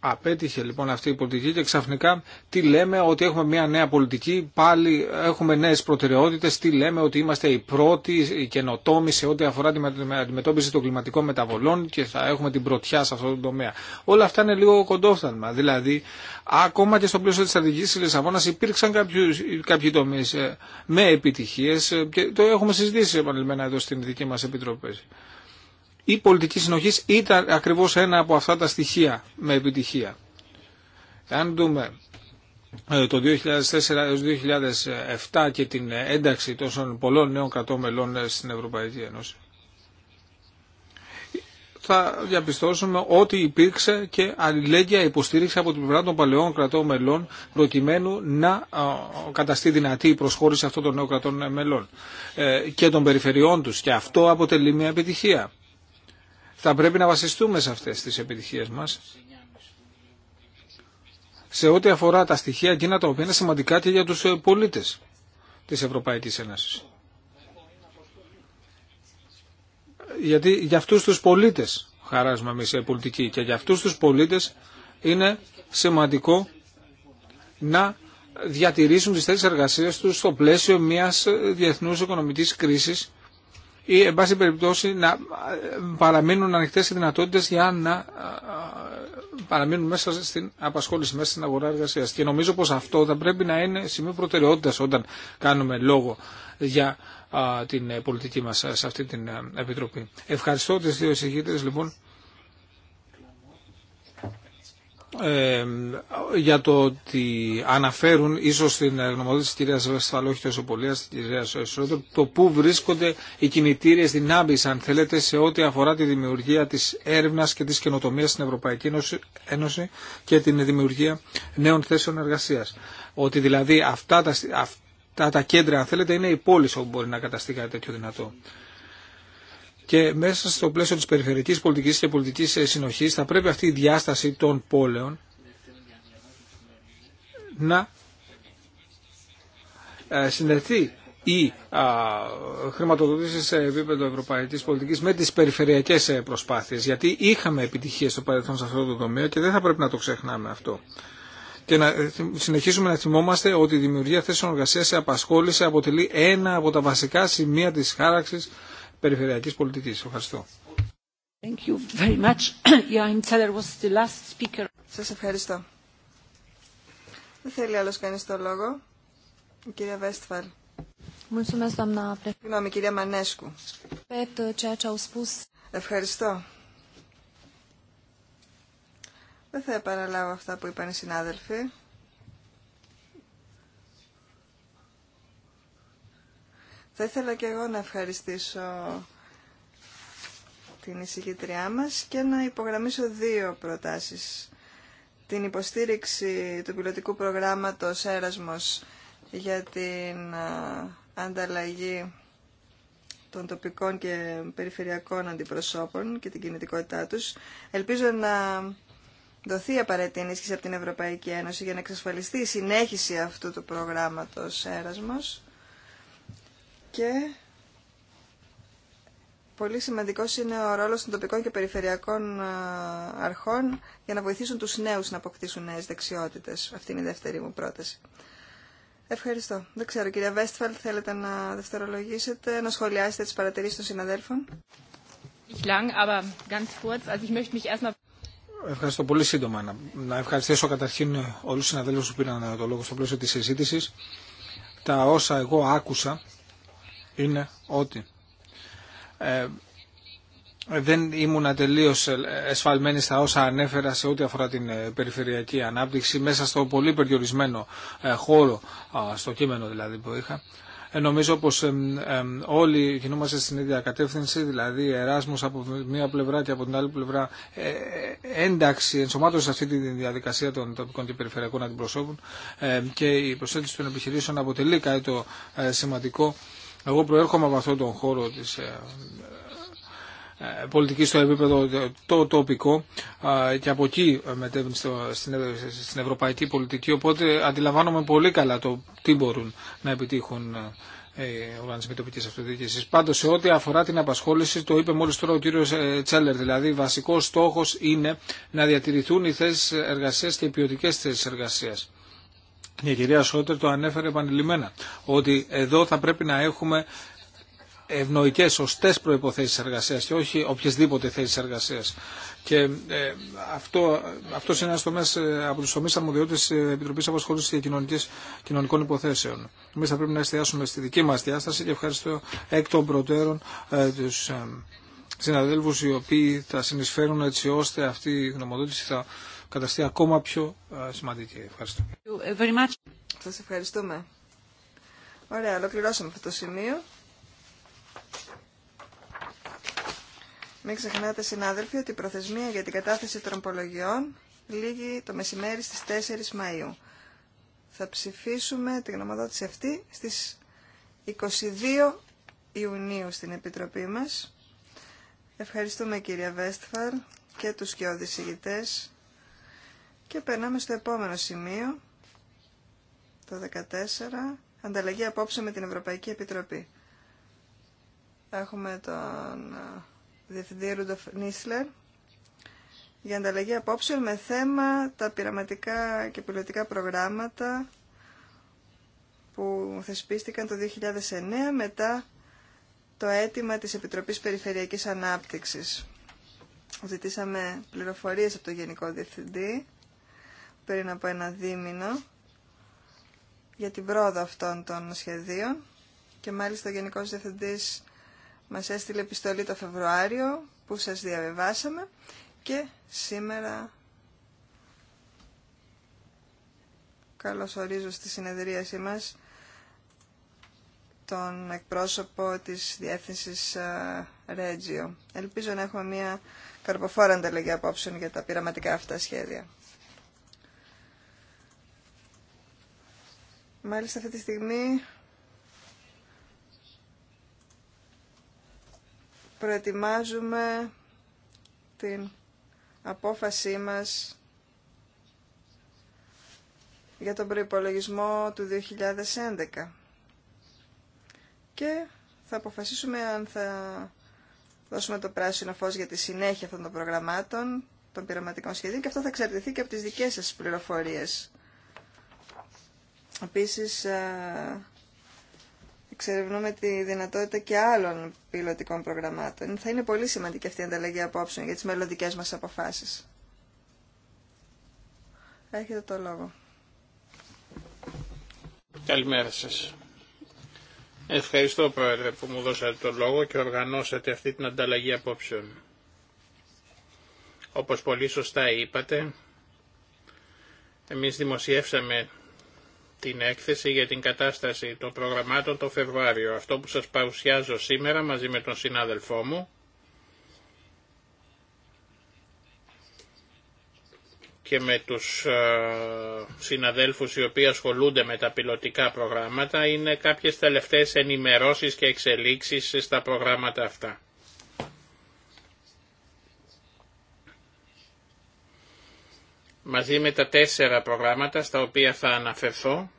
Απέτυχε λοιπόν αυτή η πολιτική και ξαφνικά τι λέμε ότι έχουμε μια νέα πολιτική, πάλι έχουμε νέες προτεραιότητες, τι λέμε ότι είμαστε οι πρώτοι, οι καινοτόμοι σε ό,τι αφορά την αντιμετώπιση των κλιματικών μεταβολών και θα έχουμε την πρωτιά σε αυτό το τομέα. Όλα αυτά είναι λίγο κοντόφθαλμα. Δηλαδή, ακόμα και στο πλαίσιο της στρατηγικής της Λισαβόνας υπήρξαν κάποιους, κάποιοι τομείς ε, με επιτυχίες ε, και το έχουμε συζητήσει επανελειμμένα εδώ στην δική μας επιτροπή η πολιτική συνοχής ήταν ακριβώς ένα από αυτά τα στοιχεία με επιτυχία. Αν δούμε ε, το 2004 έως 2007 και την ένταξη τόσων πολλών νέων κρατών μελών ε, στην Ευρωπαϊκή Ένωση θα διαπιστώσουμε ότι υπήρξε και αλληλέγγυα υποστήριξη από την πλευρά των παλαιών κρατών μελών προκειμένου να ε, καταστεί δυνατή η προσχώρηση αυτών των νέων κρατών μελών και των περιφερειών τους. Και αυτό αποτελεί μια επιτυχία θα πρέπει να βασιστούμε σε αυτές τις επιτυχίες μας σε ό,τι αφορά τα στοιχεία εκείνα τα οποία είναι σημαντικά και για τους ε, πολίτες της Ευρωπαϊκής Ένωσης. Γιατί για αυτούς τους πολίτες χαράζουμε εμείς οι ε, πολιτικοί και για αυτούς τους πολίτες είναι σημαντικό να διατηρήσουν τις θέσεις εργασίας τους στο πλαίσιο μιας ε, διεθνούς οικονομικής κρίσης ή εν πάση περιπτώσει να ε, παραμείνουν ανοιχτές οι δυνατότητες για να ε, ε, παραμείνουν μέσα στην απασχόληση, μέσα στην αγορά εργασία. Και νομίζω πως αυτό θα πρέπει να είναι σημείο προτεραιότητας όταν κάνουμε λόγο για την πολιτική μας σε αυτή την Επιτροπή. Ευχαριστώ τις δύο εισηγήτες. λοιπόν Ε, για το ότι αναφέρουν ίσως στην γνωμοδότηση της κυρίας Βεσφαλό, όχι τόσο πολύ, της κυρίας το πού βρίσκονται οι κινητήριες δυνάμεις, αν θέλετε, σε ό,τι αφορά τη δημιουργία της έρευνας και της καινοτομίας στην Ευρωπαϊκή Ένωση και την δημιουργία νέων θέσεων εργασίας. Ότι δηλαδή αυτά τα, τα κέντρα, αν θέλετε, είναι οι πόλη όπου μπορεί να καταστεί κάτι τέτοιο δυνατό. Και μέσα στο πλαίσιο της περιφερειακής πολιτικής και πολιτικής ε, συνοχής θα πρέπει αυτή η διάσταση των πόλεων να ε, συνδεθεί η χρηματοδοτήσει σε επίπεδο ευρωπαϊκή πολιτική με τι περιφερειακέ ε, προσπάθειε. Γιατί είχαμε επιτυχίε στο παρελθόν σε αυτό το τομέα και δεν θα πρέπει να το ξεχνάμε αυτό. Και να συνεχίσουμε να θυμόμαστε ότι η δημιουργία θέσεων εργασία σε απασχόληση αποτελεί ένα από τα βασικά σημεία τη χάραξη περιφερειακής πολιτικής. Ευχαριστώ. Thank you very much. was the last speaker. Σας ευχαριστώ. Δεν θέλει άλλος κανείς το λόγο. Η κυρία Βέστφαλ. Συγγνώμη, κυρία Μανέσκου. Uh, ευχαριστώ. Δεν θα επαναλάβω αυτά που είπαν οι συνάδελφοι. Θα ήθελα και εγώ να ευχαριστήσω την εισηγητριά μας και να υπογραμμίσω δύο προτάσεις. Την υποστήριξη του πιλωτικού προγράμματος Έρασμος για την ανταλλαγή των τοπικών και περιφερειακών αντιπροσώπων και την κινητικότητά τους. Ελπίζω να δοθεί απαραίτητη ενίσχυση από την Ευρωπαϊκή Ένωση για να εξασφαλιστεί η συνέχιση αυτού του προγράμματος Έρασμος. Και πολύ σημαντικός είναι ο ρόλος των τοπικών και περιφερειακών αρχών για να βοηθήσουν τους νέους να αποκτήσουν νέες δεξιότητες. Αυτή είναι η δεύτερη μου πρόταση. Ευχαριστώ. Δεν ξέρω, κυρία Βέστφαλ, θέλετε να δευτερολογήσετε, να σχολιάσετε τις παρατηρήσεις των συναδέλφων. Ευχαριστώ πολύ σύντομα. Να, να ευχαριστήσω καταρχήν όλους τους συναδέλφους που πήραν το λόγο στο πλαίσιο της συζήτησης. Τα όσα εγώ άκουσα είναι ότι ε, δεν ήμουν τελείω εσφαλμένη στα όσα ανέφερα σε ό,τι αφορά την ε, περιφερειακή ανάπτυξη μέσα στο πολύ περιορισμένο ε, χώρο, στο κείμενο δηλαδή που είχα. Νομίζω πως όλοι κινούμαστε στην ίδια κατεύθυνση, δηλαδή εράσμος από μία πλευρά και από την άλλη πλευρά ένταξη, ενσωμάτωση σε αυτή τη διαδικασία των τοπικών και περιφερειακών αντιπροσώπων και η προσέγγιση των επιχειρήσεων αποτελεί κάτι το σημαντικό εγώ προέρχομαι από αυτόν τον χώρο της ε, ε, πολιτική στο επίπεδο το τοπικό και από εκεί μετέβη ε, στην ευρωπαϊκή πολιτική οπότε αντιλαμβάνομαι πολύ καλά το τι μπορούν να επιτύχουν οι οργανισμοί τοπική αυτοδιοίκηση. Πάντω, σε ό,τι αφορά την απασχόληση, το είπε μόλι τώρα ο κύριο Τσέλερ. Δηλαδή, βασικό στόχο είναι να διατηρηθούν οι θέσει εργασία και οι ποιοτικέ θέσει εργασία η κυρία Σότερ το ανέφερε επανειλημμένα, ότι εδώ θα πρέπει να έχουμε ευνοϊκέ, σωστέ προποθέσει εργασία και όχι οποιασδήποτε θέσει εργασία. Και ε, αυτό αυτός είναι ένα τομέα ε, από του τομεί αρμοδιότητα τη Επιτροπή αποσχόληση και Κοινωνικών Υποθέσεων. Εμεί θα πρέπει να εστιάσουμε στη δική μα διάσταση και ευχαριστώ εκ των προτέρων ε, του ε, συναδέλφου οι οποίοι θα συνεισφέρουν έτσι ώστε αυτή η γνωμοδότηση θα καταστεί ακόμα πιο σημαντική. Ευχαριστώ. Ε, Σας ευχαριστούμε. Ωραία, ολοκληρώσαμε αυτό το σημείο. Μην ξεχνάτε συνάδελφοι ότι η προθεσμία για την κατάθεση τροπολογιών λήγει το μεσημέρι στις 4 Μαΐου. Θα ψηφίσουμε την γνωμοδότηση αυτή στις 22 Ιουνίου στην Επιτροπή μας. Ευχαριστούμε κυρία Βέστφαρ και τους και οδησηγητές και περνάμε στο επόμενο σημείο, το 14, ανταλλαγή απόψε με την Ευρωπαϊκή Επιτροπή. Έχουμε τον ε, Διευθυντή Ρούντοφ Νίσλερ για ανταλλαγή απόψεων με θέμα τα πειραματικά και πιλωτικά προγράμματα που θεσπίστηκαν το 2009 μετά το αίτημα της Επιτροπής Περιφερειακής Ανάπτυξης. Ζητήσαμε πληροφορίες από τον Γενικό Διευθυντή πριν από ένα δίμηνο για την πρόοδο αυτών των σχεδίων και μάλιστα ο Γενικός Διευθυντής μας έστειλε επιστολή το Φεβρουάριο που σας διαβεβάσαμε και σήμερα καλωσορίζω στη συνεδρίασή μας τον εκπρόσωπο της Διεύθυνσης Ρέτζιο. Ελπίζω να έχουμε μια καρποφόρα ανταλλαγή απόψεων για τα πειραματικά αυτά σχέδια. Μάλιστα αυτή τη στιγμή προετοιμάζουμε την απόφασή μας για τον προϋπολογισμό του 2011 και θα αποφασίσουμε αν θα δώσουμε το πράσινο φως για τη συνέχεια αυτών των προγραμμάτων των πειραματικών σχεδίων και αυτό θα εξαρτηθεί και από τις δικές σας πληροφορίες Επίσης, ε, εξερευνούμε τη δυνατότητα και άλλων πιλωτικών προγραμμάτων. Θα είναι πολύ σημαντική αυτή η ανταλλαγή απόψεων για τις μελλοντικές μας αποφάσεις. Έχετε το λόγο. Καλημέρα σας. Ευχαριστώ Πρόεδρε που μου δώσατε το λόγο και οργανώσατε αυτή την ανταλλαγή απόψεων. Όπως πολύ σωστά είπατε, εμείς δημοσιεύσαμε την έκθεση για την κατάσταση των προγραμμάτων το Φεβρουάριο. Αυτό που σας παρουσιάζω σήμερα μαζί με τον συνάδελφό μου και με τους συναδέλφους οι οποίοι ασχολούνται με τα πιλωτικά προγράμματα είναι κάποιες τελευταίες ενημερώσεις και εξελίξεις στα προγράμματα αυτά. μαζί με τα τέσσερα προγράμματα στα οποία θα αναφερθώ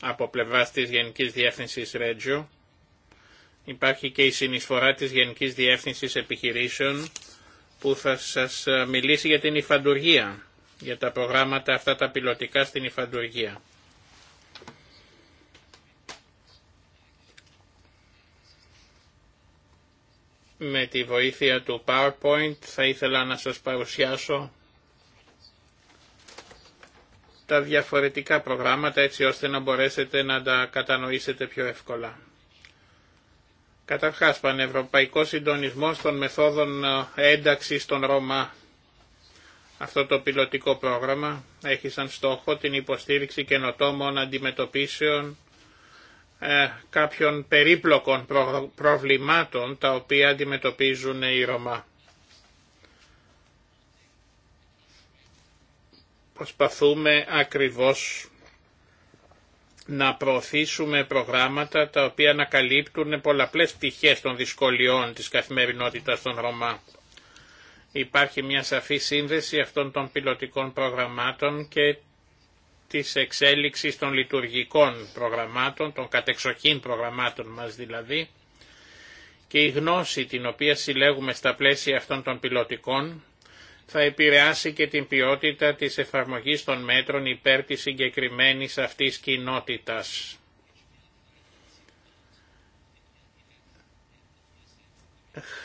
από πλευράς της Γενικής Διεύθυνσης Ρέτζιο. Υπάρχει και η συνεισφορά της Γενικής Διεύθυνσης Επιχειρήσεων που θα σας ε, μιλήσει για την υφαντουργία, για τα προγράμματα αυτά τα πιλωτικά στην υφαντουργία. Με τη βοήθεια του PowerPoint θα ήθελα να σας παρουσιάσω τα διαφορετικά προγράμματα έτσι ώστε να μπορέσετε να τα κατανοήσετε πιο εύκολα. Καταρχάς, πανευρωπαϊκό συντονισμό των μεθόδων ε, ένταξης των Ρωμά. Αυτό το πιλωτικό πρόγραμμα έχει σαν στόχο την υποστήριξη καινοτόμων αντιμετωπίσεων ε, κάποιων περίπλοκων προβλημάτων τα οποία αντιμετωπίζουν οι Ρωμά. Προσπαθούμε ακριβώς να προωθήσουμε προγράμματα τα οποία να καλύπτουν πολλαπλές πτυχές των δυσκολιών της καθημερινότητας των Ρωμά. Υπάρχει μια σαφή σύνδεση αυτών των πιλωτικών προγραμμάτων και της εξέλιξης των λειτουργικών προγραμμάτων, των κατεξοχήν προγραμμάτων μας δηλαδή, και η γνώση την οποία συλλέγουμε στα πλαίσια αυτών των πιλωτικών θα επηρεάσει και την ποιότητα της εφαρμογής των μέτρων υπέρ της συγκεκριμένης αυτής κοινότητας.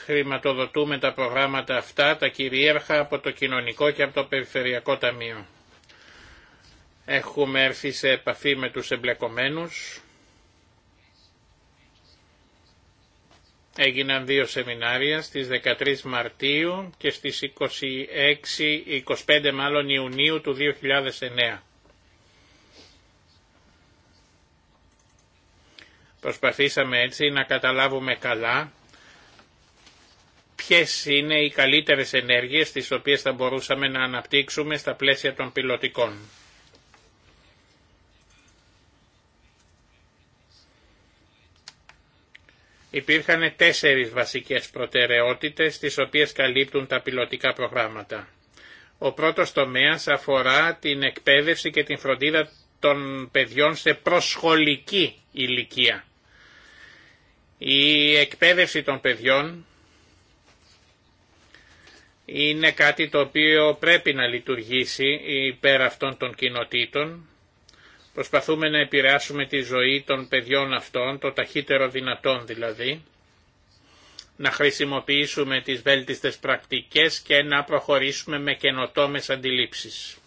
Χρηματοδοτούμε τα προγράμματα αυτά, τα κυρίαρχα, από το Κοινωνικό και από το Περιφερειακό Ταμείο. Έχουμε έρθει σε επαφή με τους εμπλεκομένους Έγιναν δύο σεμινάρια στις 13 Μαρτίου και στις 26, 25 μάλλον Ιουνίου του 2009. Προσπαθήσαμε έτσι να καταλάβουμε καλά ποιες είναι οι καλύτερες ενέργειες τις οποίες θα μπορούσαμε να αναπτύξουμε στα πλαίσια των πιλωτικών. Υπήρχαν τέσσερις βασικές προτεραιότητες τις οποίες καλύπτουν τα πιλωτικά προγράμματα. Ο πρώτος τομέας αφορά την εκπαίδευση και την φροντίδα των παιδιών σε προσχολική ηλικία. Η εκπαίδευση των παιδιών είναι κάτι το οποίο πρέπει να λειτουργήσει υπέρ αυτών των κοινοτήτων Προσπαθούμε να επηρεάσουμε τη ζωή των παιδιών αυτών, το ταχύτερο δυνατόν δηλαδή, να χρησιμοποιήσουμε τις βέλτιστες πρακτικές και να προχωρήσουμε με καινοτόμες αντιλήψεις.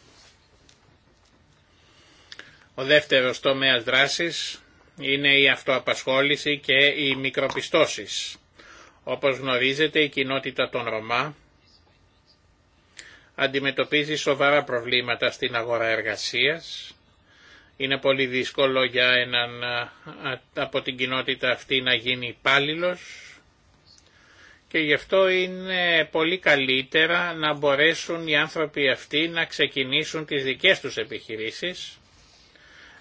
Ο δεύτερος τομέας δράσης είναι η αυτοαπασχόληση και οι μικροπιστώσεις. Όπως γνωρίζετε η κοινότητα των Ρωμά αντιμετωπίζει σοβαρά προβλήματα στην αγορά εργασίας είναι πολύ δύσκολο για έναν από την κοινότητα αυτή να γίνει υπάλληλο και γι' αυτό είναι πολύ καλύτερα να μπορέσουν οι άνθρωποι αυτοί να ξεκινήσουν τις δικές τους επιχειρήσεις,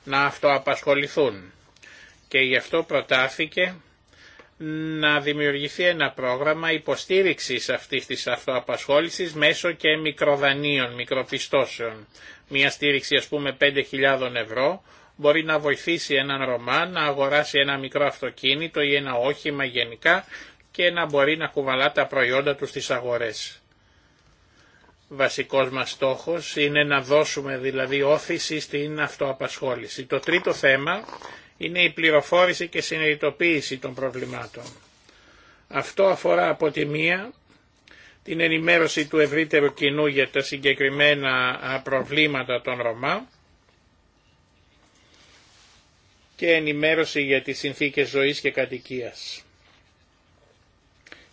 να αυτοαπασχοληθούν. Και γι' αυτό προτάθηκε να δημιουργηθεί ένα πρόγραμμα υποστήριξης αυτής της αυτοαπασχόλησης μέσω και μικροδανείων, μικροπιστώσεων. Μια στήριξη ας πούμε 5.000 ευρώ μπορεί να βοηθήσει έναν Ρωμά να αγοράσει ένα μικρό αυτοκίνητο ή ένα όχημα γενικά και να μπορεί να κουβαλά τα προϊόντα του στις αγορές. Βασικός μας στόχος είναι να δώσουμε δηλαδή όθηση στην αυτοαπασχόληση. Το τρίτο θέμα είναι η πληροφόρηση και συνειδητοποίηση των προβλημάτων. Αυτό αφορά από τη μία την ενημέρωση του ευρύτερου κοινού για τα συγκεκριμένα προβλήματα των Ρωμά και ενημέρωση για τις συνθήκες ζωής και κατοικίας.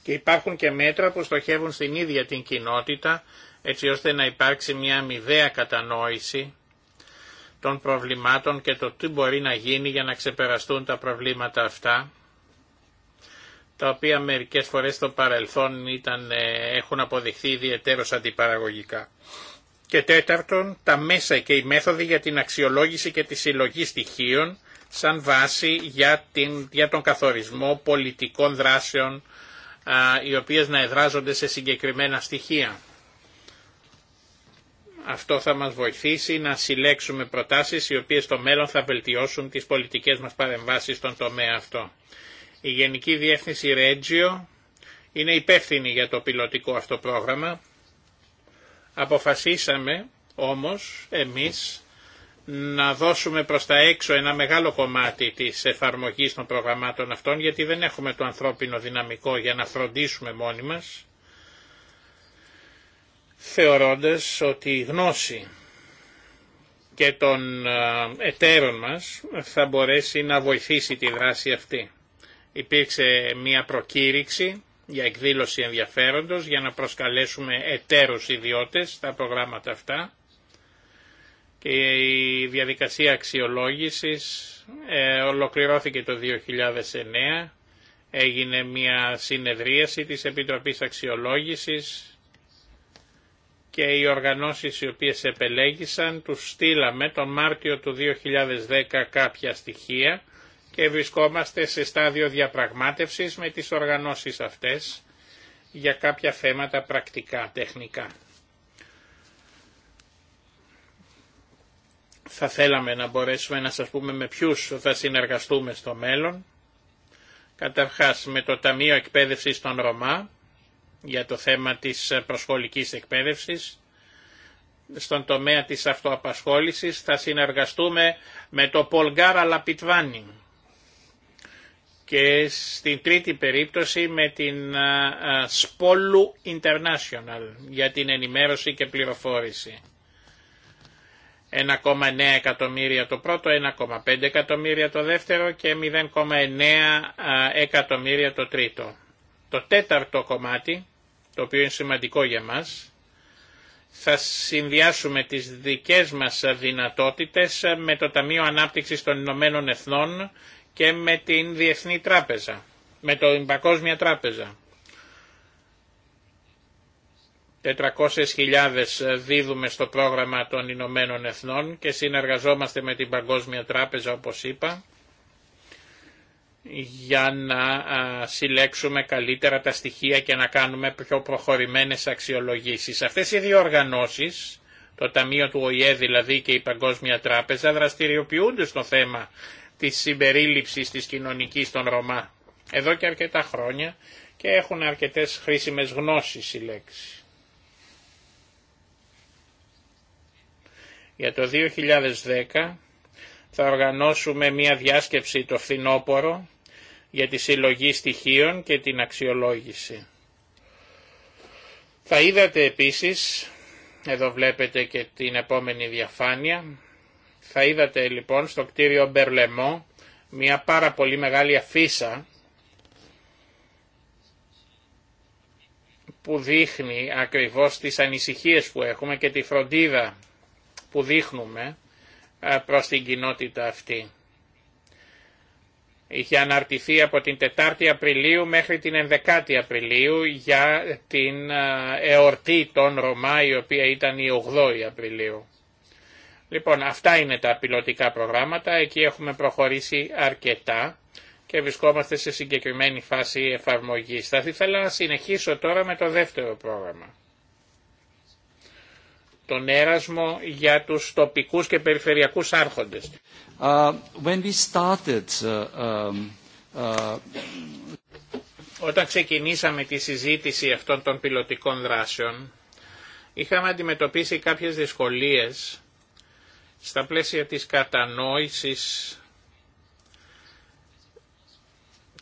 Και υπάρχουν και μέτρα που στοχεύουν στην ίδια την κοινότητα έτσι ώστε να υπάρξει μια αμοιβαία κατανόηση των προβλημάτων και το τι μπορεί να γίνει για να ξεπεραστούν τα προβλήματα αυτά, τα οποία μερικές φορές στο παρελθόν ήταν, ε, έχουν αποδειχθεί ιδιαίτερως αντιπαραγωγικά. Και τέταρτον, τα μέσα και οι μέθοδοι για την αξιολόγηση και τη συλλογή στοιχείων σαν βάση για, την, για τον καθορισμό πολιτικών δράσεων οι οποίες να εδράζονται σε συγκεκριμένα στοιχεία. Αυτό θα μας βοηθήσει να συλλέξουμε προτάσεις οι οποίες στο μέλλον θα βελτιώσουν τις πολιτικές μας παρεμβάσεις στον τομέα αυτό. Η Γενική Διεύθυνση Regio είναι υπεύθυνη για το πιλωτικό αυτό πρόγραμμα. Αποφασίσαμε όμως εμείς να δώσουμε προς τα έξω ένα μεγάλο κομμάτι της εφαρμογής των προγραμμάτων αυτών γιατί δεν έχουμε το ανθρώπινο δυναμικό για να φροντίσουμε μόνοι μας θεωρώντας ότι η γνώση και των ε, εταίρων μας θα μπορέσει να βοηθήσει τη δράση αυτή. Υπήρξε μια προκήρυξη για εκδήλωση ενδιαφέροντος για να προσκαλέσουμε εταίρους ιδιώτες στα προγράμματα αυτά και η διαδικασία αξιολόγησης ε, ολοκληρώθηκε το 2009 έγινε μια συνεδρίαση της Επιτροπής Αξιολόγησης και οι οργανώσεις οι οποίες επελέγησαν τους στείλαμε τον Μάρτιο του 2010 κάποια στοιχεία και βρισκόμαστε σε στάδιο διαπραγμάτευσης με τις οργανώσεις αυτές για κάποια θέματα πρακτικά, τεχνικά. Θα θέλαμε να μπορέσουμε να σας πούμε με ποιους θα συνεργαστούμε στο μέλλον. Καταρχάς με το Ταμείο Εκπαίδευσης των Ρωμά, για το θέμα της προσχολικής εκπαίδευσης. Στον τομέα της αυτοαπασχόλησης θα συνεργαστούμε με το Πολγκάρα Λαπιτβάνι και στην τρίτη περίπτωση με την Σπόλου International για την ενημέρωση και πληροφόρηση. 1,9 εκατομμύρια το πρώτο, 1,5 εκατομμύρια το δεύτερο και 0,9 εκατομμύρια το τρίτο. Το τέταρτο κομμάτι το οποίο είναι σημαντικό για μας. Θα συνδυάσουμε τις δικές μας δυνατότητες με το Ταμείο Ανάπτυξης των Ηνωμένων Εθνών και με την Διεθνή Τράπεζα, με το Παγκόσμια Τράπεζα. 400.000 δίδουμε στο πρόγραμμα των Ηνωμένων Εθνών και συνεργαζόμαστε με την Παγκόσμια Τράπεζα όπως είπα για να συλλέξουμε καλύτερα τα στοιχεία και να κάνουμε πιο προχωρημένες αξιολογήσεις. Αυτές οι δύο οργανώσεις, το Ταμείο του ΟΗΕ δηλαδή και η Παγκόσμια Τράπεζα, δραστηριοποιούνται στο θέμα της συμπερίληψης της κοινωνικής των Ρωμά εδώ και αρκετά χρόνια και έχουν αρκετές χρήσιμες γνώσεις συλλέξει. Για το 2010 θα οργανώσουμε μία διάσκεψη το φθινόπωρο για τη συλλογή στοιχείων και την αξιολόγηση. Θα είδατε επίσης, εδώ βλέπετε και την επόμενη διαφάνεια, θα είδατε λοιπόν στο κτίριο Μπερλεμό μια πάρα πολύ μεγάλη αφίσα που δείχνει ακριβώς τις ανησυχίες που έχουμε και τη φροντίδα που δείχνουμε προς την κοινότητα αυτή. Είχε αναρτηθεί από την 4η Απριλίου μέχρι την 11η Απριλίου για την εορτή των Ρωμά η οποία ήταν η 8η Απριλίου. Λοιπόν, αυτά είναι τα πιλωτικά προγράμματα, εκεί έχουμε προχωρήσει αρκετά και βρισκόμαστε σε συγκεκριμένη φάση εφαρμογής. Θα ήθελα να συνεχίσω τώρα με το δεύτερο πρόγραμμα τον έρασμο για τους τοπικούς και περιφερειακούς άρχοντες. when we started, ε, ε, ε, Όταν ξεκινήσαμε τη συζήτηση αυτών των πιλωτικών δράσεων, είχαμε αντιμετωπίσει κάποιες δυσκολίες στα πλαίσια της κατανόησης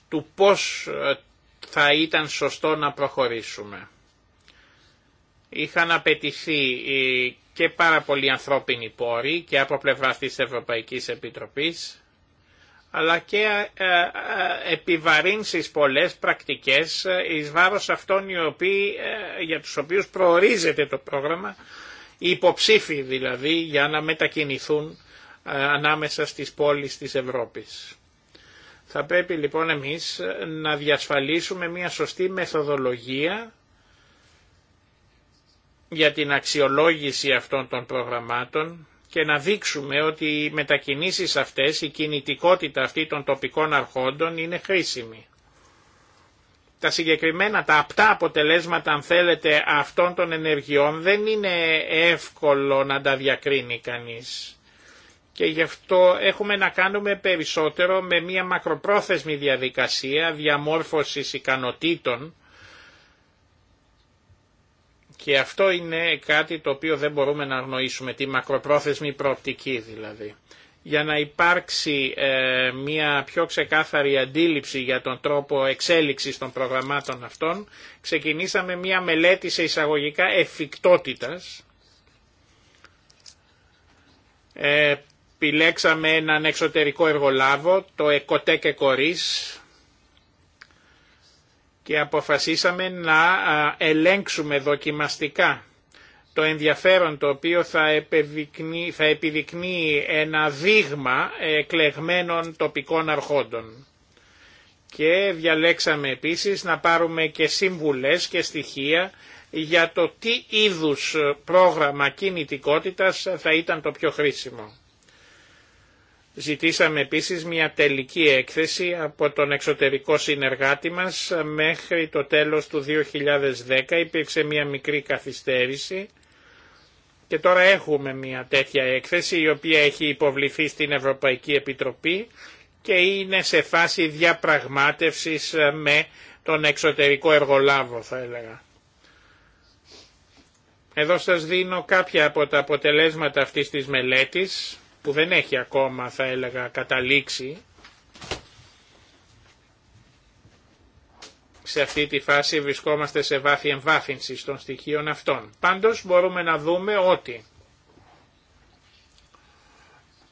του πώς θα ήταν σωστό να προχωρήσουμε. Είχαν απαιτηθεί ε, και πάρα πολλοί ανθρώπινοι πόροι και από πλευρά της Ευρωπαϊκής Επιτροπής, αλλά και ε, ε, επιβαρύνσεις πολλές πρακτικές εις βάρος αυτών οι οποίοι, για τους οποίους προορίζεται το πρόγραμμα, οι υποψήφοι δηλαδή για να μετακινηθούν ανάμεσα στις πόλεις της Ευρώπης. Θα πρέπει λοιπόν εμείς να διασφαλίσουμε μια σωστή μεθοδολογία για την αξιολόγηση αυτών των προγραμμάτων και να δείξουμε ότι οι μετακινήσεις αυτές, η κινητικότητα αυτή των τοπικών αρχόντων είναι χρήσιμη. Τα συγκεκριμένα, τα απτά αποτελέσματα αν θέλετε αυτών των ενεργειών δεν είναι εύκολο να τα διακρίνει κανείς. Και γι' αυτό έχουμε να κάνουμε περισσότερο με μια μακροπρόθεσμη διαδικασία διαμόρφωσης ικανοτήτων και αυτό είναι κάτι το οποίο δεν μπορούμε να αγνοήσουμε, τη μακροπρόθεσμη προοπτική δηλαδή. Για να υπάρξει ε, μια πιο ξεκάθαρη αντίληψη για τον τρόπο εξέλιξης των προγραμμάτων αυτών, ξεκινήσαμε μια μελέτη σε εισαγωγικά εφικτότητας. Ε, έναν εξωτερικό εργολάβο, το Εκοτέ και Κορίς, και αποφασίσαμε να ελέγξουμε δοκιμαστικά το ενδιαφέρον το οποίο θα, επιδεικνύει, θα ένα δείγμα εκλεγμένων τοπικών αρχόντων. Και διαλέξαμε επίσης να πάρουμε και σύμβουλες και στοιχεία για το τι είδους πρόγραμμα κινητικότητας θα ήταν το πιο χρήσιμο. Ζητήσαμε επίσης μια τελική έκθεση από τον εξωτερικό συνεργάτη μας μέχρι το τέλος του 2010. Υπήρξε μια μικρή καθυστέρηση και τώρα έχουμε μια τέτοια έκθεση η οποία έχει υποβληθεί στην Ευρωπαϊκή Επιτροπή και είναι σε φάση διαπραγμάτευσης με τον εξωτερικό εργολάβο θα έλεγα. Εδώ σας δίνω κάποια από τα αποτελέσματα αυτής της μελέτης που δεν έχει ακόμα θα έλεγα καταλήξει σε αυτή τη φάση βρισκόμαστε σε βάθη εμβάθυνση των στοιχείων αυτών. Πάντως μπορούμε να δούμε ότι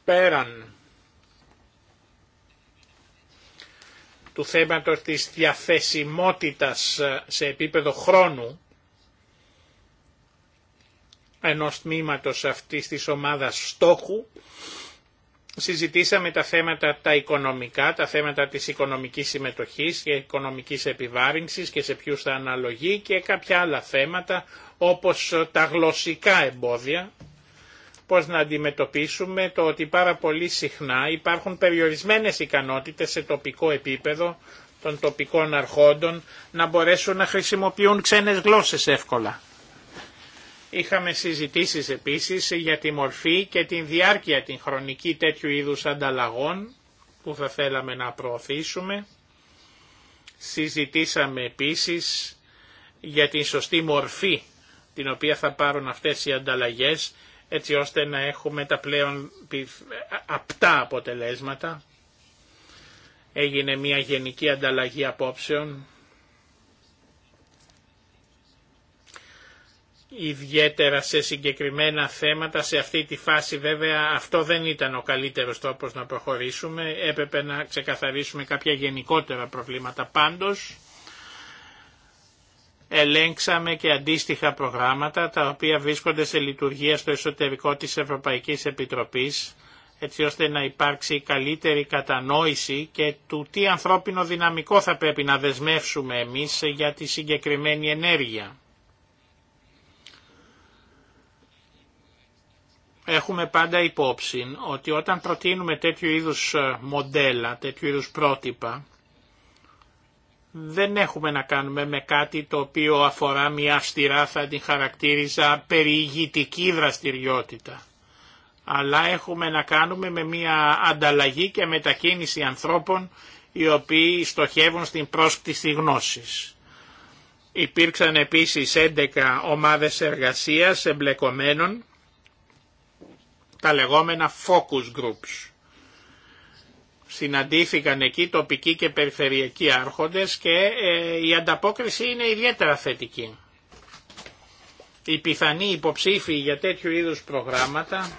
πέραν του θέματος της διαθεσιμότητας σε επίπεδο χρόνου ενός τμήματος αυτής της ομάδας στόχου. Συζητήσαμε τα θέματα τα οικονομικά, τα θέματα της οικονομικής συμμετοχής και οικονομικής επιβάρυνσης και σε ποιους θα αναλογεί και κάποια άλλα θέματα όπως τα γλωσσικά εμπόδια, πώς να αντιμετωπίσουμε το ότι πάρα πολύ συχνά υπάρχουν περιορισμένες ικανότητες σε τοπικό επίπεδο των τοπικών αρχόντων να μπορέσουν να χρησιμοποιούν ξένες γλώσσες εύκολα. Είχαμε συζητήσεις επίσης για τη μορφή και τη διάρκεια την χρονική τέτοιου είδους ανταλλαγών που θα θέλαμε να προωθήσουμε. Συζητήσαμε επίσης για την σωστή μορφή την οποία θα πάρουν αυτές οι ανταλλαγές έτσι ώστε να έχουμε τα πλέον απτά αποτελέσματα. Έγινε μια γενική ανταλλαγή απόψεων ιδιαίτερα σε συγκεκριμένα θέματα. Σε αυτή τη φάση βέβαια αυτό δεν ήταν ο καλύτερος τρόπος να προχωρήσουμε. Έπρεπε να ξεκαθαρίσουμε κάποια γενικότερα προβλήματα. Πάντως ελέγξαμε και αντίστοιχα προγράμματα τα οποία βρίσκονται σε λειτουργία στο εσωτερικό της Ευρωπαϊκής Επιτροπής έτσι ώστε να υπάρξει καλύτερη κατανόηση και του τι ανθρώπινο δυναμικό θα πρέπει να δεσμεύσουμε εμείς για τη συγκεκριμένη ενέργεια. έχουμε πάντα υπόψη ότι όταν προτείνουμε τέτοιου είδους ε, μοντέλα, τέτοιου είδους πρότυπα, δεν έχουμε να κάνουμε με κάτι το οποίο αφορά μια αυστηρά θα την χαρακτήριζα περιηγητική δραστηριότητα. Αλλά έχουμε να κάνουμε με μια ανταλλαγή και μετακίνηση ανθρώπων οι οποίοι στοχεύουν στην πρόσκτηση γνώσης. Υπήρξαν επίσης 11 ομάδες εργασίας εμπλεκομένων τα λεγόμενα focus groups. Συναντήθηκαν εκεί τοπικοί και περιφερειακοί άρχοντες και ε, η ανταπόκριση είναι ιδιαίτερα θετική. Οι πιθανοί υποψήφοι για τέτοιου είδους προγράμματα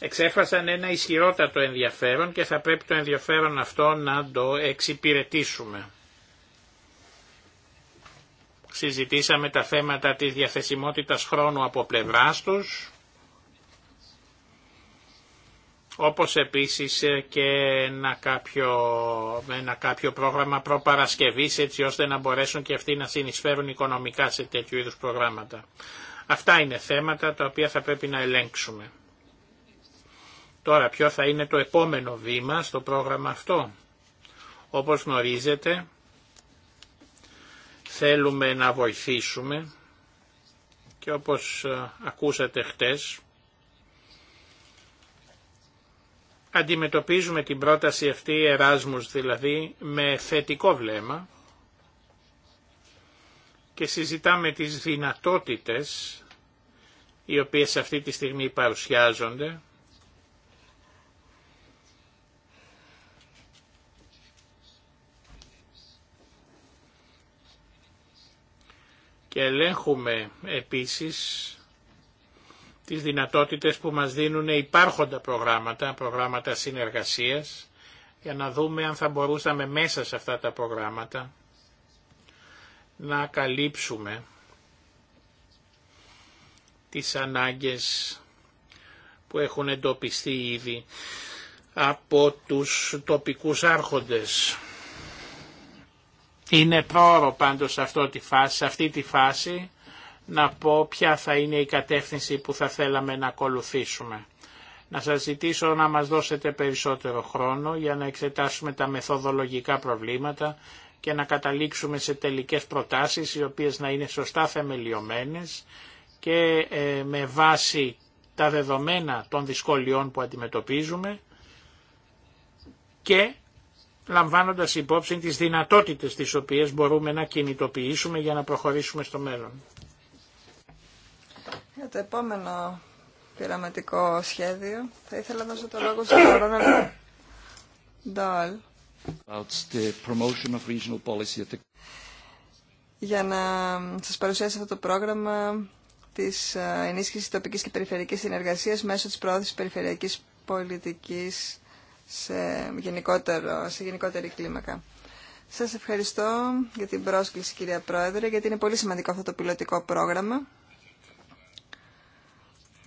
εξέφρασαν ένα ισχυρότατο ενδιαφέρον και θα πρέπει το ενδιαφέρον αυτό να το εξυπηρετήσουμε. Συζητήσαμε τα θέματα της διαθεσιμότητας χρόνου από πλευράς τους, όπως επίσης και ένα κάποιο, ένα κάποιο πρόγραμμα προπαρασκευής έτσι ώστε να μπορέσουν και αυτοί να συνεισφέρουν οικονομικά σε τέτοιου είδους προγράμματα. Αυτά είναι θέματα τα οποία θα πρέπει να ελέγξουμε. Τώρα ποιο θα είναι το επόμενο βήμα στο πρόγραμμα αυτό. Όπως γνωρίζετε θέλουμε να βοηθήσουμε και όπως ε, ακούσατε χτες αντιμετωπίζουμε την πρόταση αυτή Εράσμους δηλαδή με θετικό βλέμμα και συζητάμε τις δυνατότητες οι οποίες αυτή τη στιγμή παρουσιάζονται και ελέγχουμε επίσης τις δυνατότητες που μας δίνουν υπάρχοντα προγράμματα, προγράμματα συνεργασίας, για να δούμε αν θα μπορούσαμε μέσα σε αυτά τα προγράμματα να καλύψουμε τις ανάγκες που έχουν εντοπιστεί ήδη από τους τοπικούς άρχοντες. Είναι πρόωρο πάντως αυτό σε αυτή τη φάση να πω ποια θα είναι η κατεύθυνση που θα θέλαμε να ακολουθήσουμε. Να σας ζητήσω να μας δώσετε περισσότερο χρόνο για να εξετάσουμε τα μεθοδολογικά προβλήματα και να καταλήξουμε σε τελικές προτάσεις οι οποίες να είναι σωστά θεμελιωμένες και ε, με βάση τα δεδομένα των δυσκολιών που αντιμετωπίζουμε και λαμβάνοντας υπόψη τις δυνατότητες τις οποίες μπορούμε να κινητοποιήσουμε για να προχωρήσουμε στο μέλλον. Για το επόμενο πειραματικό σχέδιο θα ήθελα να δώσω το λόγο στον Ρόναλ Ντόλ για να σας παρουσιάσω αυτό το πρόγραμμα της ε, ενίσχυσης τοπικής και περιφερειακής συνεργασίας μέσω της προώθησης περιφερειακής πολιτικής σε, γενικότερο, σε γενικότερη κλίμακα. Σας ευχαριστώ για την πρόσκληση κυρία Πρόεδρε, γιατί είναι πολύ σημαντικό αυτό το πιλωτικό πρόγραμμα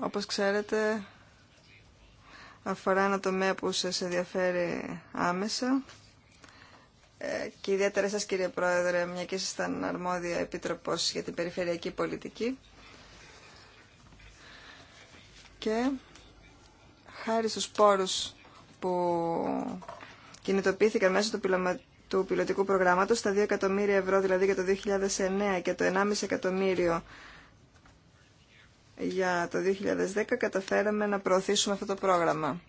όπως ξέρετε, αφορά ένα τομέα που σας ενδιαφέρει άμεσα ε, και ιδιαίτερα σας κύριε Πρόεδρε, μια και ήσασταν αρμόδια επίτροπος για την περιφερειακή πολιτική. Και χάρη στους πόρους που κινητοποιήθηκαν μέσω του, του πιλωτικού προγράμματος, τα 2 εκατομμύρια ευρώ δηλαδή για το 2009 και το 1,5 εκατομμύριο για το 2010 καταφέραμε να προωθήσουμε αυτό το πρόγραμμα.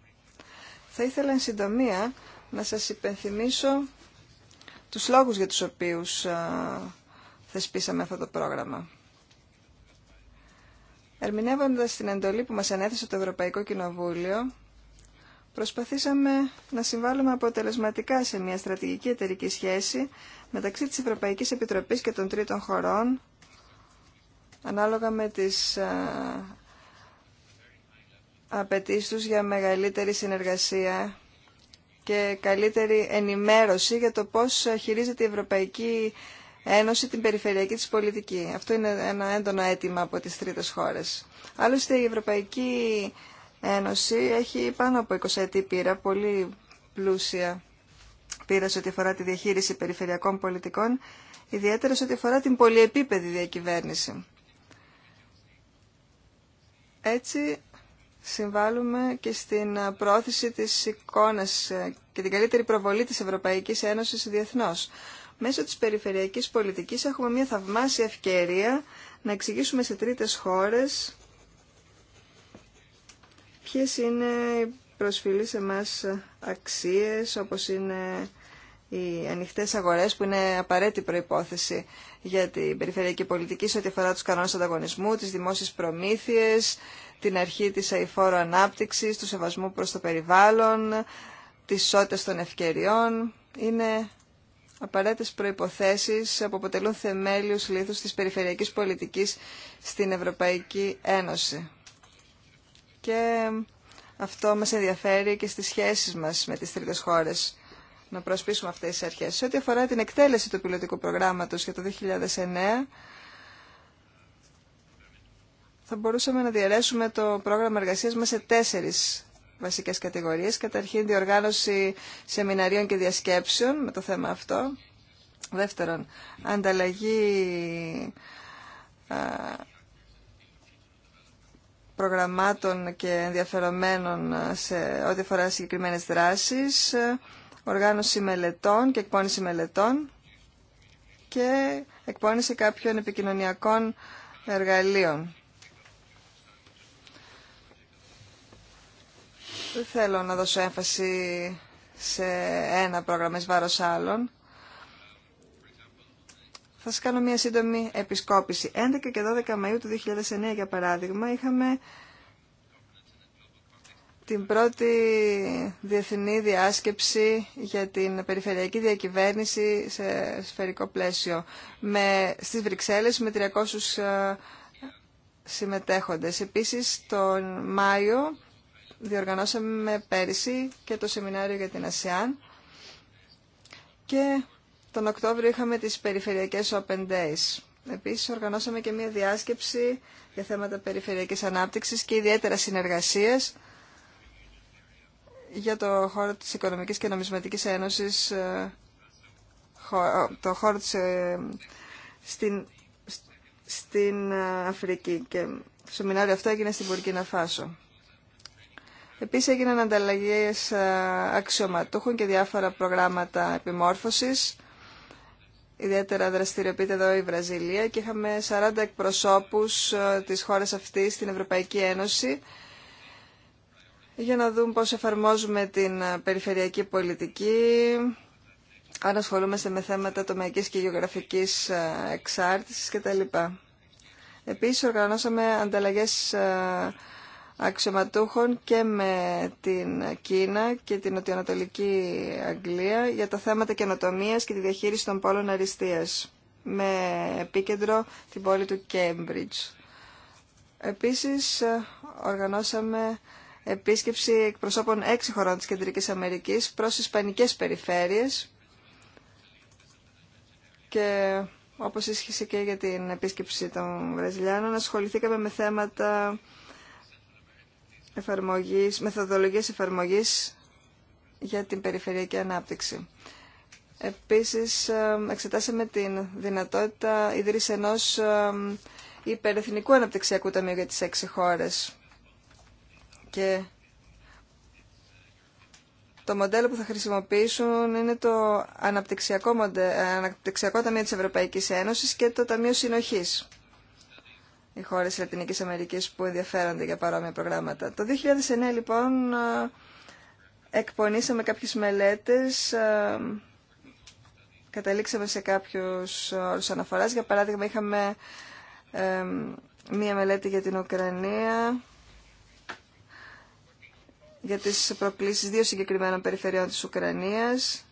Θα ήθελα εν συντομία να σας υπενθυμίσω τους λόγους για τους οποίους θεσπίσαμε αυτό το πρόγραμμα. Ερμηνεύοντας την εντολή που μας ανέθεσε το Ευρωπαϊκό Κοινοβούλιο, προσπαθήσαμε να συμβάλλουμε αποτελεσματικά σε μια στρατηγική εταιρική σχέση μεταξύ της Ευρωπαϊκής Επιτροπής και των τρίτων χωρών ανάλογα με τις απαιτήσει τους για μεγαλύτερη συνεργασία και καλύτερη ενημέρωση για το πώς χειρίζεται η Ευρωπαϊκή Ένωση την περιφερειακή της πολιτική. Αυτό είναι ένα έντονο αίτημα από τις τρίτες χώρες. Άλλωστε η Ευρωπαϊκή Ένωση έχει πάνω από 20 ετή πείρα, πολύ πλούσια πείρα σε ό,τι αφορά τη διαχείριση περιφερειακών πολιτικών, ιδιαίτερα σε ό,τι αφορά την πολυεπίπεδη διακυβέρνηση. Έτσι συμβάλλουμε και στην πρόθεση της εικόνας και την καλύτερη προβολή της Ευρωπαϊκής Ένωσης διεθνώς. Μέσω της περιφερειακής πολιτικής έχουμε μια θαυμάσια ευκαιρία να εξηγήσουμε σε τρίτες χώρες ποιες είναι οι προσφυλείς σε μας αξίες όπως είναι οι ανοιχτέ αγορές που είναι απαραίτητη προϋπόθεση για την περιφερειακή πολιτική σε ό,τι αφορά τους κανόνες ανταγωνισμού, τις δημόσιες προμήθειες, την αρχή της αηφόρου ανάπτυξης, του σεβασμού προ το περιβάλλον, της ισότητας των ευκαιριών. Είναι απαραίτητε προποθέσει που αποτελούν θεμέλιου λίθου της περιφερειακή πολιτικής στην Ευρωπαϊκή Ένωση. Και αυτό μας ενδιαφέρει και στις σχέσεις μας με τις τρίτες χώρες να προσπίσουμε αυτές τι αρχές. Σε ό,τι αφορά την εκτέλεση του πιλωτικού προγράμματος για το 2009, θα μπορούσαμε να διαιρέσουμε το πρόγραμμα εργασία μα σε τέσσερις βασικές κατηγορίες. Καταρχήν, διοργάνωση σεμιναρίων και διασκέψεων με το θέμα αυτό. Δεύτερον, ανταλλαγή προγραμμάτων και ενδιαφερομένων σε ό,τι αφορά συγκεκριμένες δράσεις οργάνωση μελετών και εκπόνηση μελετών και εκπόνηση κάποιων επικοινωνιακών εργαλείων. Δεν θέλω να δώσω έμφαση σε ένα πρόγραμμα εις βάρος άλλων. Θα σας κάνω μια σύντομη επισκόπηση. 11 και 12 Μαΐου του 2009, για παράδειγμα, είχαμε την πρώτη διεθνή διάσκεψη για την περιφερειακή διακυβέρνηση σε σφαιρικό πλαίσιο με, στις Βρυξέλλες με 300 ε, συμμετέχοντες. Επίσης, τον Μάιο διοργανώσαμε πέρυσι και το σεμινάριο για την ΑΣΕΑΝ και τον Οκτώβριο είχαμε τις περιφερειακές Open Days. Επίσης, οργανώσαμε και μια διάσκεψη για θέματα περιφερειακής ανάπτυξης και ιδιαίτερα συνεργασίες για το χώρο της Οικονομικής και Νομισματικής Ένωσης, ε, ε, το χώρο ε, στην, στην Αφρική και το σεμινάριο αυτό έγινε στην Πουρκίνα Φάσο. Επίσης έγιναν ανταλλαγές αξιωματούχων και διάφορα προγράμματα επιμόρφωσης. Ιδιαίτερα δραστηριοποιείται εδώ η Βραζιλία και είχαμε 40 εκπροσώπους της χώρας αυτής στην Ευρωπαϊκή Ένωση για να δούμε πώς εφαρμόζουμε την ε, περιφερειακή πολιτική, αν ασχολούμαστε με θέματα τομεακής και γεωγραφικής ε, εξάρτησης κτλ. Επίσης οργανώσαμε ανταλλαγές ε, αξιωματούχων και με την Κίνα και την Νοτιοανατολική Αγγλία για τα θέματα καινοτομία και τη διαχείριση των πόλων αριστείας με επίκεντρο την πόλη του Κέμπριτζ. Επίσης οργανώσαμε επίσκεψη εκπροσώπων έξι χωρών της Κεντρικής Αμερικής προς ισπανικές περιφέρειες και όπως ίσχυσε και για την επίσκεψη των Βραζιλιάνων ασχοληθήκαμε με θέματα εφαρμογής, μεθοδολογίας εφαρμογής για την περιφερειακή ανάπτυξη. Επίσης, ε, εξετάσαμε την δυνατότητα ιδρύσης ενός ε, υπερεθνικού αναπτυξιακού ταμείου για τις έξι χώρες και το μοντέλο που θα χρησιμοποιήσουν είναι το αναπτυξιακό, μοντέλο, ε, αναπτυξιακό Ταμείο της Ευρωπαϊκής Ένωσης και το Ταμείο Συνοχής. Οι χώρες της Λατινικής Αμερικής που ενδιαφέρονται για παρόμοια προγράμματα. Το 2009 λοιπόν ε, εκπονήσαμε κάποιες μελέτες, ε, καταλήξαμε σε κάποιους όρους αναφοράς. Για παράδειγμα είχαμε μία μελέτη για την Ουκρανία, για τις προκλήσεις δύο συγκεκριμένων περιφερειών της Ουκρανίας.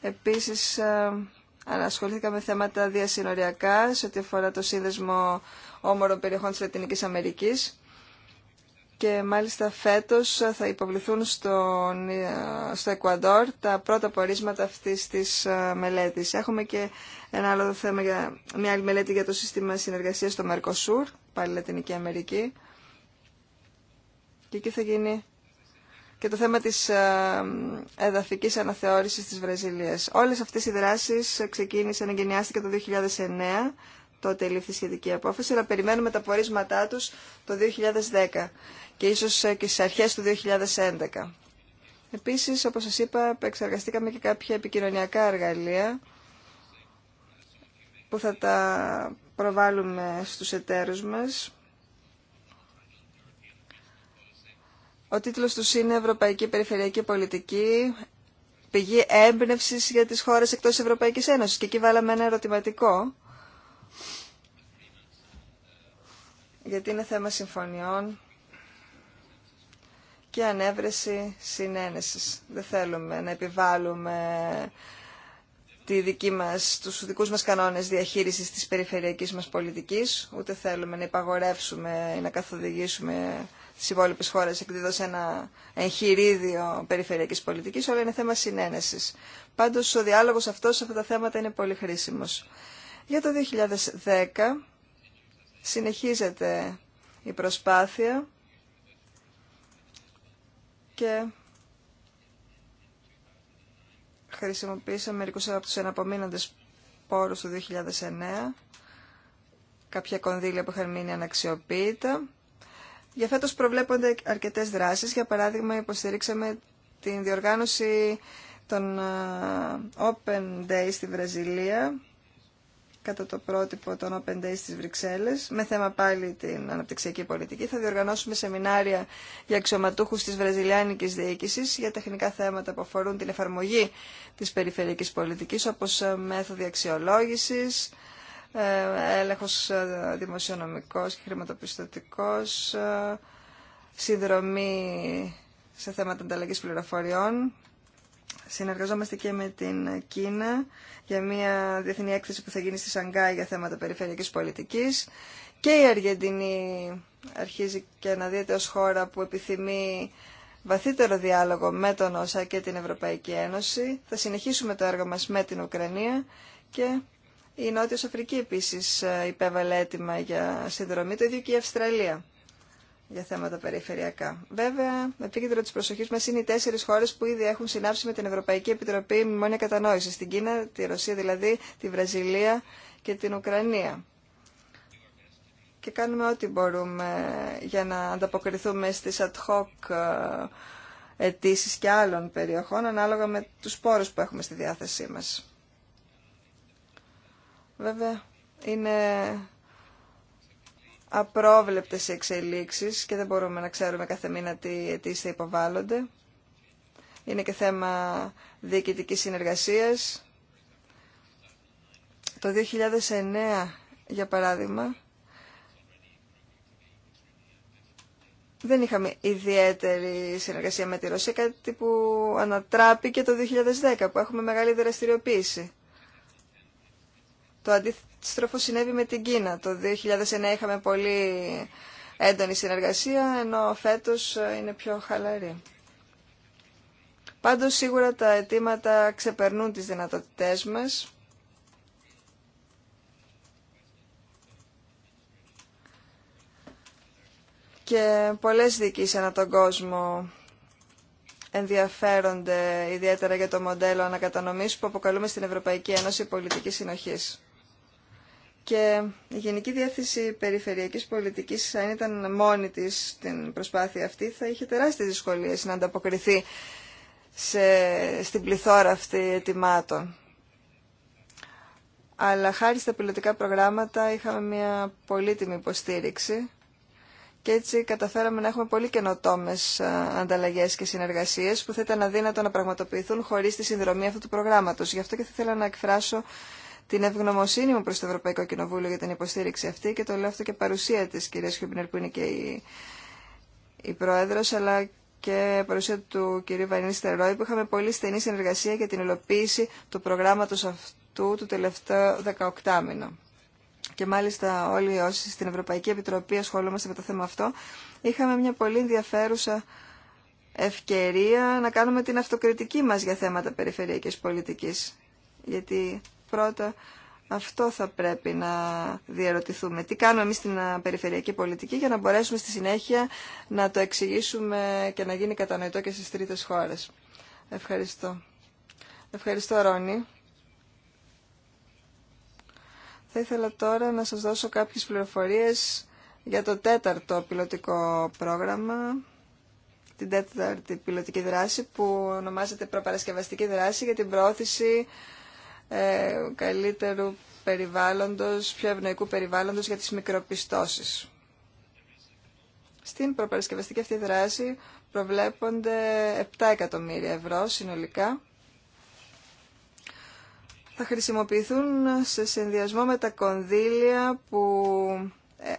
Επίσης, ε, ανασχολήθηκα με θέματα διασυνοριακά σε ό,τι αφορά το σύνδεσμο όμορων περιοχών της Λατινικής Αμερικής. Και μάλιστα φέτος θα υποβληθούν στο, ε, στο Εκουαδόρ τα πρώτα πορίσματα αυτής της ε, μελέτης. Έχουμε και ένα άλλο θέμα, για, μια άλλη μελέτη για το σύστημα συνεργασίας στο Μερκοσούρ, πάλι Λατινική Αμερική. Και εκεί θα γίνει και το θέμα της ε, εδαφικής αναθεώρησης της Βραζιλίας. Όλες αυτές οι δράσεις ξεκίνησαν, εγκαινιάστηκαν το 2009, τότε λήφθη σχετική απόφαση, αλλά περιμένουμε τα πορίσματά τους το 2010 και ίσως ε, και στις αρχές του 2011. Επίσης, όπως σας είπα, επεξεργαστήκαμε και κάποια επικοινωνιακά εργαλεία που θα τα προβάλλουμε στους εταίρους μας Ο τίτλος του είναι Ευρωπαϊκή Περιφερειακή Πολιτική, πηγή έμπνευση για τις χώρες εκτός Ευρωπαϊκής Ένωσης. Και εκεί βάλαμε ένα ερωτηματικό, γιατί είναι θέμα συμφωνιών και ανέβρεση συνένεσης. Δεν θέλουμε να επιβάλλουμε τη δική μας, τους δικούς μας κανόνες διαχείρισης της περιφερειακής μας πολιτικής, ούτε θέλουμε να υπαγορεύσουμε ή να καθοδηγήσουμε στις υπόλοιπες χώρες εκδίδωσε ένα εγχειρίδιο περιφερειακής πολιτικής, όλα είναι θέμα συνένεση. Πάντω ο διάλογος αυτός σε αυτά τα θέματα είναι πολύ χρήσιμο. Για το 2010 συνεχίζεται η προσπάθεια και χρησιμοποίησα μερικούς από τους εναπομείνοντες πόρους του 2009, κάποια κονδύλια που είχαν μείνει αναξιοποίητα για φέτο προβλέπονται αρκετές δράσεις. Για παράδειγμα, υποστηρίξαμε την διοργάνωση των ε, Open Days στη Βραζιλία, κατά το πρότυπο των Open Days στις Βρυξέλλες, με θέμα πάλι την αναπτυξιακή πολιτική. Θα διοργανώσουμε σεμινάρια για αξιωματούχους της Βραζιλιάνικης Διοίκησης για τεχνικά θέματα που αφορούν την εφαρμογή της περιφερειακής πολιτικής, όπως ε, μέθοδοι αξιολόγησης, ε, έλεγχος ε, δημοσιονομικός και χρηματοπιστωτικός, ε, συνδρομή σε θέματα ανταλλαγή πληροφοριών. Συνεργαζόμαστε και με την Κίνα για μια διεθνή έκθεση που θα γίνει στη Σανγκάη για θέματα περιφερειακής πολιτικής. Και η Αργεντινή αρχίζει και να αναδύεται ως χώρα που επιθυμεί βαθύτερο διάλογο με τον ΩΣΑ και την Ευρωπαϊκή Ένωση. Θα συνεχίσουμε το έργο μας με την Ουκρανία και η Νότια Αφρική επίση ε, υπέβαλε έτοιμα για συνδρομή, το ίδιο και η Αυστραλία για θέματα περιφερειακά. Βέβαια, επίκεντρο τη προσοχή μα είναι οι τέσσερι χώρε που ήδη έχουν συνάψει με την Ευρωπαϊκή Επιτροπή Μνημόνια Κατανόηση. Την Κίνα, τη Ρωσία δηλαδή, τη Βραζιλία και την Ουκρανία. Και κάνουμε ό,τι μπορούμε για να ανταποκριθούμε στις ad hoc ε, αιτήσει και άλλων περιοχών ανάλογα με τους πόρους που έχουμε στη διάθεσή μας. Βέβαια, είναι απρόβλεπτες οι εξελίξεις και δεν μπορούμε να ξέρουμε κάθε μήνα τι αιτήσεις θα υποβάλλονται. Είναι και θέμα διοικητικής συνεργασίας. Το 2009, για παράδειγμα, δεν είχαμε ιδιαίτερη συνεργασία με τη Ρωσία, κάτι που ανατράπηκε το 2010, που έχουμε μεγάλη δραστηριοποίηση. Το αντίστροφο συνέβη με την Κίνα. Το 2009 είχαμε πολύ έντονη συνεργασία, ενώ φέτος ε, είναι πιο χαλαρή. Πάντως σίγουρα τα αιτήματα ξεπερνούν τις δυνατότητές μας. Και πολλές διοικήσεις ανά τον κόσμο ενδιαφέρονται ιδιαίτερα για το μοντέλο ανακατανομής που αποκαλούμε στην Ευρωπαϊκή Ένωση Πολιτικής Συνοχής. Και η Γενική Διεύθυνση Περιφερειακής Πολιτικής, αν ήταν μόνη της την προσπάθεια αυτή, θα είχε τεράστιες δυσκολίες να ανταποκριθεί σε, στην πληθώρα αυτή ετοιμάτων. Αλλά χάρη στα πιλωτικά προγράμματα είχαμε μια πολύτιμη υποστήριξη και έτσι καταφέραμε να έχουμε πολύ καινοτόμε ανταλλαγέ και συνεργασίε που θα ήταν αδύνατο να πραγματοποιηθούν χωρί τη συνδρομή αυτού του προγράμματο. Γι' αυτό και θα ήθελα να εκφράσω την ευγνωμοσύνη μου προ το Ευρωπαϊκό Κοινοβούλιο για την υποστήριξη αυτή και το λέω αυτό και παρουσία τη κυρία Χιούμπνερ που είναι και η, η πρόεδρος αλλά και παρουσία του κυρίου Βανίλη Ρόι που είχαμε πολύ στενή συνεργασία για την υλοποίηση του προγράμματο αυτού του τελευταίου 18 μήνα. Και μάλιστα όλοι όσοι στην Ευρωπαϊκή Επιτροπή ασχολούμαστε με το θέμα αυτό είχαμε μια πολύ ενδιαφέρουσα ευκαιρία να κάνουμε την αυτοκριτική μας για θέματα περιφερειακής πολιτικής. Γιατί πρώτα αυτό θα πρέπει να διαρωτηθούμε. Τι κάνουμε εμείς στην ε, περιφερειακή πολιτική για να μπορέσουμε στη συνέχεια να το εξηγήσουμε και να γίνει κατανοητό και στις τρίτες χώρες. Ευχαριστώ. Ευχαριστώ Ρόνι. Θα ήθελα τώρα να σας δώσω κάποιες πληροφορίες για το τέταρτο πιλωτικό πρόγραμμα, την τέταρτη πιλωτική δράση που ονομάζεται προπαρασκευαστική δράση για την πρόθεση ε, καλύτερου περιβάλλοντος, πιο ευνοϊκού περιβάλλοντος για τις μικροπιστώσεις. Στην προπαρασκευαστική αυτή δράση προβλέπονται 7 εκατομμύρια ευρώ συνολικά. Θα χρησιμοποιηθούν σε συνδυασμό με τα κονδύλια που ε,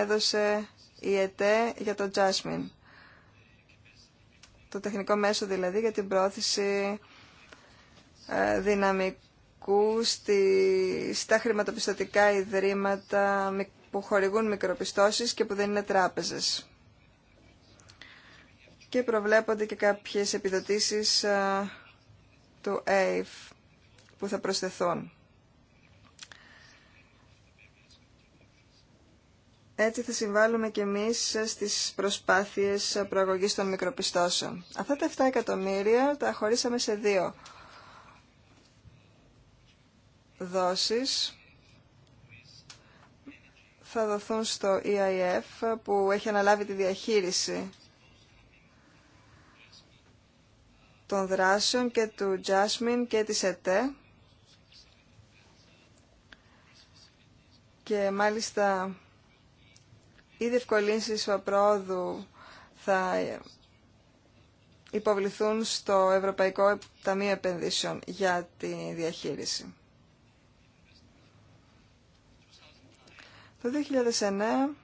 έδωσε η ΕΤΕ για το Jasmine. Το τεχνικό μέσο δηλαδή για την πρόθεση ε, δυναμικού στα χρηματοπιστωτικά ιδρύματα που χορηγούν μικροπιστώσεις και που δεν είναι τράπεζες. Και προβλέπονται και κάποιες επιδοτήσεις ε, του ΑΕΦ που θα προσθεθούν. Έτσι θα συμβάλλουμε και εμείς στις προσπάθειες προαγωγής των μικροπιστώσεων. Αυτά τα 7 εκατομμύρια τα χωρίσαμε σε δύο δόσεις θα δοθούν στο EIF που έχει αναλάβει τη διαχείριση των δράσεων και του Jasmine και της ΕΤΕ και μάλιστα οι διευκολύνσεις προόδου θα υποβληθούν στο Ευρωπαϊκό Ταμείο Επενδύσεων για τη διαχείριση. Το 2009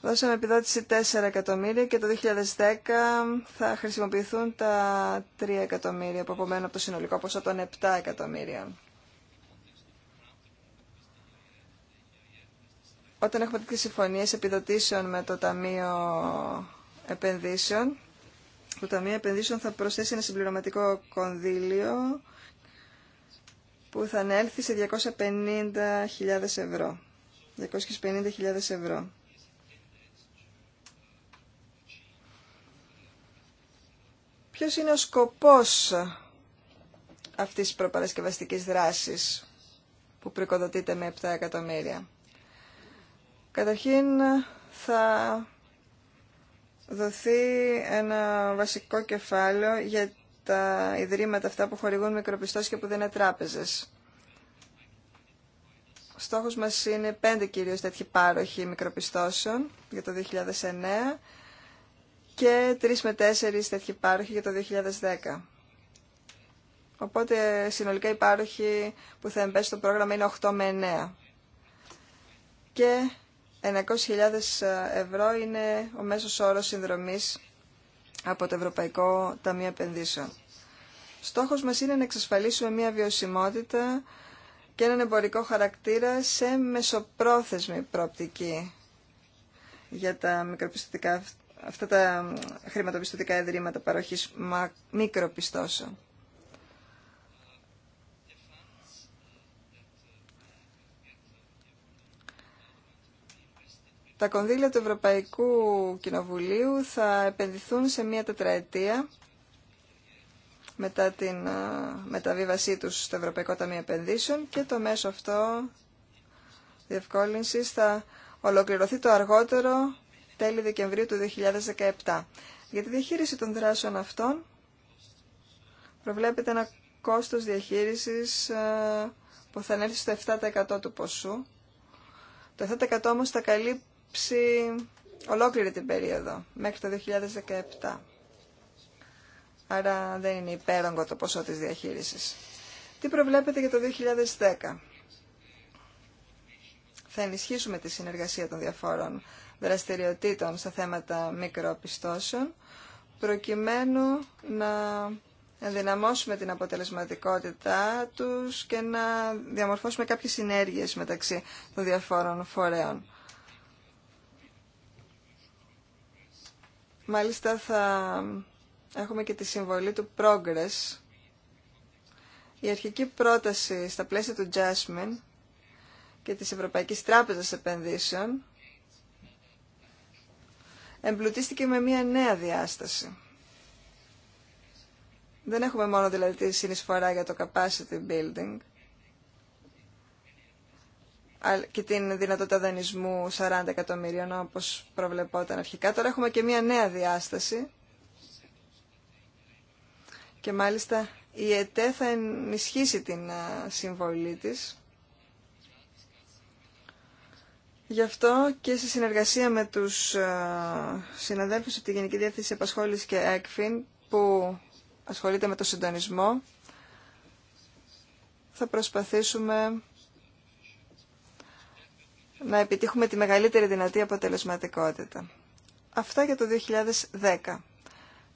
δώσαμε επιδότηση 4 εκατομμύρια και το 2010 θα χρησιμοποιηθούν τα 3 εκατομμύρια που απομένουν από το συνολικό ποσό των 7 εκατομμύρια. Όταν έχουμε τέτοιες συμφωνίες επιδοτήσεων με το Ταμείο Επενδύσεων, το Ταμείο Επενδύσεων θα προσθέσει ένα συμπληρωματικό κονδύλιο που θα ανέλθει σε 250.000 ευρώ. 250.000 ευρώ. Ποιος είναι ο σκοπός αυτής της προπαρασκευαστικής δράσης που πρικοδοτείται με 7 εκατομμύρια. Καταρχήν θα δοθεί ένα βασικό κεφάλαιο για τα ιδρύματα αυτά που χορηγούν μικροπιστώσεις και που δεν είναι τράπεζες. Στόχος μας είναι πέντε κυρίως τέτοιοι πάροχοι μικροπιστώσεων για το 2009 και τρεις με τέσσερις τέτοιοι πάροχοι για το 2010. Οπότε συνολικά οι πάροχοι που θα εμπέσουν στο πρόγραμμα είναι 8 με 9. Και 900.000 ευρώ είναι ο μέσος όρος συνδρομής από το Ευρωπαϊκό Ταμείο Επενδύσεων. Στόχος μας είναι να εξασφαλίσουμε μια βιωσιμότητα και έναν εμπορικό χαρακτήρα σε μεσοπρόθεσμη πρόπτικη για τα αυτά τα χρηματοπιστωτικά ιδρύματα παροχής μικροπιστώσεων. Τα κονδύλια του Ευρωπαϊκού Κοινοβουλίου θα επενδυθούν σε μία τετραετία μετά την ε, μεταβίβασή τους στο Ευρωπαϊκό Ταμείο Επενδύσεων και το μέσο αυτό διευκόλυνσης θα ολοκληρωθεί το αργότερο τέλη Δεκεμβρίου του 2017. Για τη διαχείριση των δράσεων αυτών προβλέπεται ένα κόστος διαχείρισης ε, που θα ανέλθει στο 7% του ποσού. Το 7% όμως θα καλύπτει ολόκληρη την περίοδο, μέχρι το 2017. Άρα δεν είναι υπέρογκο το ποσό της διαχείρισης. Τι προβλέπετε για το 2010. Θα ενισχύσουμε τη συνεργασία των διαφόρων δραστηριοτήτων στα θέματα μικροπιστώσεων, προκειμένου να ενδυναμώσουμε την αποτελεσματικότητά τους και να διαμορφώσουμε κάποιες συνέργειες μεταξύ των διαφόρων φορέων. Μάλιστα θα έχουμε και τη συμβολή του Progress. Η αρχική πρόταση στα πλαίσια του Jasmine και της Ευρωπαϊκής Τράπεζας Επενδύσεων εμπλουτίστηκε με μια νέα διάσταση. Δεν έχουμε μόνο δηλαδή τη συνεισφορά για το capacity building, και την δυνατότητα δανεισμού 40 εκατομμυρίων όπως προβλεπόταν αρχικά. Τώρα έχουμε και μια νέα διάσταση και μάλιστα η ΕΤΕ θα ενισχύσει την συμβολή της. Γι' αυτό και σε συνεργασία με τους συναδέλφους από τη Γενική Διεύθυνση Επασχόλησης και ΕΚΦΙΝ που ασχολείται με το συντονισμό θα προσπαθήσουμε να επιτύχουμε τη μεγαλύτερη δυνατή αποτελεσματικότητα. Αυτά για το 2010.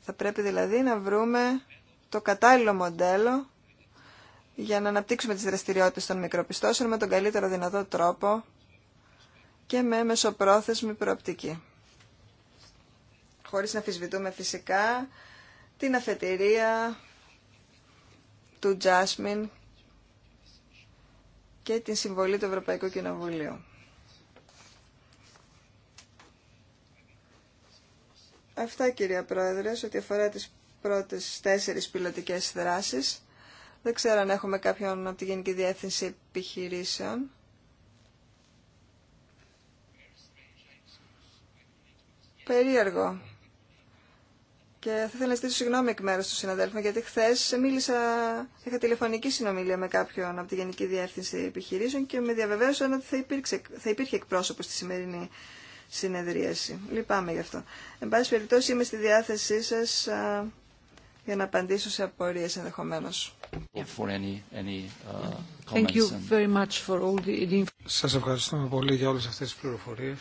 Θα πρέπει δηλαδή να βρούμε το κατάλληλο μοντέλο για να αναπτύξουμε τις δραστηριότητες των μικροπιστώσεων με τον καλύτερο δυνατό τρόπο και με μεσοπρόθεσμη προοπτική. Χωρίς να αφισβητούμε φυσικά την αφετηρία του Τζάσμιν και την συμβολή του Ευρωπαϊκού Κοινοβουλίου. Αυτά κυρία Πρόεδρε, σε ό,τι αφορά τις πρώτες τέσσερις πιλωτικές δράσεις. Δεν ξέρω αν έχουμε κάποιον από τη Γενική Διεύθυνση Επιχειρήσεων. Περίεργο. Και θα ήθελα να ζητήσω συγγνώμη εκ μέρου του συναδέλφου, γιατί χθε μίλησα, είχα τηλεφωνική συνομιλία με κάποιον από τη Γενική Διεύθυνση Επιχειρήσεων και με διαβεβαίωσαν ότι θα, θα υπήρχε εκπρόσωπο στη σημερινή συνεδρίαση. Λυπάμαι γι' αυτό. Εν πάση περιπτώσει είμαι στη διάθεσή σας για να απαντήσω σε απορίες ενδεχομένως. Σας ευχαριστούμε πολύ για όλες αυτές τις πληροφορίες.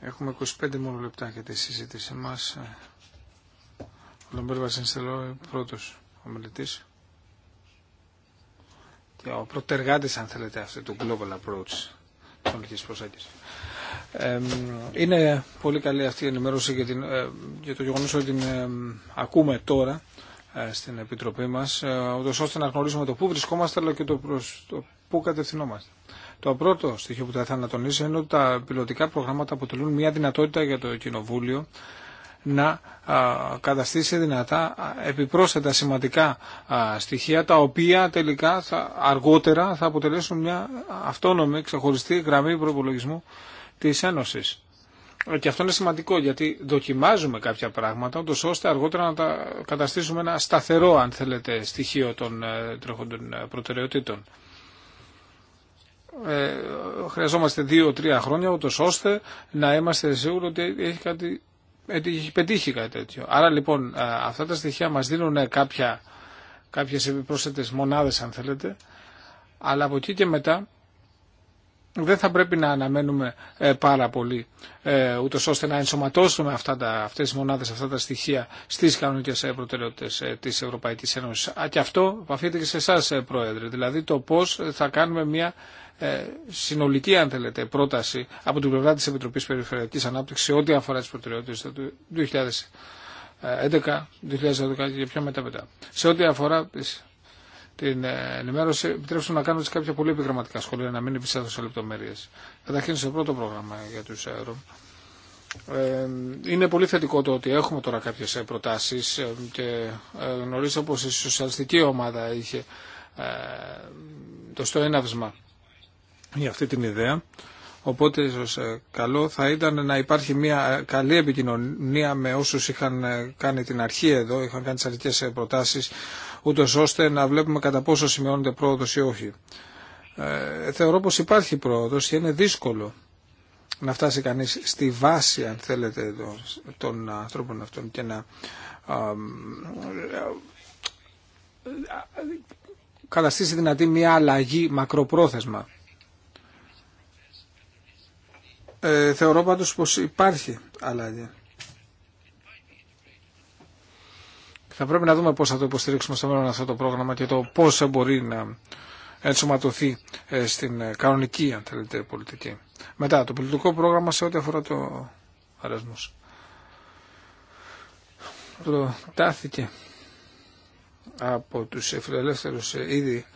Έχουμε 25 μόνο λεπτά για τη συζήτηση μας. Ο Λομπέρ Βασινστελό, πρώτος ομιλητής και ο πρωτεργάτης αν θέλετε αυτού του Global Approach είναι πολύ καλή αυτή η ενημέρωση για, την, ε, για το γεγονό ότι την ε, ακούμε τώρα ε, στην Επιτροπή μας, ούτω ώστε να γνωρίζουμε το πού βρισκόμαστε αλλά και το προς το πού κατευθυνόμαστε. Το πρώτο στοιχείο που θα ήθελα να τονίσω είναι ότι τα πιλωτικά προγράμματα αποτελούν μια δυνατότητα για το Κοινοβούλιο να καταστήσει δυνατά επιπρόσθετα σημαντικά στοιχεία τα οποία τελικά θα, αργότερα θα αποτελέσουν μια αυτόνομη ξεχωριστή γραμμή προπολογισμού της Ένωσης. Και αυτό είναι σημαντικό γιατί δοκιμάζουμε κάποια πράγματα ούτως ώστε αργότερα να τα καταστήσουμε ένα σταθερό αν θέλετε στοιχείο των ε, τρέχοντων ε, προτεραιοτήτων. Ε, χρειαζόμαστε δύο-τρία χρόνια ούτως ώστε να είμαστε σίγουροι ότι έχει κάτι έχει πετύχει κάτι τέτοιο. Άρα λοιπόν αυτά τα στοιχεία μας δίνουν ε, κάποια, κάποιες επιπρόσθετες μονάδες αν θέλετε, αλλά από εκεί και μετά δεν θα πρέπει να αναμένουμε ε, πάρα πολύ ε, ούτω ώστε να ενσωματώσουμε αυτά τα, αυτές τις μονάδες, αυτά τα στοιχεία στις κανονικές ε, προτεραιότητες ε, της Ευρωπαϊκής Ένωσης. και αυτό επαφείται και σε εσά, Πρόεδρε, δηλαδή το πώς θα κάνουμε μια συνολική, αν θέλετε, πρόταση από την πλευρά της Επιτροπής Περιφερειακής Ανάπτυξης σε ό,τι αφορά τις προτεραιότητες του 2011, 2012 και πιο μετά μετά. Σε ό,τι αφορά τις την ε, ενημέρωση, επιτρέψουν να κάνουν κάποια πολύ επιγραμματικά σχόλια, να μην επισέλθω σε λεπτομέρειε. Καταρχήν, στο πρώτο πρόγραμμα για του ΡΟΜ. Ε, είναι πολύ θετικό το ότι έχουμε τώρα κάποιε προτάσει ε, και γνωρίζω πω η σοσιαλιστική ομάδα είχε το στο έναυσμα για αυτή την ιδέα. Οπότε καλό θα ήταν να υπάρχει μια καλή επικοινωνία με όσους είχαν κάνει την αρχή εδώ, είχαν κάνει τις αρχικές προτάσεις ούτω ώστε να βλέπουμε κατά πόσο σημειώνεται πρόοδο ή όχι. Ε, θεωρώ πως υπάρχει πρόοδο και είναι δύσκολο να φτάσει κανείς στη βάση αν θέλετε των ανθρώπων αυτών και να καταστήσει δυνατή μια αλλαγή μακροπρόθεσμα. Ε, θεωρώ πάντως πως υπάρχει αλλαγή. Θα πρέπει να δούμε πώς θα το υποστηρίξουμε στο μέλλον αυτό το πρόγραμμα και το πώς μπορεί να ενσωματωθεί ε, στην ε, κανονική αν θέλετε, πολιτική. Μετά, το πολιτικό πρόγραμμα σε ό,τι αφορά το αρέσμος. Προτάθηκε από τους φιλελεύθερους ε, ήδη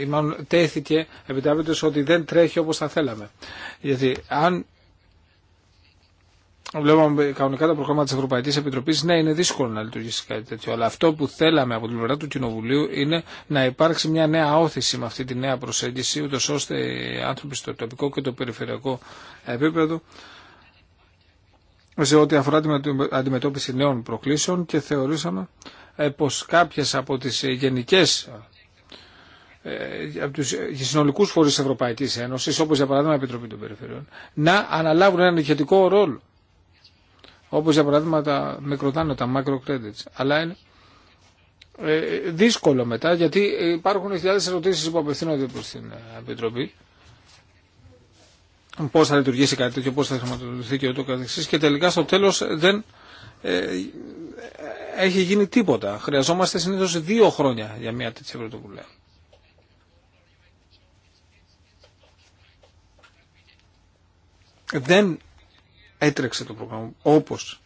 ή μάλλον τέθηκε επιτάπητος ότι δεν τρέχει όπως θα θέλαμε. Γιατί αν βλέπαμε κανονικά τα προγράμματα τη Ευρωπαϊκή Επιτροπή, ναι είναι δύσκολο να λειτουργήσει κάτι τέτοιο, αλλά αυτό που θέλαμε από την πλευρά του Κοινοβουλίου είναι να υπάρξει μια νέα όθηση με αυτή τη νέα προσέγγιση, ούτω ώστε οι άνθρωποι στο τοπικό και το περιφερειακό επίπεδο σε ό,τι αφορά την αντιμετώπιση νέων προκλήσεων και θεωρήσαμε ε, πως κάποιες από τις γενικές ε, από τους συνολικού φορείς της Ευρωπαϊκής Ένωσης, όπως για παράδειγμα η Επιτροπή των Περιφερειών, να αναλάβουν έναν ηγετικό ρόλο όπως για παράδειγμα τα μικροδάνα, τα macro credits. Αλλά είναι ε, δύσκολο μετά γιατί υπάρχουν χιλιάδες ερωτήσεις που απευθύνονται προς την ε, Επιτροπή πώς θα λειτουργήσει κάτι τέτοιο, πώς θα χρηματοδοτηθεί και ούτω καθεξής και τελικά στο τέλος δεν ε, έχει γίνει τίποτα. Χρειαζόμαστε συνήθως δύο χρόνια για μια τέτοια πρωτοβουλία. Δεν έτρεξε το πρόγραμμα όπως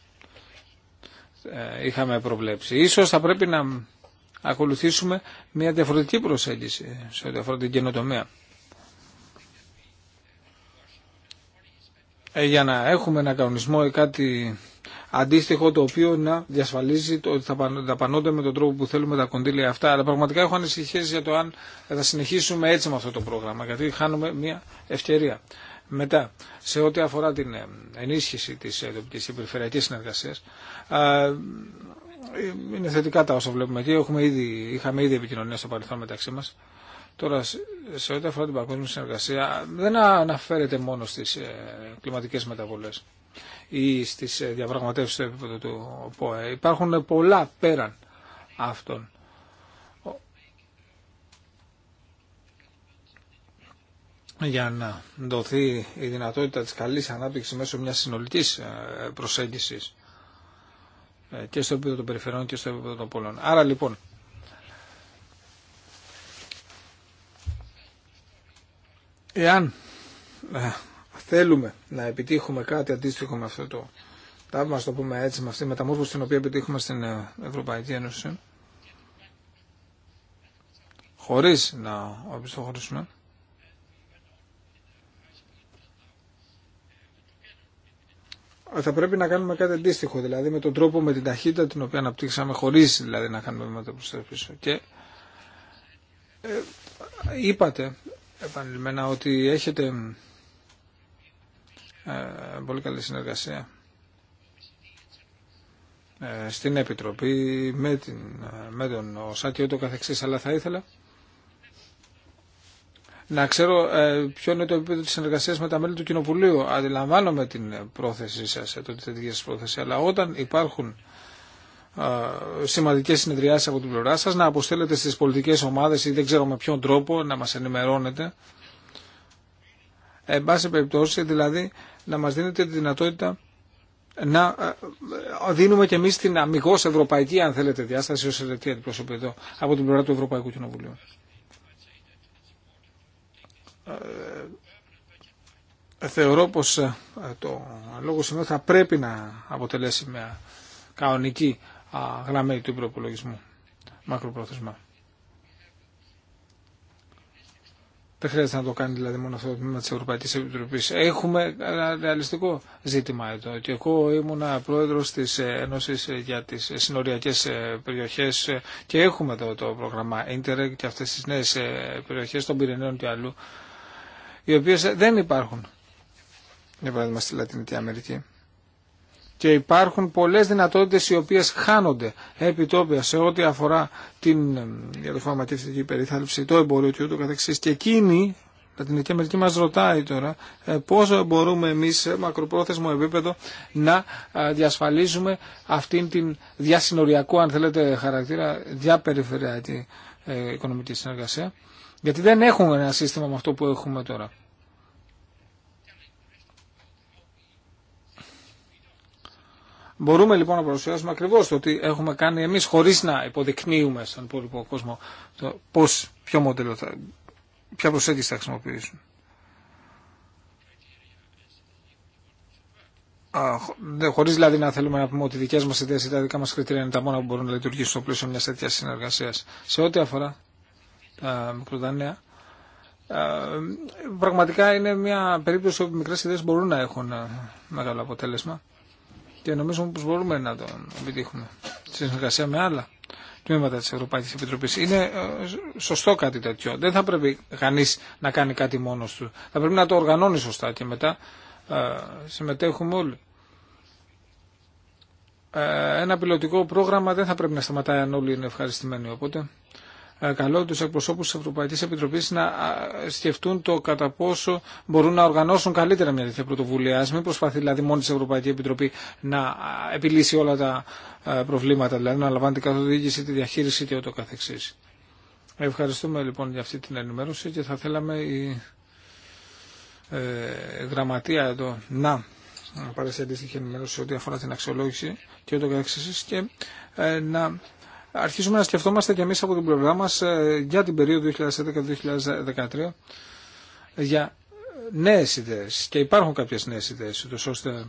ε, είχαμε προβλέψει. Ίσως θα πρέπει να ακολουθήσουμε μια διαφορετική προσέγγιση σε ό,τι αφορά την καινοτομία. Ε, για να έχουμε ένα κανονισμό ή κάτι αντίστοιχο το οποίο να διασφαλίζει ότι θα δαπανώνται με τον τρόπο που θέλουμε τα κονδύλια αυτά. Αλλά πραγματικά έχω ανησυχίες για το αν θα συνεχίσουμε έτσι με αυτό το πρόγραμμα, γιατί χάνουμε μια ευκαιρία. Μετά, σε ό,τι αφορά την ε, ενίσχυση της ε, τοπικής και περιφερειακής συνεργασίας, είναι θετικά τα όσα βλέπουμε εκεί. Έχουμε ήδη, είχαμε ήδη επικοινωνία στο παρελθόν μεταξύ μας. Τώρα, σε ό,τι αφορά την παγκόσμια συνεργασία, δεν αναφέρεται μόνο στις ε, κλιματικές μεταβολές ή στις διαπραγματεύσεις στο επίπεδο του ΟΠΟΕ. Υπάρχουν πολλά πέραν αυτών. για να δοθεί η δυνατότητα της καλής ανάπτυξης μέσω μιας συνολικής ε, προσέγγισης ε, και στο επίπεδο των περιφερειών και στο επίπεδο των πόλων. Άρα λοιπόν, εάν ε, θέλουμε να επιτύχουμε κάτι αντίστοιχο με αυτό το τάβμα, το πούμε έτσι, με αυτή τη μεταμόρφωση την οποία επιτύχουμε στην Ευρωπαϊκή Ένωση, χωρίς να οπισθοχωρήσουμε, θα πρέπει να κάνουμε κάτι αντίστοιχο, δηλαδή με τον τρόπο, με την ταχύτητα την οποία αναπτύξαμε, χωρίς δηλαδή να κάνουμε βήματα προ τα πίσω. Και ε, είπατε επανειλημμένα ότι έχετε ε, πολύ καλή συνεργασία ε, στην Επιτροπή, με, την, ε, με τον ΩΣΑ και ούτω καθεξής, αλλά θα ήθελα να ξέρω ε, ποιο είναι το επίπεδο της συνεργασίας με τα μέλη του Κοινοβουλίου. Αντιλαμβάνομαι την πρόθεσή σας, ε, το θετική σας πρόθεση, αλλά όταν υπάρχουν ε, σημαντικές συνεδριάσεις από την πλευρά σας, να αποστέλλετε στις πολιτικές ομάδες ή δεν ξέρω με ποιον τρόπο να μας ενημερώνετε. Εν πάση περιπτώσει, δηλαδή, να μας δίνετε τη δυνατότητα να δίνουμε και εμείς την αμυγός ευρωπαϊκή, αν θέλετε, διάσταση ως ελευθερία αντιπροσωπή από την πλευρά του Ευρωπαϊκού Κοινοβουλίου. Ε, θεωρώ πως ε, το λόγο σημείο θα πρέπει να αποτελέσει μια κανονική γραμμή του προπολογισμού μακροπρόθεσμα. Δεν χρειάζεται να το κάνει δηλαδή μόνο αυτό το τμήμα τη Ευρωπαϊκή Επιτροπή. Έχουμε ένα ρεαλιστικό ζήτημα εδώ. Και εγώ ήμουνα πρόεδρο τη Ένωση για τι Συνοριακέ ε, Περιοχέ και έχουμε εδώ το πρόγραμμα Interreg και αυτέ τι νέε περιοχέ των Πυρενέων και αλλού οι οποίε δεν υπάρχουν, για παράδειγμα στη Λατινική Αμερική. Και υπάρχουν πολλέ δυνατότητε οι οποίε χάνονται επιτόπια σε ό,τι αφορά την διαδοχωματική περιθάλψη, το εμπορίο και ούτω Και εκείνη η Λατινική Αμερική μα ρωτάει τώρα ε, πόσο μπορούμε εμεί, σε μακροπρόθεσμο επίπεδο να ε, διασφαλίζουμε αυτήν την διασυνοριακό αν θέλετε χαρακτήρα διαπεριφερειακή ε, οικονομική συνεργασία γιατί δεν έχουμε ένα σύστημα με αυτό που έχουμε τώρα. Μπορούμε λοιπόν να παρουσιάσουμε ακριβώ το ότι έχουμε κάνει εμεί χωρί να υποδεικνύουμε στον υπόλοιπο κόσμο το πώς, ποιο μοντέλο θα, ποια προσέγγιση θα χρησιμοποιήσουν. Χωρί δηλαδή να θέλουμε να πούμε ότι οι δικέ μα ιδέε ή τα δικά μα κριτήρια είναι τα μόνα που μπορούν να λειτουργήσουν στο πλαίσιο μια τέτοια συνεργασία. Σε ό,τι αφορά μικροδάνεια. πραγματικά είναι μια περίπτωση όπου μικρές ιδέες μπορούν να έχουν μεγάλο αποτέλεσμα και νομίζω πως μπορούμε να το επιτύχουμε στη συνεργασία με άλλα τμήματα της Ευρωπαϊκής Επιτροπής. Είναι σωστό κάτι τέτοιο. Δεν θα πρέπει κανείς να κάνει κάτι μόνος του. Θα πρέπει να το οργανώνει σωστά και μετά συμμετέχουμε όλοι. Ένα πιλωτικό πρόγραμμα δεν θα πρέπει να σταματάει αν όλοι είναι ευχαριστημένοι. Οπότε καλώ τους εκπροσώπους της Ευρωπαϊκής Επιτροπής να σκεφτούν το κατά πόσο μπορούν να οργανώσουν καλύτερα μια τέτοια πρωτοβουλία. Ας μην προσπαθεί δηλαδή μόνη της Ευρωπαϊκή Επιτροπή να επιλύσει όλα τα προβλήματα, δηλαδή να λαμβάνει την καθοδήγηση, τη διαχείριση και ούτω καθεξής. Ευχαριστούμε λοιπόν για αυτή την ενημέρωση και θα θέλαμε η ε, γραμματεία εδώ να παρέσει αντίστοιχη ενημέρωση ό,τι αφορά την αξιολόγηση και ούτω καθεξής και ε, να αρχίζουμε να σκεφτόμαστε και εμείς από την πλευρά μας ε, για την περίοδο 2011-2013 για νέες ιδέες και υπάρχουν κάποιες νέες ιδέες ούτως ώστε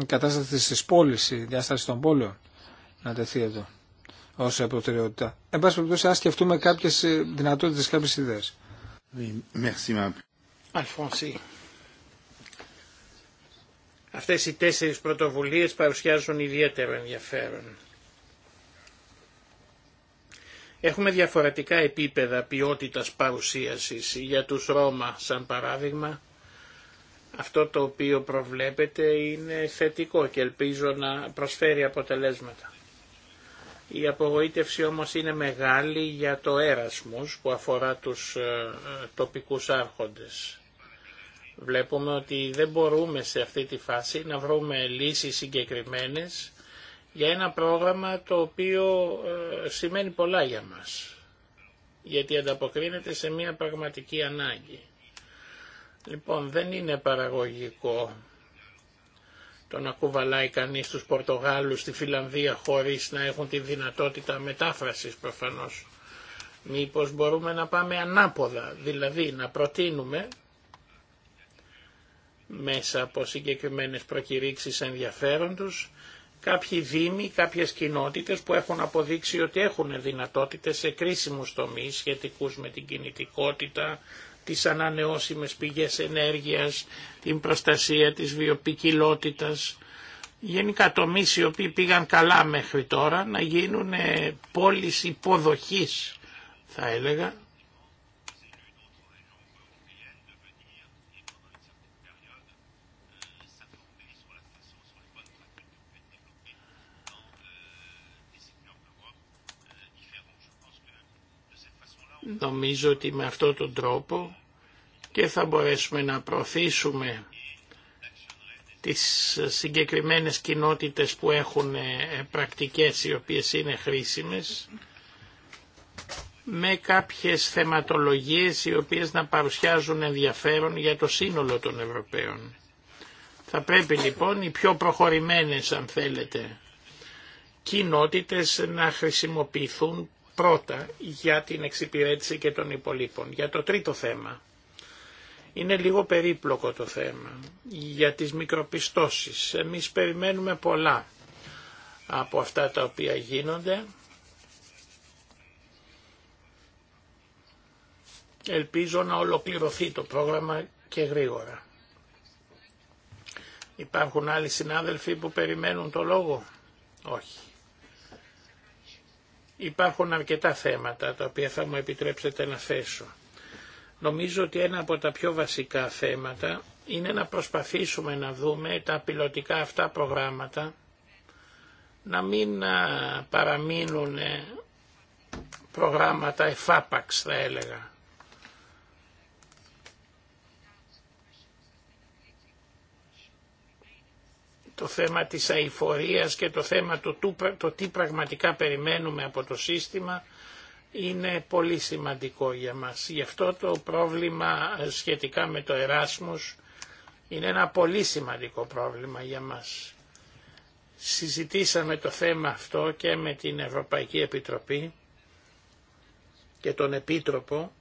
η κατάσταση της πόλης, η διάσταση των πόλεων να τεθεί εδώ ως προτεραιότητα. Εν πάση περιπτώσει, ας σκεφτούμε κάποιες ε, δυνατότητες, κάποιες ιδέες. Oui, Αυτές οι τέσσερις πρωτοβουλίες παρουσιάζουν ιδιαίτερο ενδιαφέρον. Έχουμε διαφορετικά επίπεδα ποιότητας παρουσίασης για τους Ρώμα σαν παράδειγμα. Αυτό το οποίο προβλέπετε είναι θετικό και ελπίζω να προσφέρει αποτελέσματα. Η απογοήτευση όμως είναι μεγάλη για το έρασμος που αφορά τους ε, ε, τοπικούς άρχοντες. Βλέπουμε ότι δεν μπορούμε σε αυτή τη φάση να βρούμε λύσεις συγκεκριμένες για ένα πρόγραμμα το οποίο ε, σημαίνει πολλά για μας, γιατί ανταποκρίνεται σε μια πραγματική ανάγκη. Λοιπόν, δεν είναι παραγωγικό το να κουβαλάει κανείς τους Πορτογάλους στη Φιλανδία χωρίς να έχουν τη δυνατότητα μετάφρασης προφανώς. Μήπως μπορούμε να πάμε ανάποδα, δηλαδή να προτείνουμε μέσα από συγκεκριμένες προκηρύξεις ενδιαφέροντος, κάποιοι δήμοι, κάποιες κοινότητες που έχουν αποδείξει ότι έχουν δυνατότητες σε κρίσιμους τομείς σχετικούς με την κινητικότητα, τις ανανεώσιμες πηγές ενέργειας, την προστασία της βιοπικιλότητας, γενικά τομείς οι οποίοι πήγαν καλά μέχρι τώρα να γίνουν ε, πόλεις υποδοχής θα έλεγα Νομίζω ότι με αυτόν τον τρόπο και θα μπορέσουμε να προωθήσουμε τις συγκεκριμένες κοινότητες που έχουν ε, πρακτικές οι οποίες είναι χρήσιμες με κάποιες θεματολογίες οι οποίες να παρουσιάζουν ενδιαφέρον για το σύνολο των Ευρωπαίων. Θα πρέπει λοιπόν οι πιο προχωρημένες αν θέλετε κοινότητες να χρησιμοποιηθούν πρώτα για την εξυπηρέτηση και των υπολείπων. Για το τρίτο θέμα. Είναι λίγο περίπλοκο το θέμα. Για τις μικροπιστώσεις. Εμείς περιμένουμε πολλά από αυτά τα οποία γίνονται. Ελπίζω να ολοκληρωθεί το πρόγραμμα και γρήγορα. Υπάρχουν άλλοι συνάδελφοι που περιμένουν το λόγο. Όχι. Υπάρχουν αρκετά θέματα τα οποία θα μου επιτρέψετε να θέσω. Νομίζω ότι ένα από τα πιο βασικά θέματα είναι να προσπαθήσουμε να δούμε τα πιλωτικά αυτά προγράμματα να μην παραμείνουν ε, προγράμματα εφάπαξ θα έλεγα. το θέμα της αηφορίας και το θέμα του το τι πραγματικά περιμένουμε από το σύστημα είναι πολύ σημαντικό για μας. Γι' αυτό το πρόβλημα ε, σχετικά με το Εράσμους είναι ένα πολύ σημαντικό πρόβλημα για μας. Συζητήσαμε το θέμα αυτό και με την Ευρωπαϊκή Επιτροπή και τον Επίτροπο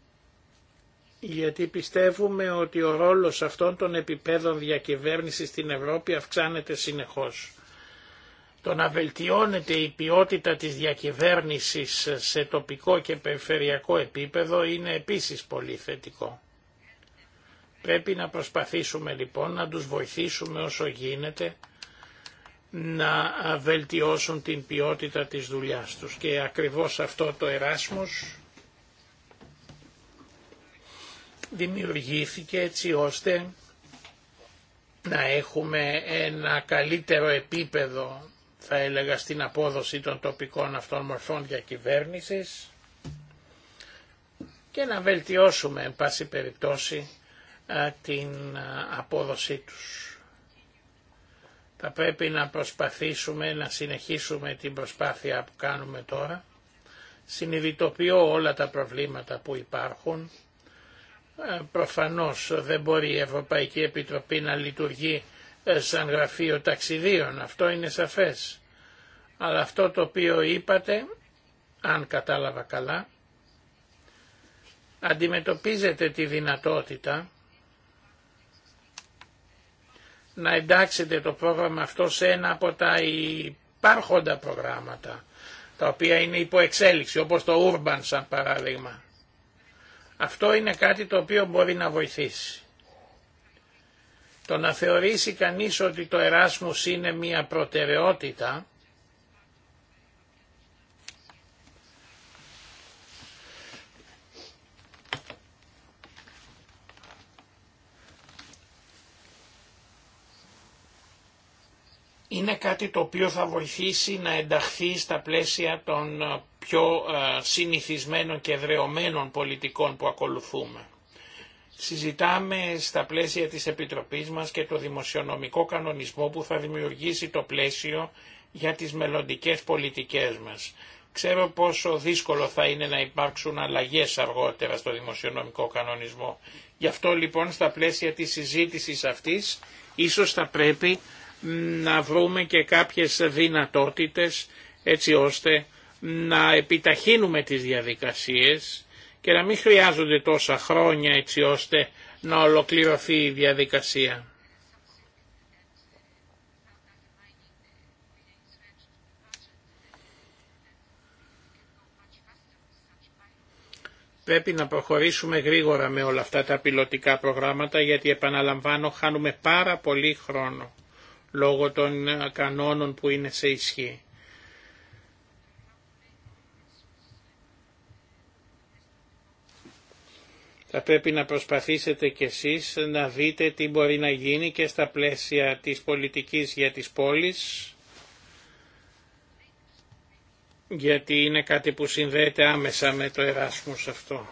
γιατί πιστεύουμε ότι ο ρόλος αυτών των επιπέδων διακυβέρνησης στην Ευρώπη αυξάνεται συνεχώς. Το να βελτιώνεται η ποιότητα της διακυβέρνησης σε τοπικό και περιφερειακό επίπεδο είναι επίσης πολύ θετικό. Πρέπει να προσπαθήσουμε λοιπόν να τους βοηθήσουμε όσο γίνεται να βελτιώσουν την ποιότητα της δουλειάς τους και ακριβώς αυτό το Εράσμος δημιουργήθηκε έτσι ώστε να έχουμε ένα καλύτερο επίπεδο θα έλεγα στην απόδοση των τοπικών αυτών μορφών διακυβέρνησης και να βελτιώσουμε εν πάση περιπτώσει την απόδοσή τους. Θα πρέπει να προσπαθήσουμε να συνεχίσουμε την προσπάθεια που κάνουμε τώρα. Συνειδητοποιώ όλα τα προβλήματα που υπάρχουν ε, προφανώς δεν μπορεί η Ευρωπαϊκή Επιτροπή να λειτουργεί ε, σαν γραφείο ταξιδίων, αυτό είναι σαφές. Αλλά αυτό το οποίο είπατε, αν κατάλαβα καλά, αντιμετωπίζετε τη δυνατότητα να εντάξετε το πρόγραμμα αυτό σε ένα από τα υπάρχοντα προγράμματα, τα οποία είναι υπό εξέλιξη, όπως το Urban σαν παράδειγμα. Αυτό είναι κάτι το οποίο μπορεί να βοηθήσει. Το να θεωρήσει κανείς ότι το εράσμος είναι μια προτεραιότητα είναι κάτι το οποίο θα βοηθήσει να ενταχθεί στα πλαίσια των ε, πιο ε, συνηθισμένων και δρεωμένων πολιτικών που ακολουθούμε. Συζητάμε στα πλαίσια της Επιτροπής μας και το δημοσιονομικό κανονισμό που θα δημιουργήσει το πλαίσιο για τις μελλοντικές πολιτικές μας. Ξέρω πόσο δύσκολο θα είναι να υπάρξουν αλλαγές αργότερα στο δημοσιονομικό κανονισμό. Γι' αυτό λοιπόν στα πλαίσια της συζήτησης αυτής ίσως θα πρέπει να βρούμε και κάποιες δυνατότητες έτσι ώστε να επιταχύνουμε τις διαδικασίες και να μην χρειάζονται τόσα χρόνια έτσι ώστε να ολοκληρωθεί η διαδικασία. Πρέπει να προχωρήσουμε γρήγορα με όλα αυτά τα πιλωτικά προγράμματα γιατί επαναλαμβάνω χάνουμε πάρα πολύ χρόνο λόγω των ε, κανόνων που είναι σε ισχύ. Θα πρέπει να προσπαθήσετε κι εσείς να δείτε τι μπορεί να γίνει και στα πλαίσια της πολιτικής για τις πόλεις, γιατί είναι κάτι που συνδέεται άμεσα με το Εράσμους αυτό.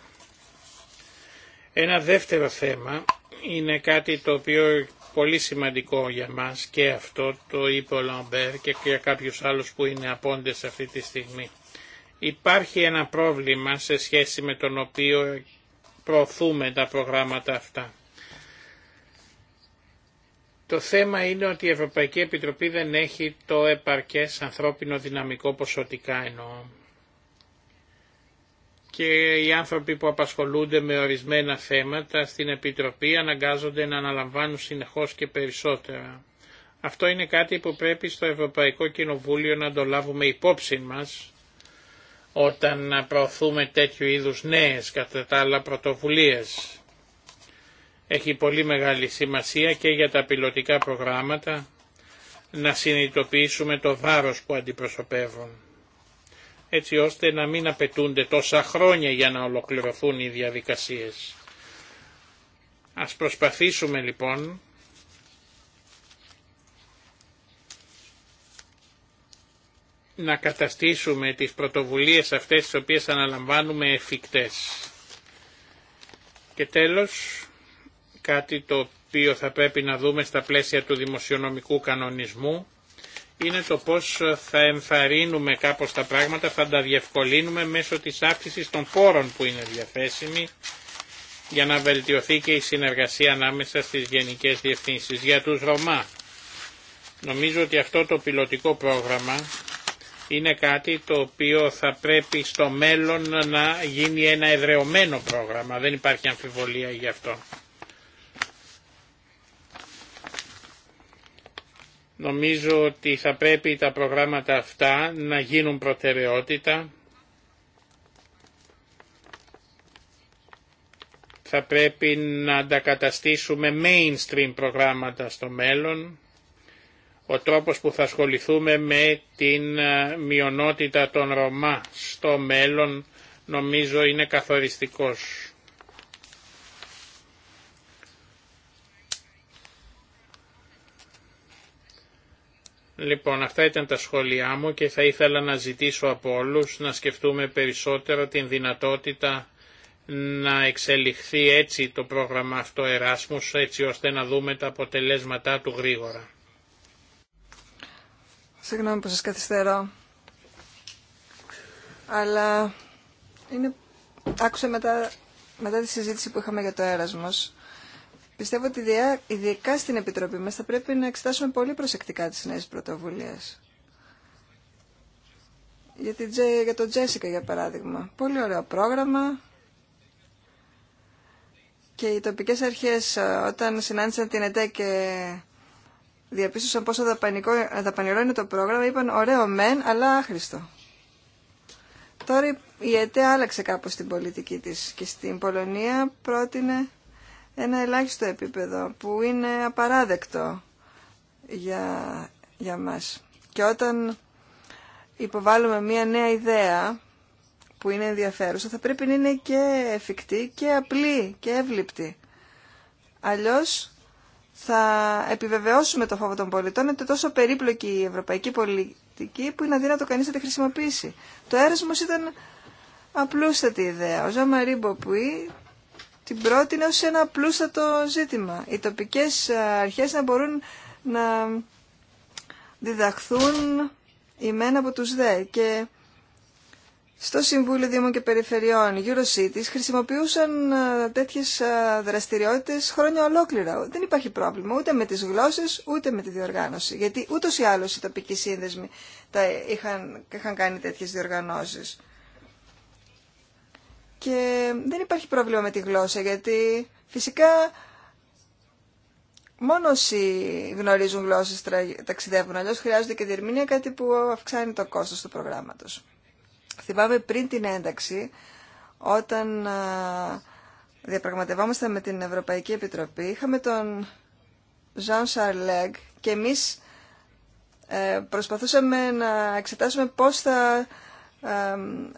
Ένα δεύτερο θέμα είναι κάτι το οποίο πολύ σημαντικό για μας και αυτό το είπε ο Λαμπέρ και για κάποιους άλλους που είναι απόντες αυτή τη στιγμή. Υπάρχει ένα πρόβλημα σε σχέση με τον οποίο προωθούμε τα προγράμματα αυτά. Το θέμα είναι ότι η Ευρωπαϊκή Επιτροπή δεν έχει το επαρκές ανθρώπινο δυναμικό ποσοτικά εννοώ και οι άνθρωποι που απασχολούνται με ορισμένα θέματα στην Επιτροπή αναγκάζονται να αναλαμβάνουν συνεχώς και περισσότερα. Αυτό είναι κάτι που πρέπει στο Ευρωπαϊκό Κοινοβούλιο να το λάβουμε υπόψη μας όταν προωθούμε τέτοιου είδους νέες κατά τα άλλα πρωτοβουλίες. Έχει πολύ μεγάλη σημασία και για τα πιλωτικά προγράμματα να συνειδητοποιήσουμε το βάρος που αντιπροσωπεύουν έτσι ώστε να μην απαιτούνται τόσα χρόνια για να ολοκληρωθούν οι διαδικασίες. Ας προσπαθήσουμε λοιπόν να καταστήσουμε τις πρωτοβουλίες αυτές τις οποίες αναλαμβάνουμε εφικτές. Και τέλος, κάτι το οποίο θα πρέπει να δούμε στα πλαίσια του δημοσιονομικού κανονισμού, είναι το πώς θα εμφαρίνουμε κάπως τα πράγματα, θα τα διευκολύνουμε μέσω της αύξησης των πόρων που είναι διαθέσιμη για να βελτιωθεί και η συνεργασία ανάμεσα στις γενικές διευθύνσεις. Για τους Ρωμά, νομίζω ότι αυτό το πιλωτικό πρόγραμμα είναι κάτι το οποίο θα πρέπει στο μέλλον να γίνει ένα εδρεωμένο πρόγραμμα. Δεν υπάρχει αμφιβολία γι' αυτό. Νομίζω ότι θα πρέπει τα προγράμματα αυτά να γίνουν προτεραιότητα. Θα πρέπει να αντακαταστήσουμε mainstream προγράμματα στο μέλλον. Ο τρόπος που θα ασχοληθούμε με την ε, μειονότητα των Ρωμά στο μέλλον νομίζω είναι καθοριστικός. Λοιπόν, αυτά ήταν τα σχόλιά μου και θα ήθελα να ζητήσω από όλους να σκεφτούμε περισσότερο την δυνατότητα να εξελιχθεί έτσι το πρόγραμμα αυτό Εράσμους, έτσι ώστε να δούμε τα αποτελέσματά του γρήγορα. Συγγνώμη που σας καθυστερώ, αλλά είναι... άκουσα μετά, μετά τη συζήτηση που είχαμε για το Έρασμος Πιστεύω ότι ειδικά στην Επιτροπή μας θα πρέπει να εξετάσουμε πολύ προσεκτικά τις νέες πρωτοβουλίες. Για, την, για τον Τζέσικα, για παράδειγμα. Πολύ ωραίο πρόγραμμα. Και οι τοπικές αρχές ε, όταν συνάντησαν την ΕΤΕ και διαπίστωσαν πόσο ε, δαπανηρό είναι το πρόγραμμα, είπαν ωραίο μεν, αλλά άχρηστο. Τώρα η ΕΤΕ άλλαξε κάπως την πολιτική της και στην Πολωνία πρότεινε ένα ελάχιστο επίπεδο που είναι απαράδεκτο για, για μας. Και όταν υποβάλλουμε μία νέα ιδέα που είναι ενδιαφέρουσα θα πρέπει να είναι και εφικτή και απλή και εύληπτη. Αλλιώς θα επιβεβαιώσουμε το φόβο των πολιτών είναι τόσο περίπλοκη η ευρωπαϊκή πολιτική που είναι αδύνατο κανείς να τη χρησιμοποιήσει. Το έρασμος ήταν απλούστατη ιδέα. Ο την πρότεινε ως ένα πλούστατο ζήτημα. Οι τοπικές ε, αρχές να μπορούν να διδαχθούν ημένα από τους ΔΕ και στο Συμβούλιο Δήμων και Περιφερειών EuroCities χρησιμοποιούσαν ε, τέτοιες ε, δραστηριότητες χρόνια ολόκληρα. Δεν υπάρχει πρόβλημα ούτε με τις γλώσσες ούτε με τη διοργάνωση. Γιατί ούτως ή άλλως οι τοπικοί σύνδεσμοι τα είχαν, είχαν κάνει τέτοιες διοργανώσεις. Και δεν υπάρχει πρόβλημα με τη γλώσσα, γιατί φυσικά μόνο όσοι γνωρίζουν γλώσσες ταξιδεύουν. Αλλιώς χρειάζονται και διερμηνία, κάτι που αυξάνει το κόστος του προγράμματος. Θυμάμαι πριν την ένταξη, όταν διαπραγματευόμασταν με την Ευρωπαϊκή Επιτροπή, είχαμε τον Ζαν Σαρλέγκ και εμείς ε, προσπαθούσαμε να εξετάσουμε πώς θα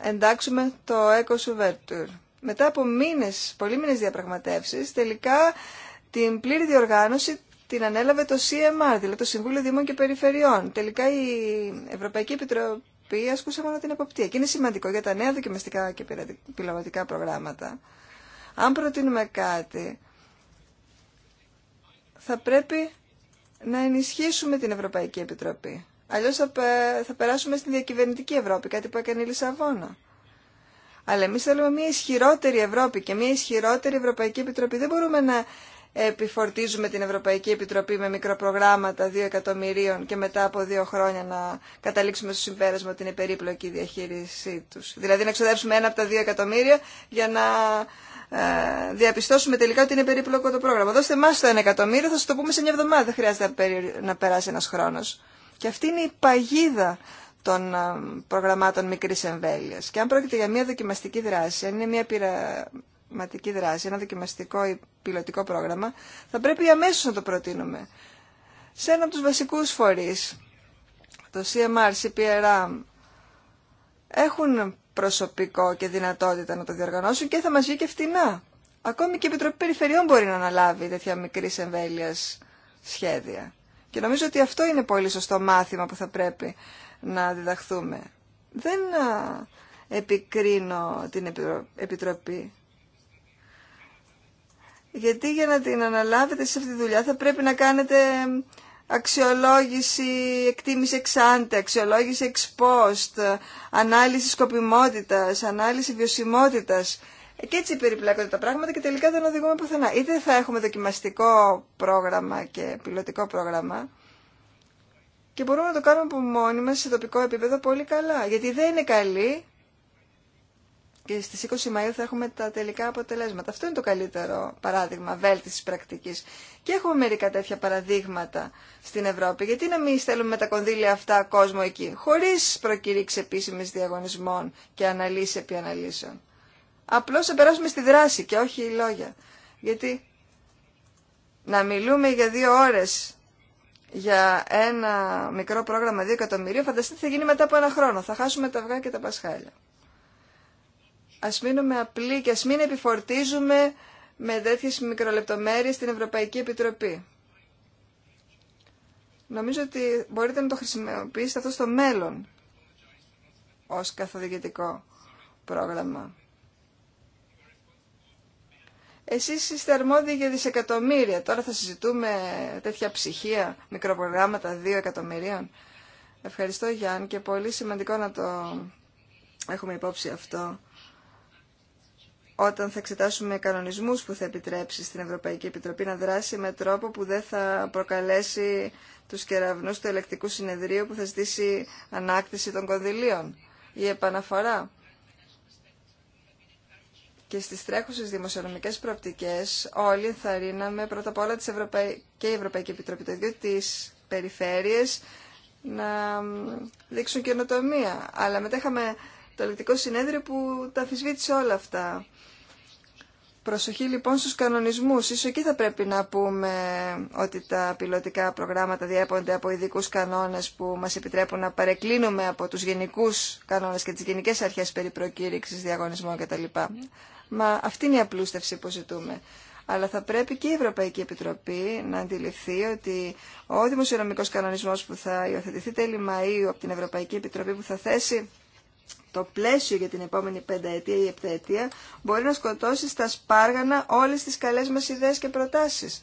εντάξουμε το Eco Μετά από μήνες, πολλοί μήνες διαπραγματεύσεις, τελικά την πλήρη διοργάνωση την ανέλαβε το CMR, δηλαδή το Συμβούλιο Δήμων και Περιφερειών. Τελικά η Ευρωπαϊκή Επιτροπή ασκούσε μόνο την εποπτεία. Και είναι σημαντικό για τα νέα δοκιμαστικά και πυλαματικά προγράμματα. Αν προτείνουμε κάτι, θα πρέπει να ενισχύσουμε την Ευρωπαϊκή Επιτροπή. Αλλιώ θα, θα περάσουμε στην διακυβερνητική Ευρώπη, κάτι που έκανε η Λισαβόνα. Αλλά εμεί θέλουμε μια ισχυρότερη Ευρώπη και μια ισχυρότερη Ευρωπαϊκή Επιτροπή. Δεν μπορούμε να επιφορτίζουμε την Ευρωπαϊκή Επιτροπή με μικροπρογράμματα 2 εκατομμυρίων και μετά από δύο χρόνια να καταλήξουμε στο συμπέρασμα ότι είναι περίπλοκη η διαχείρισή του. Δηλαδή να ξοδέψουμε ένα από τα 2 εκατομμύρια για να ε, διαπιστώσουμε τελικά ότι είναι περίπλοκο το πρόγραμμα. Δώστε εμά το 1 εκατομμύριο, θα σα το πούμε σε μια εβδομάδα. Δεν χρειάζεται να περάσει ένα χρόνο. Και αυτή είναι η παγίδα των ε, προγραμμάτων μικρής εμβέλειας. Και αν πρόκειται για μια δοκιμαστική δράση, αν είναι μια πειραματική δράση, ένα δοκιμαστικό ή πιλωτικό πρόγραμμα, θα πρέπει αμέσως να το προτείνουμε. Σε ένα από τους βασικούς φορείς, το CMR, CPRM, έχουν προσωπικό και δυνατότητα να το διοργανώσουν και θα μας βγει και φτηνά. Ακόμη και η Επιτροπή Περιφερειών μπορεί να αναλάβει τέτοια μικρή εμβέλειας σχέδια. Και νομίζω ότι αυτό είναι πολύ σωστό μάθημα που θα πρέπει να διδαχθούμε. Δεν επικρίνω την Επιτροπή. Γιατί για να την αναλάβετε σε αυτή τη δουλειά θα πρέπει να κάνετε αξιολόγηση, εκτίμηση εξάντε, αξιολόγηση εξπόστ, ανάλυση σκοπιμότητας, ανάλυση βιωσιμότητας και έτσι περιπλέκονται τα πράγματα και τελικά δεν οδηγούμε πουθενά. Είτε θα έχουμε δοκιμαστικό πρόγραμμα και πιλωτικό πρόγραμμα και μπορούμε να το κάνουμε από μόνοι μας σε τοπικό επίπεδο πολύ καλά. Γιατί δεν είναι καλή και στις 20 Μαΐου θα έχουμε τα τελικά αποτελέσματα. Αυτό είναι το καλύτερο παράδειγμα βέλτισης πρακτικής. Και έχουμε μερικά τέτοια παραδείγματα στην Ευρώπη. Γιατί να μην στέλνουμε τα κονδύλια αυτά κόσμο εκεί, χωρίς προκηρύξη επίσημης διαγωνισμών και αναλύσεις επί αναλύσεων. Απλώς να περάσουμε στη δράση και όχι οι λόγια. Γιατί να μιλούμε για δύο ώρες για ένα μικρό πρόγραμμα 2 εκατομμυρίων, φανταστείτε θα γίνει μετά από ένα χρόνο. Θα χάσουμε τα αυγά και τα πασχάλια. Ας μείνουμε απλοί και ας μην επιφορτίζουμε με τέτοιες μικρολεπτομέρειες την Ευρωπαϊκή Επιτροπή. Νομίζω ότι μπορείτε να το χρησιμοποιήσετε αυτό στο μέλλον ως καθοδηγητικό πρόγραμμα. Εσείς είστε αρμόδιοι για δισεκατομμύρια. Τώρα θα συζητούμε τέτοια ψυχία, μικροπρογράμματα 2 εκατομμυρίων. Ευχαριστώ Γιάννη και πολύ σημαντικό να το έχουμε υπόψη αυτό όταν θα εξετάσουμε κανονισμούς που θα επιτρέψει στην Ευρωπαϊκή Επιτροπή να δράσει με τρόπο που δεν θα προκαλέσει τους κεραυνούς του ελεκτικού συνεδρίου που θα ζητήσει ανάκτηση των κονδυλίων ή επαναφορά και στις τρέχουσες δημοσιονομικές προοπτικές όλοι θα ρίναμε πρώτα απ' όλα της Ευρωπαϊ... και η Ευρωπαϊκή Επιτροπή, το ίδιο τις περιφέρειες να δείξουν καινοτομία. Αλλά μετά είχαμε το λεπτικό συνέδριο που τα αφισβήτησε όλα αυτά. Προσοχή λοιπόν στους κανονισμούς. Ίσως εκεί θα πρέπει να πούμε ότι τα πιλωτικά προγράμματα διέπονται από ειδικού κανόνες που μας επιτρέπουν να παρεκκλίνουμε από τους γενικούς κανόνες και τις γενικές αρχές περί προκήρυξης διαγωνισμών κτλ. Ναι. Μα αυτή είναι η απλούστευση που ζητούμε. Αλλά θα πρέπει και η Ευρωπαϊκή Επιτροπή να αντιληφθεί ότι ο δημοσιονομικό κανονισμό που θα υιοθετηθεί τέλη Μαΐου από την Ευρωπαϊκή Επιτροπή που θα θέσει το πλαίσιο για την επόμενη πενταετία ή επταετία μπορεί να σκοτώσει στα σπάργανα όλες τις καλές μας ιδέες και προτάσεις.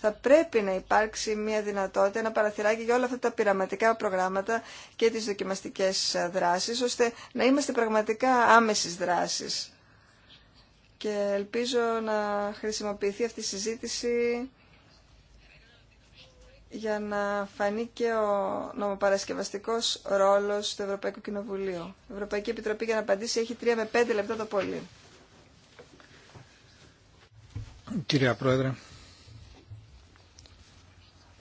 Θα πρέπει να υπάρξει μια δυνατότητα, ένα παραθυράκι για όλα αυτά τα πειραματικά προγράμματα και τις δοκιμαστικές δράσεις, ώστε να είμαστε πραγματικά άμεση δράση και ελπίζω να χρησιμοποιηθεί αυτή η συζήτηση για να φανεί και ο νομοπαρασκευαστικός ρόλος του Ευρωπαϊκού Κοινοβουλίου. Η Ευρωπαϊκή Επιτροπή για να απαντήσει έχει τρία με πέντε λεπτά το πολύ. Κυρία Πρόεδρε,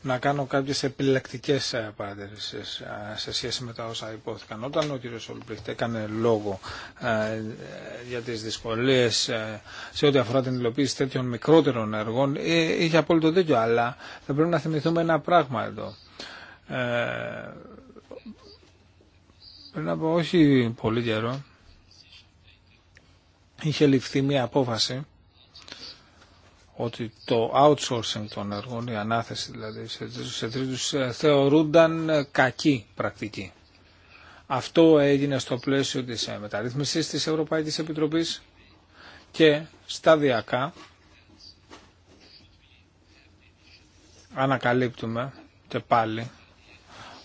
να κάνω κάποιε επιλεκτικέ ε, παρατηρησει ε, σε σχέση με τα όσα υπόθηκαν. Όταν ο κ. Ολμπριχτ έκανε λόγο ε, για τις δυσκολίε σε ό,τι αφορά την υλοποίηση τέτοιων μικρότερων εργών, είχε απόλυτο δίκιο, αλλά θα πρέπει να θυμηθούμε ένα πράγμα εδώ. Πριν από όχι πολύ καιρό, είχε ληφθεί μια απόφαση ότι το outsourcing των εργών, η ανάθεση δηλαδή σε τρίτους, ε, θεωρούνταν ε, κακή πρακτική. Αυτό έγινε στο πλαίσιο της ε, μεταρρύθμισης της Ευρωπαϊκής Επιτροπής και σταδιακά ανακαλύπτουμε και πάλι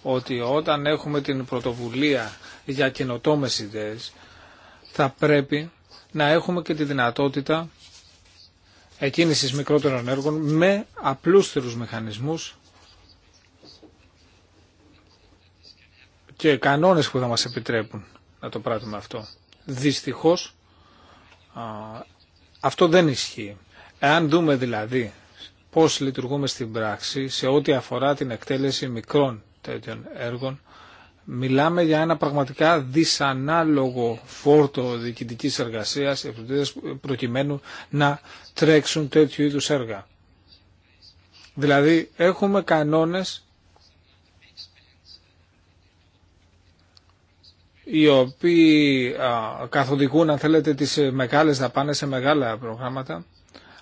ότι όταν έχουμε την πρωτοβουλία για καινοτόμες ιδέες θα πρέπει να έχουμε και τη δυνατότητα εκκίνησης μικρότερων έργων με απλούστερους μηχανισμούς και κανόνες που θα μας επιτρέπουν να το πράττουμε αυτό. Δυστυχώς αυτό δεν ισχύει. Εάν δούμε δηλαδή πώς λειτουργούμε στην πράξη σε ό,τι αφορά την εκτέλεση μικρών τέτοιων έργων Μιλάμε για ένα πραγματικά δυσανάλογο φόρτο διοικητικής εργασίας προκειμένου να τρέξουν τέτοιου είδου έργα. Δηλαδή έχουμε κανόνες οι οποίοι καθοδηγούν αν θέλετε τις ε, μεγάλες δαπάνες σε μεγάλα προγράμματα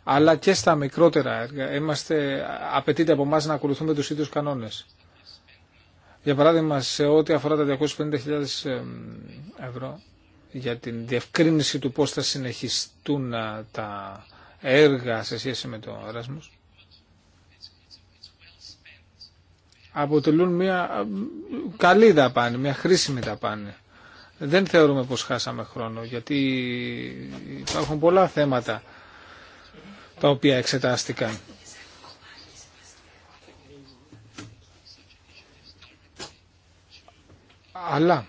αλλά και στα μικρότερα έργα. Είμαστε, απαιτείται από εμά να ακολουθούμε τους ίδιους κανόνες για παράδειγμα σε ό,τι αφορά τα 250.000 ευρώ για την διευκρίνηση του πώς θα συνεχιστούν τα έργα σε σχέση με το Erasmus αποτελούν μια καλή δαπάνη, μια χρήσιμη δαπάνη. Δεν θεωρούμε πως χάσαμε χρόνο γιατί υπάρχουν πολλά θέματα τα οποία εξετάστηκαν Αλλά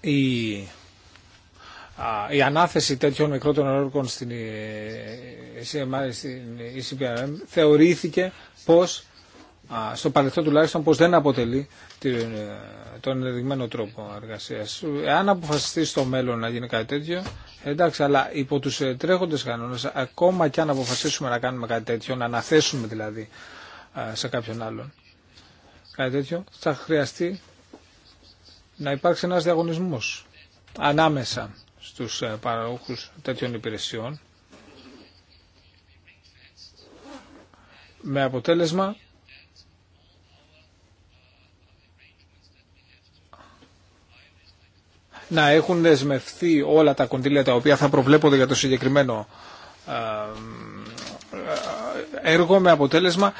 η, η ανάθεση τέτοιων μικρότερων έργων στην, ε, στην ECPRM ε, θεωρήθηκε πως στο παρελθόν τουλάχιστον πως δεν αποτελεί ε, τον ενδεδειγμένο τρόπο εργασίας. Εάν αποφασιστεί στο μέλλον να γίνει κάτι τέτοιο, εντάξει, αλλά υπό τους τρέχοντες κανόνες, ακόμα και αν αποφασίσουμε να κάνουμε κάτι τέτοιο, να αναθέσουμε δηλαδή σε κάποιον άλλον κάτι τέτοιο, θα χρειαστεί να υπάρξει ένας διαγωνισμός ανάμεσα στους ε, παραγωγούς τέτοιων υπηρεσιών με αποτέλεσμα να έχουν δεσμευθεί όλα τα κοντήλια τα οποία θα προβλέπονται για το συγκεκριμένο ε, έργο με αποτέλεσμα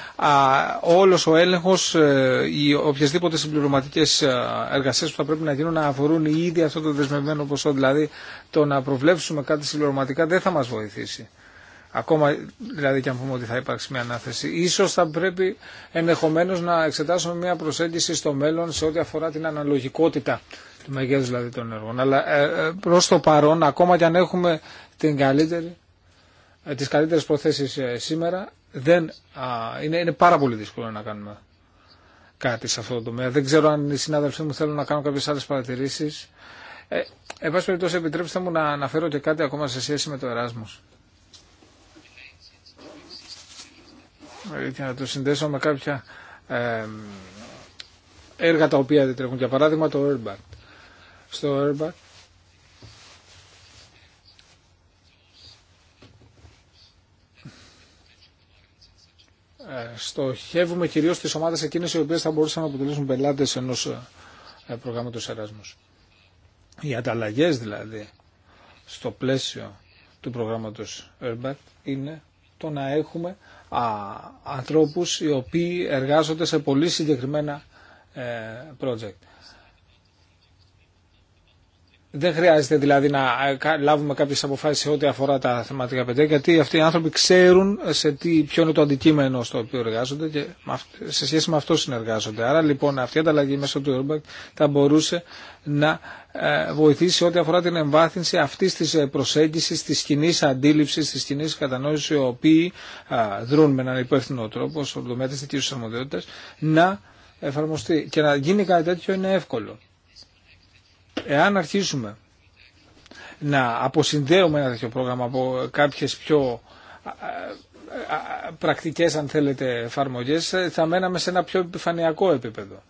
όλος ο έλεγχος ή ε, οποιασδήποτε συμπληρωματικές ε, εργασίες που θα πρέπει να γίνουν να αφορούν ήδη αυτό το δεσμευμένο ποσό. Δηλαδή το να προβλέψουμε κάτι συμπληρωματικά δεν θα μας βοηθήσει. Ακόμα δηλαδή και αν πούμε ότι θα υπάρξει μια ανάθεση. Ίσως θα πρέπει ενδεχομένω να εξετάσουμε μια προσέγγιση στο μέλλον σε ό,τι αφορά την αναλογικότητα του μεγέθους δηλαδή των έργων. Αλλά ε, προς το παρόν, ακόμα και αν έχουμε την καλύτερη τις καλύτερες προθέσεις σήμερα δεν, είναι, πάρα πολύ δύσκολο να κάνουμε κάτι σε αυτό το τομέα. Δεν ξέρω αν οι συνάδελφοί μου θέλουν να κάνουν κάποιες άλλες παρατηρήσεις. Ε, εν πάση επιτρέψτε μου να αναφέρω και κάτι ακόμα σε σχέση με το Εράσμος. Ε, για να το συνδέσω με κάποια έργα τα οποία δεν τρέχουν. Για παράδειγμα το Ερμπαρτ. Στο Ερμπαρτ Ε, στοχεύουμε κυρίως τις ομάδες εκείνες οι οποίες θα μπορούσαν να αποτελέσουν πελάτες ενός ε, προγράμματος Εράσμους. Οι ανταλλαγές δηλαδή στο πλαίσιο του προγράμματος ΕΡΜΠΑΤ είναι το να έχουμε α, ανθρώπους οι οποίοι εργάζονται σε πολύ συγκεκριμένα ε, project. Δεν χρειάζεται δηλαδή να ε, λάβουμε κάποιε αποφάσει ό,τι αφορά τα θεματικά παιδιά, γιατί αυτοί οι άνθρωποι ξέρουν σε τι, ποιο είναι το αντικείμενο στο οποίο εργάζονται και σε σχέση με αυτό συνεργάζονται. Άρα λοιπόν αυτή η ανταλλαγή μέσω του Urbank θα μπορούσε να ε, βοηθήσει ό,τι αφορά την εμβάθυνση αυτή τη ε, προσέγγιση, τη κοινή αντίληψη, τη κοινή κατανόηση, οι οποίοι δρούν με έναν υπεύθυνο τρόπο στον τομέα τη αρμοδιότητα, να εφαρμοστεί. Και να γίνει κάτι τέτοιο είναι εύκολο. Εάν αρχίσουμε να αποσυνδέουμε ένα τέτοιο πρόγραμμα από κάποιες πιο πρακτικές αν θέλετε εφαρμογές θα μέναμε σε ένα πιο επιφανειακό επίπεδο.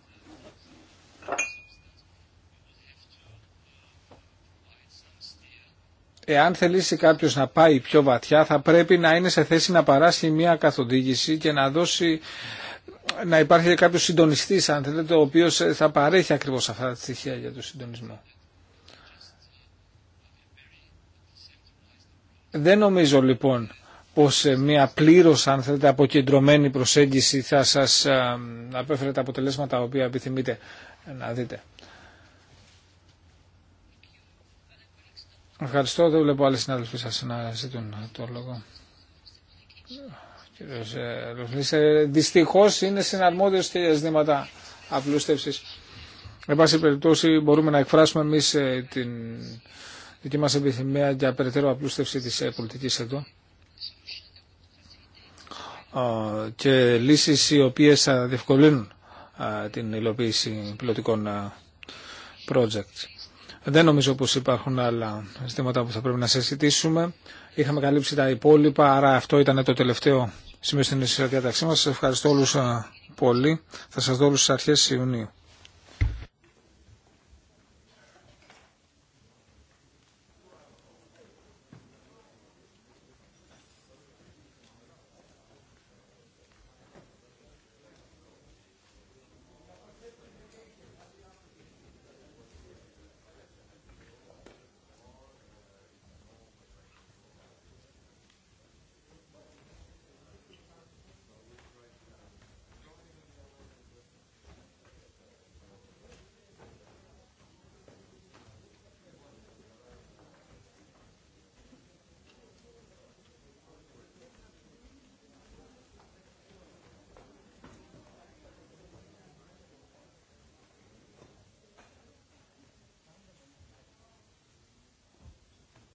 Εάν θελήσει κάποιος να πάει πιο βαθιά θα πρέπει να είναι σε θέση να παράσχει μια καθοδήγηση και να δώσει να υπάρχει κάποιος συντονιστής, αν θέλετε, ο οποίος ε, θα παρέχει ακριβώς αυτά τα στοιχεία για τον συντονισμό. Δεν νομίζω λοιπόν πως ε, μια πλήρως αν θέλετε αποκεντρωμένη προσέγγιση θα σας ε, απέφερε τα αποτελέσματα τα οποία επιθυμείτε να δείτε. Ευχαριστώ. Δεν βλέπω άλλοι συνάδελφοι σας να ζητούν το λόγο. Ε, δυστυχώς είναι συναρμόδιο και ζητήματα απλούστευσης. Εν πάση περιπτώσει μπορούμε να εκφράσουμε εμείς ε, την δική μας επιθυμία για περαιτέρω απλούστευση της ε, πολιτικής εδώ και λύσεις οι οποίες θα διευκολύνουν την υλοποίηση πιλωτικών projects. Δεν νομίζω πως υπάρχουν άλλα ζητήματα που θα πρέπει να συζητήσουμε. Είχαμε καλύψει τα υπόλοιπα, άρα αυτό ήταν το τελευταίο Σήμερα στην διάταξή μας. Σας ευχαριστώ όλου ε, πολύ. Θα σα δω στι στι αρχές Ιουνίου.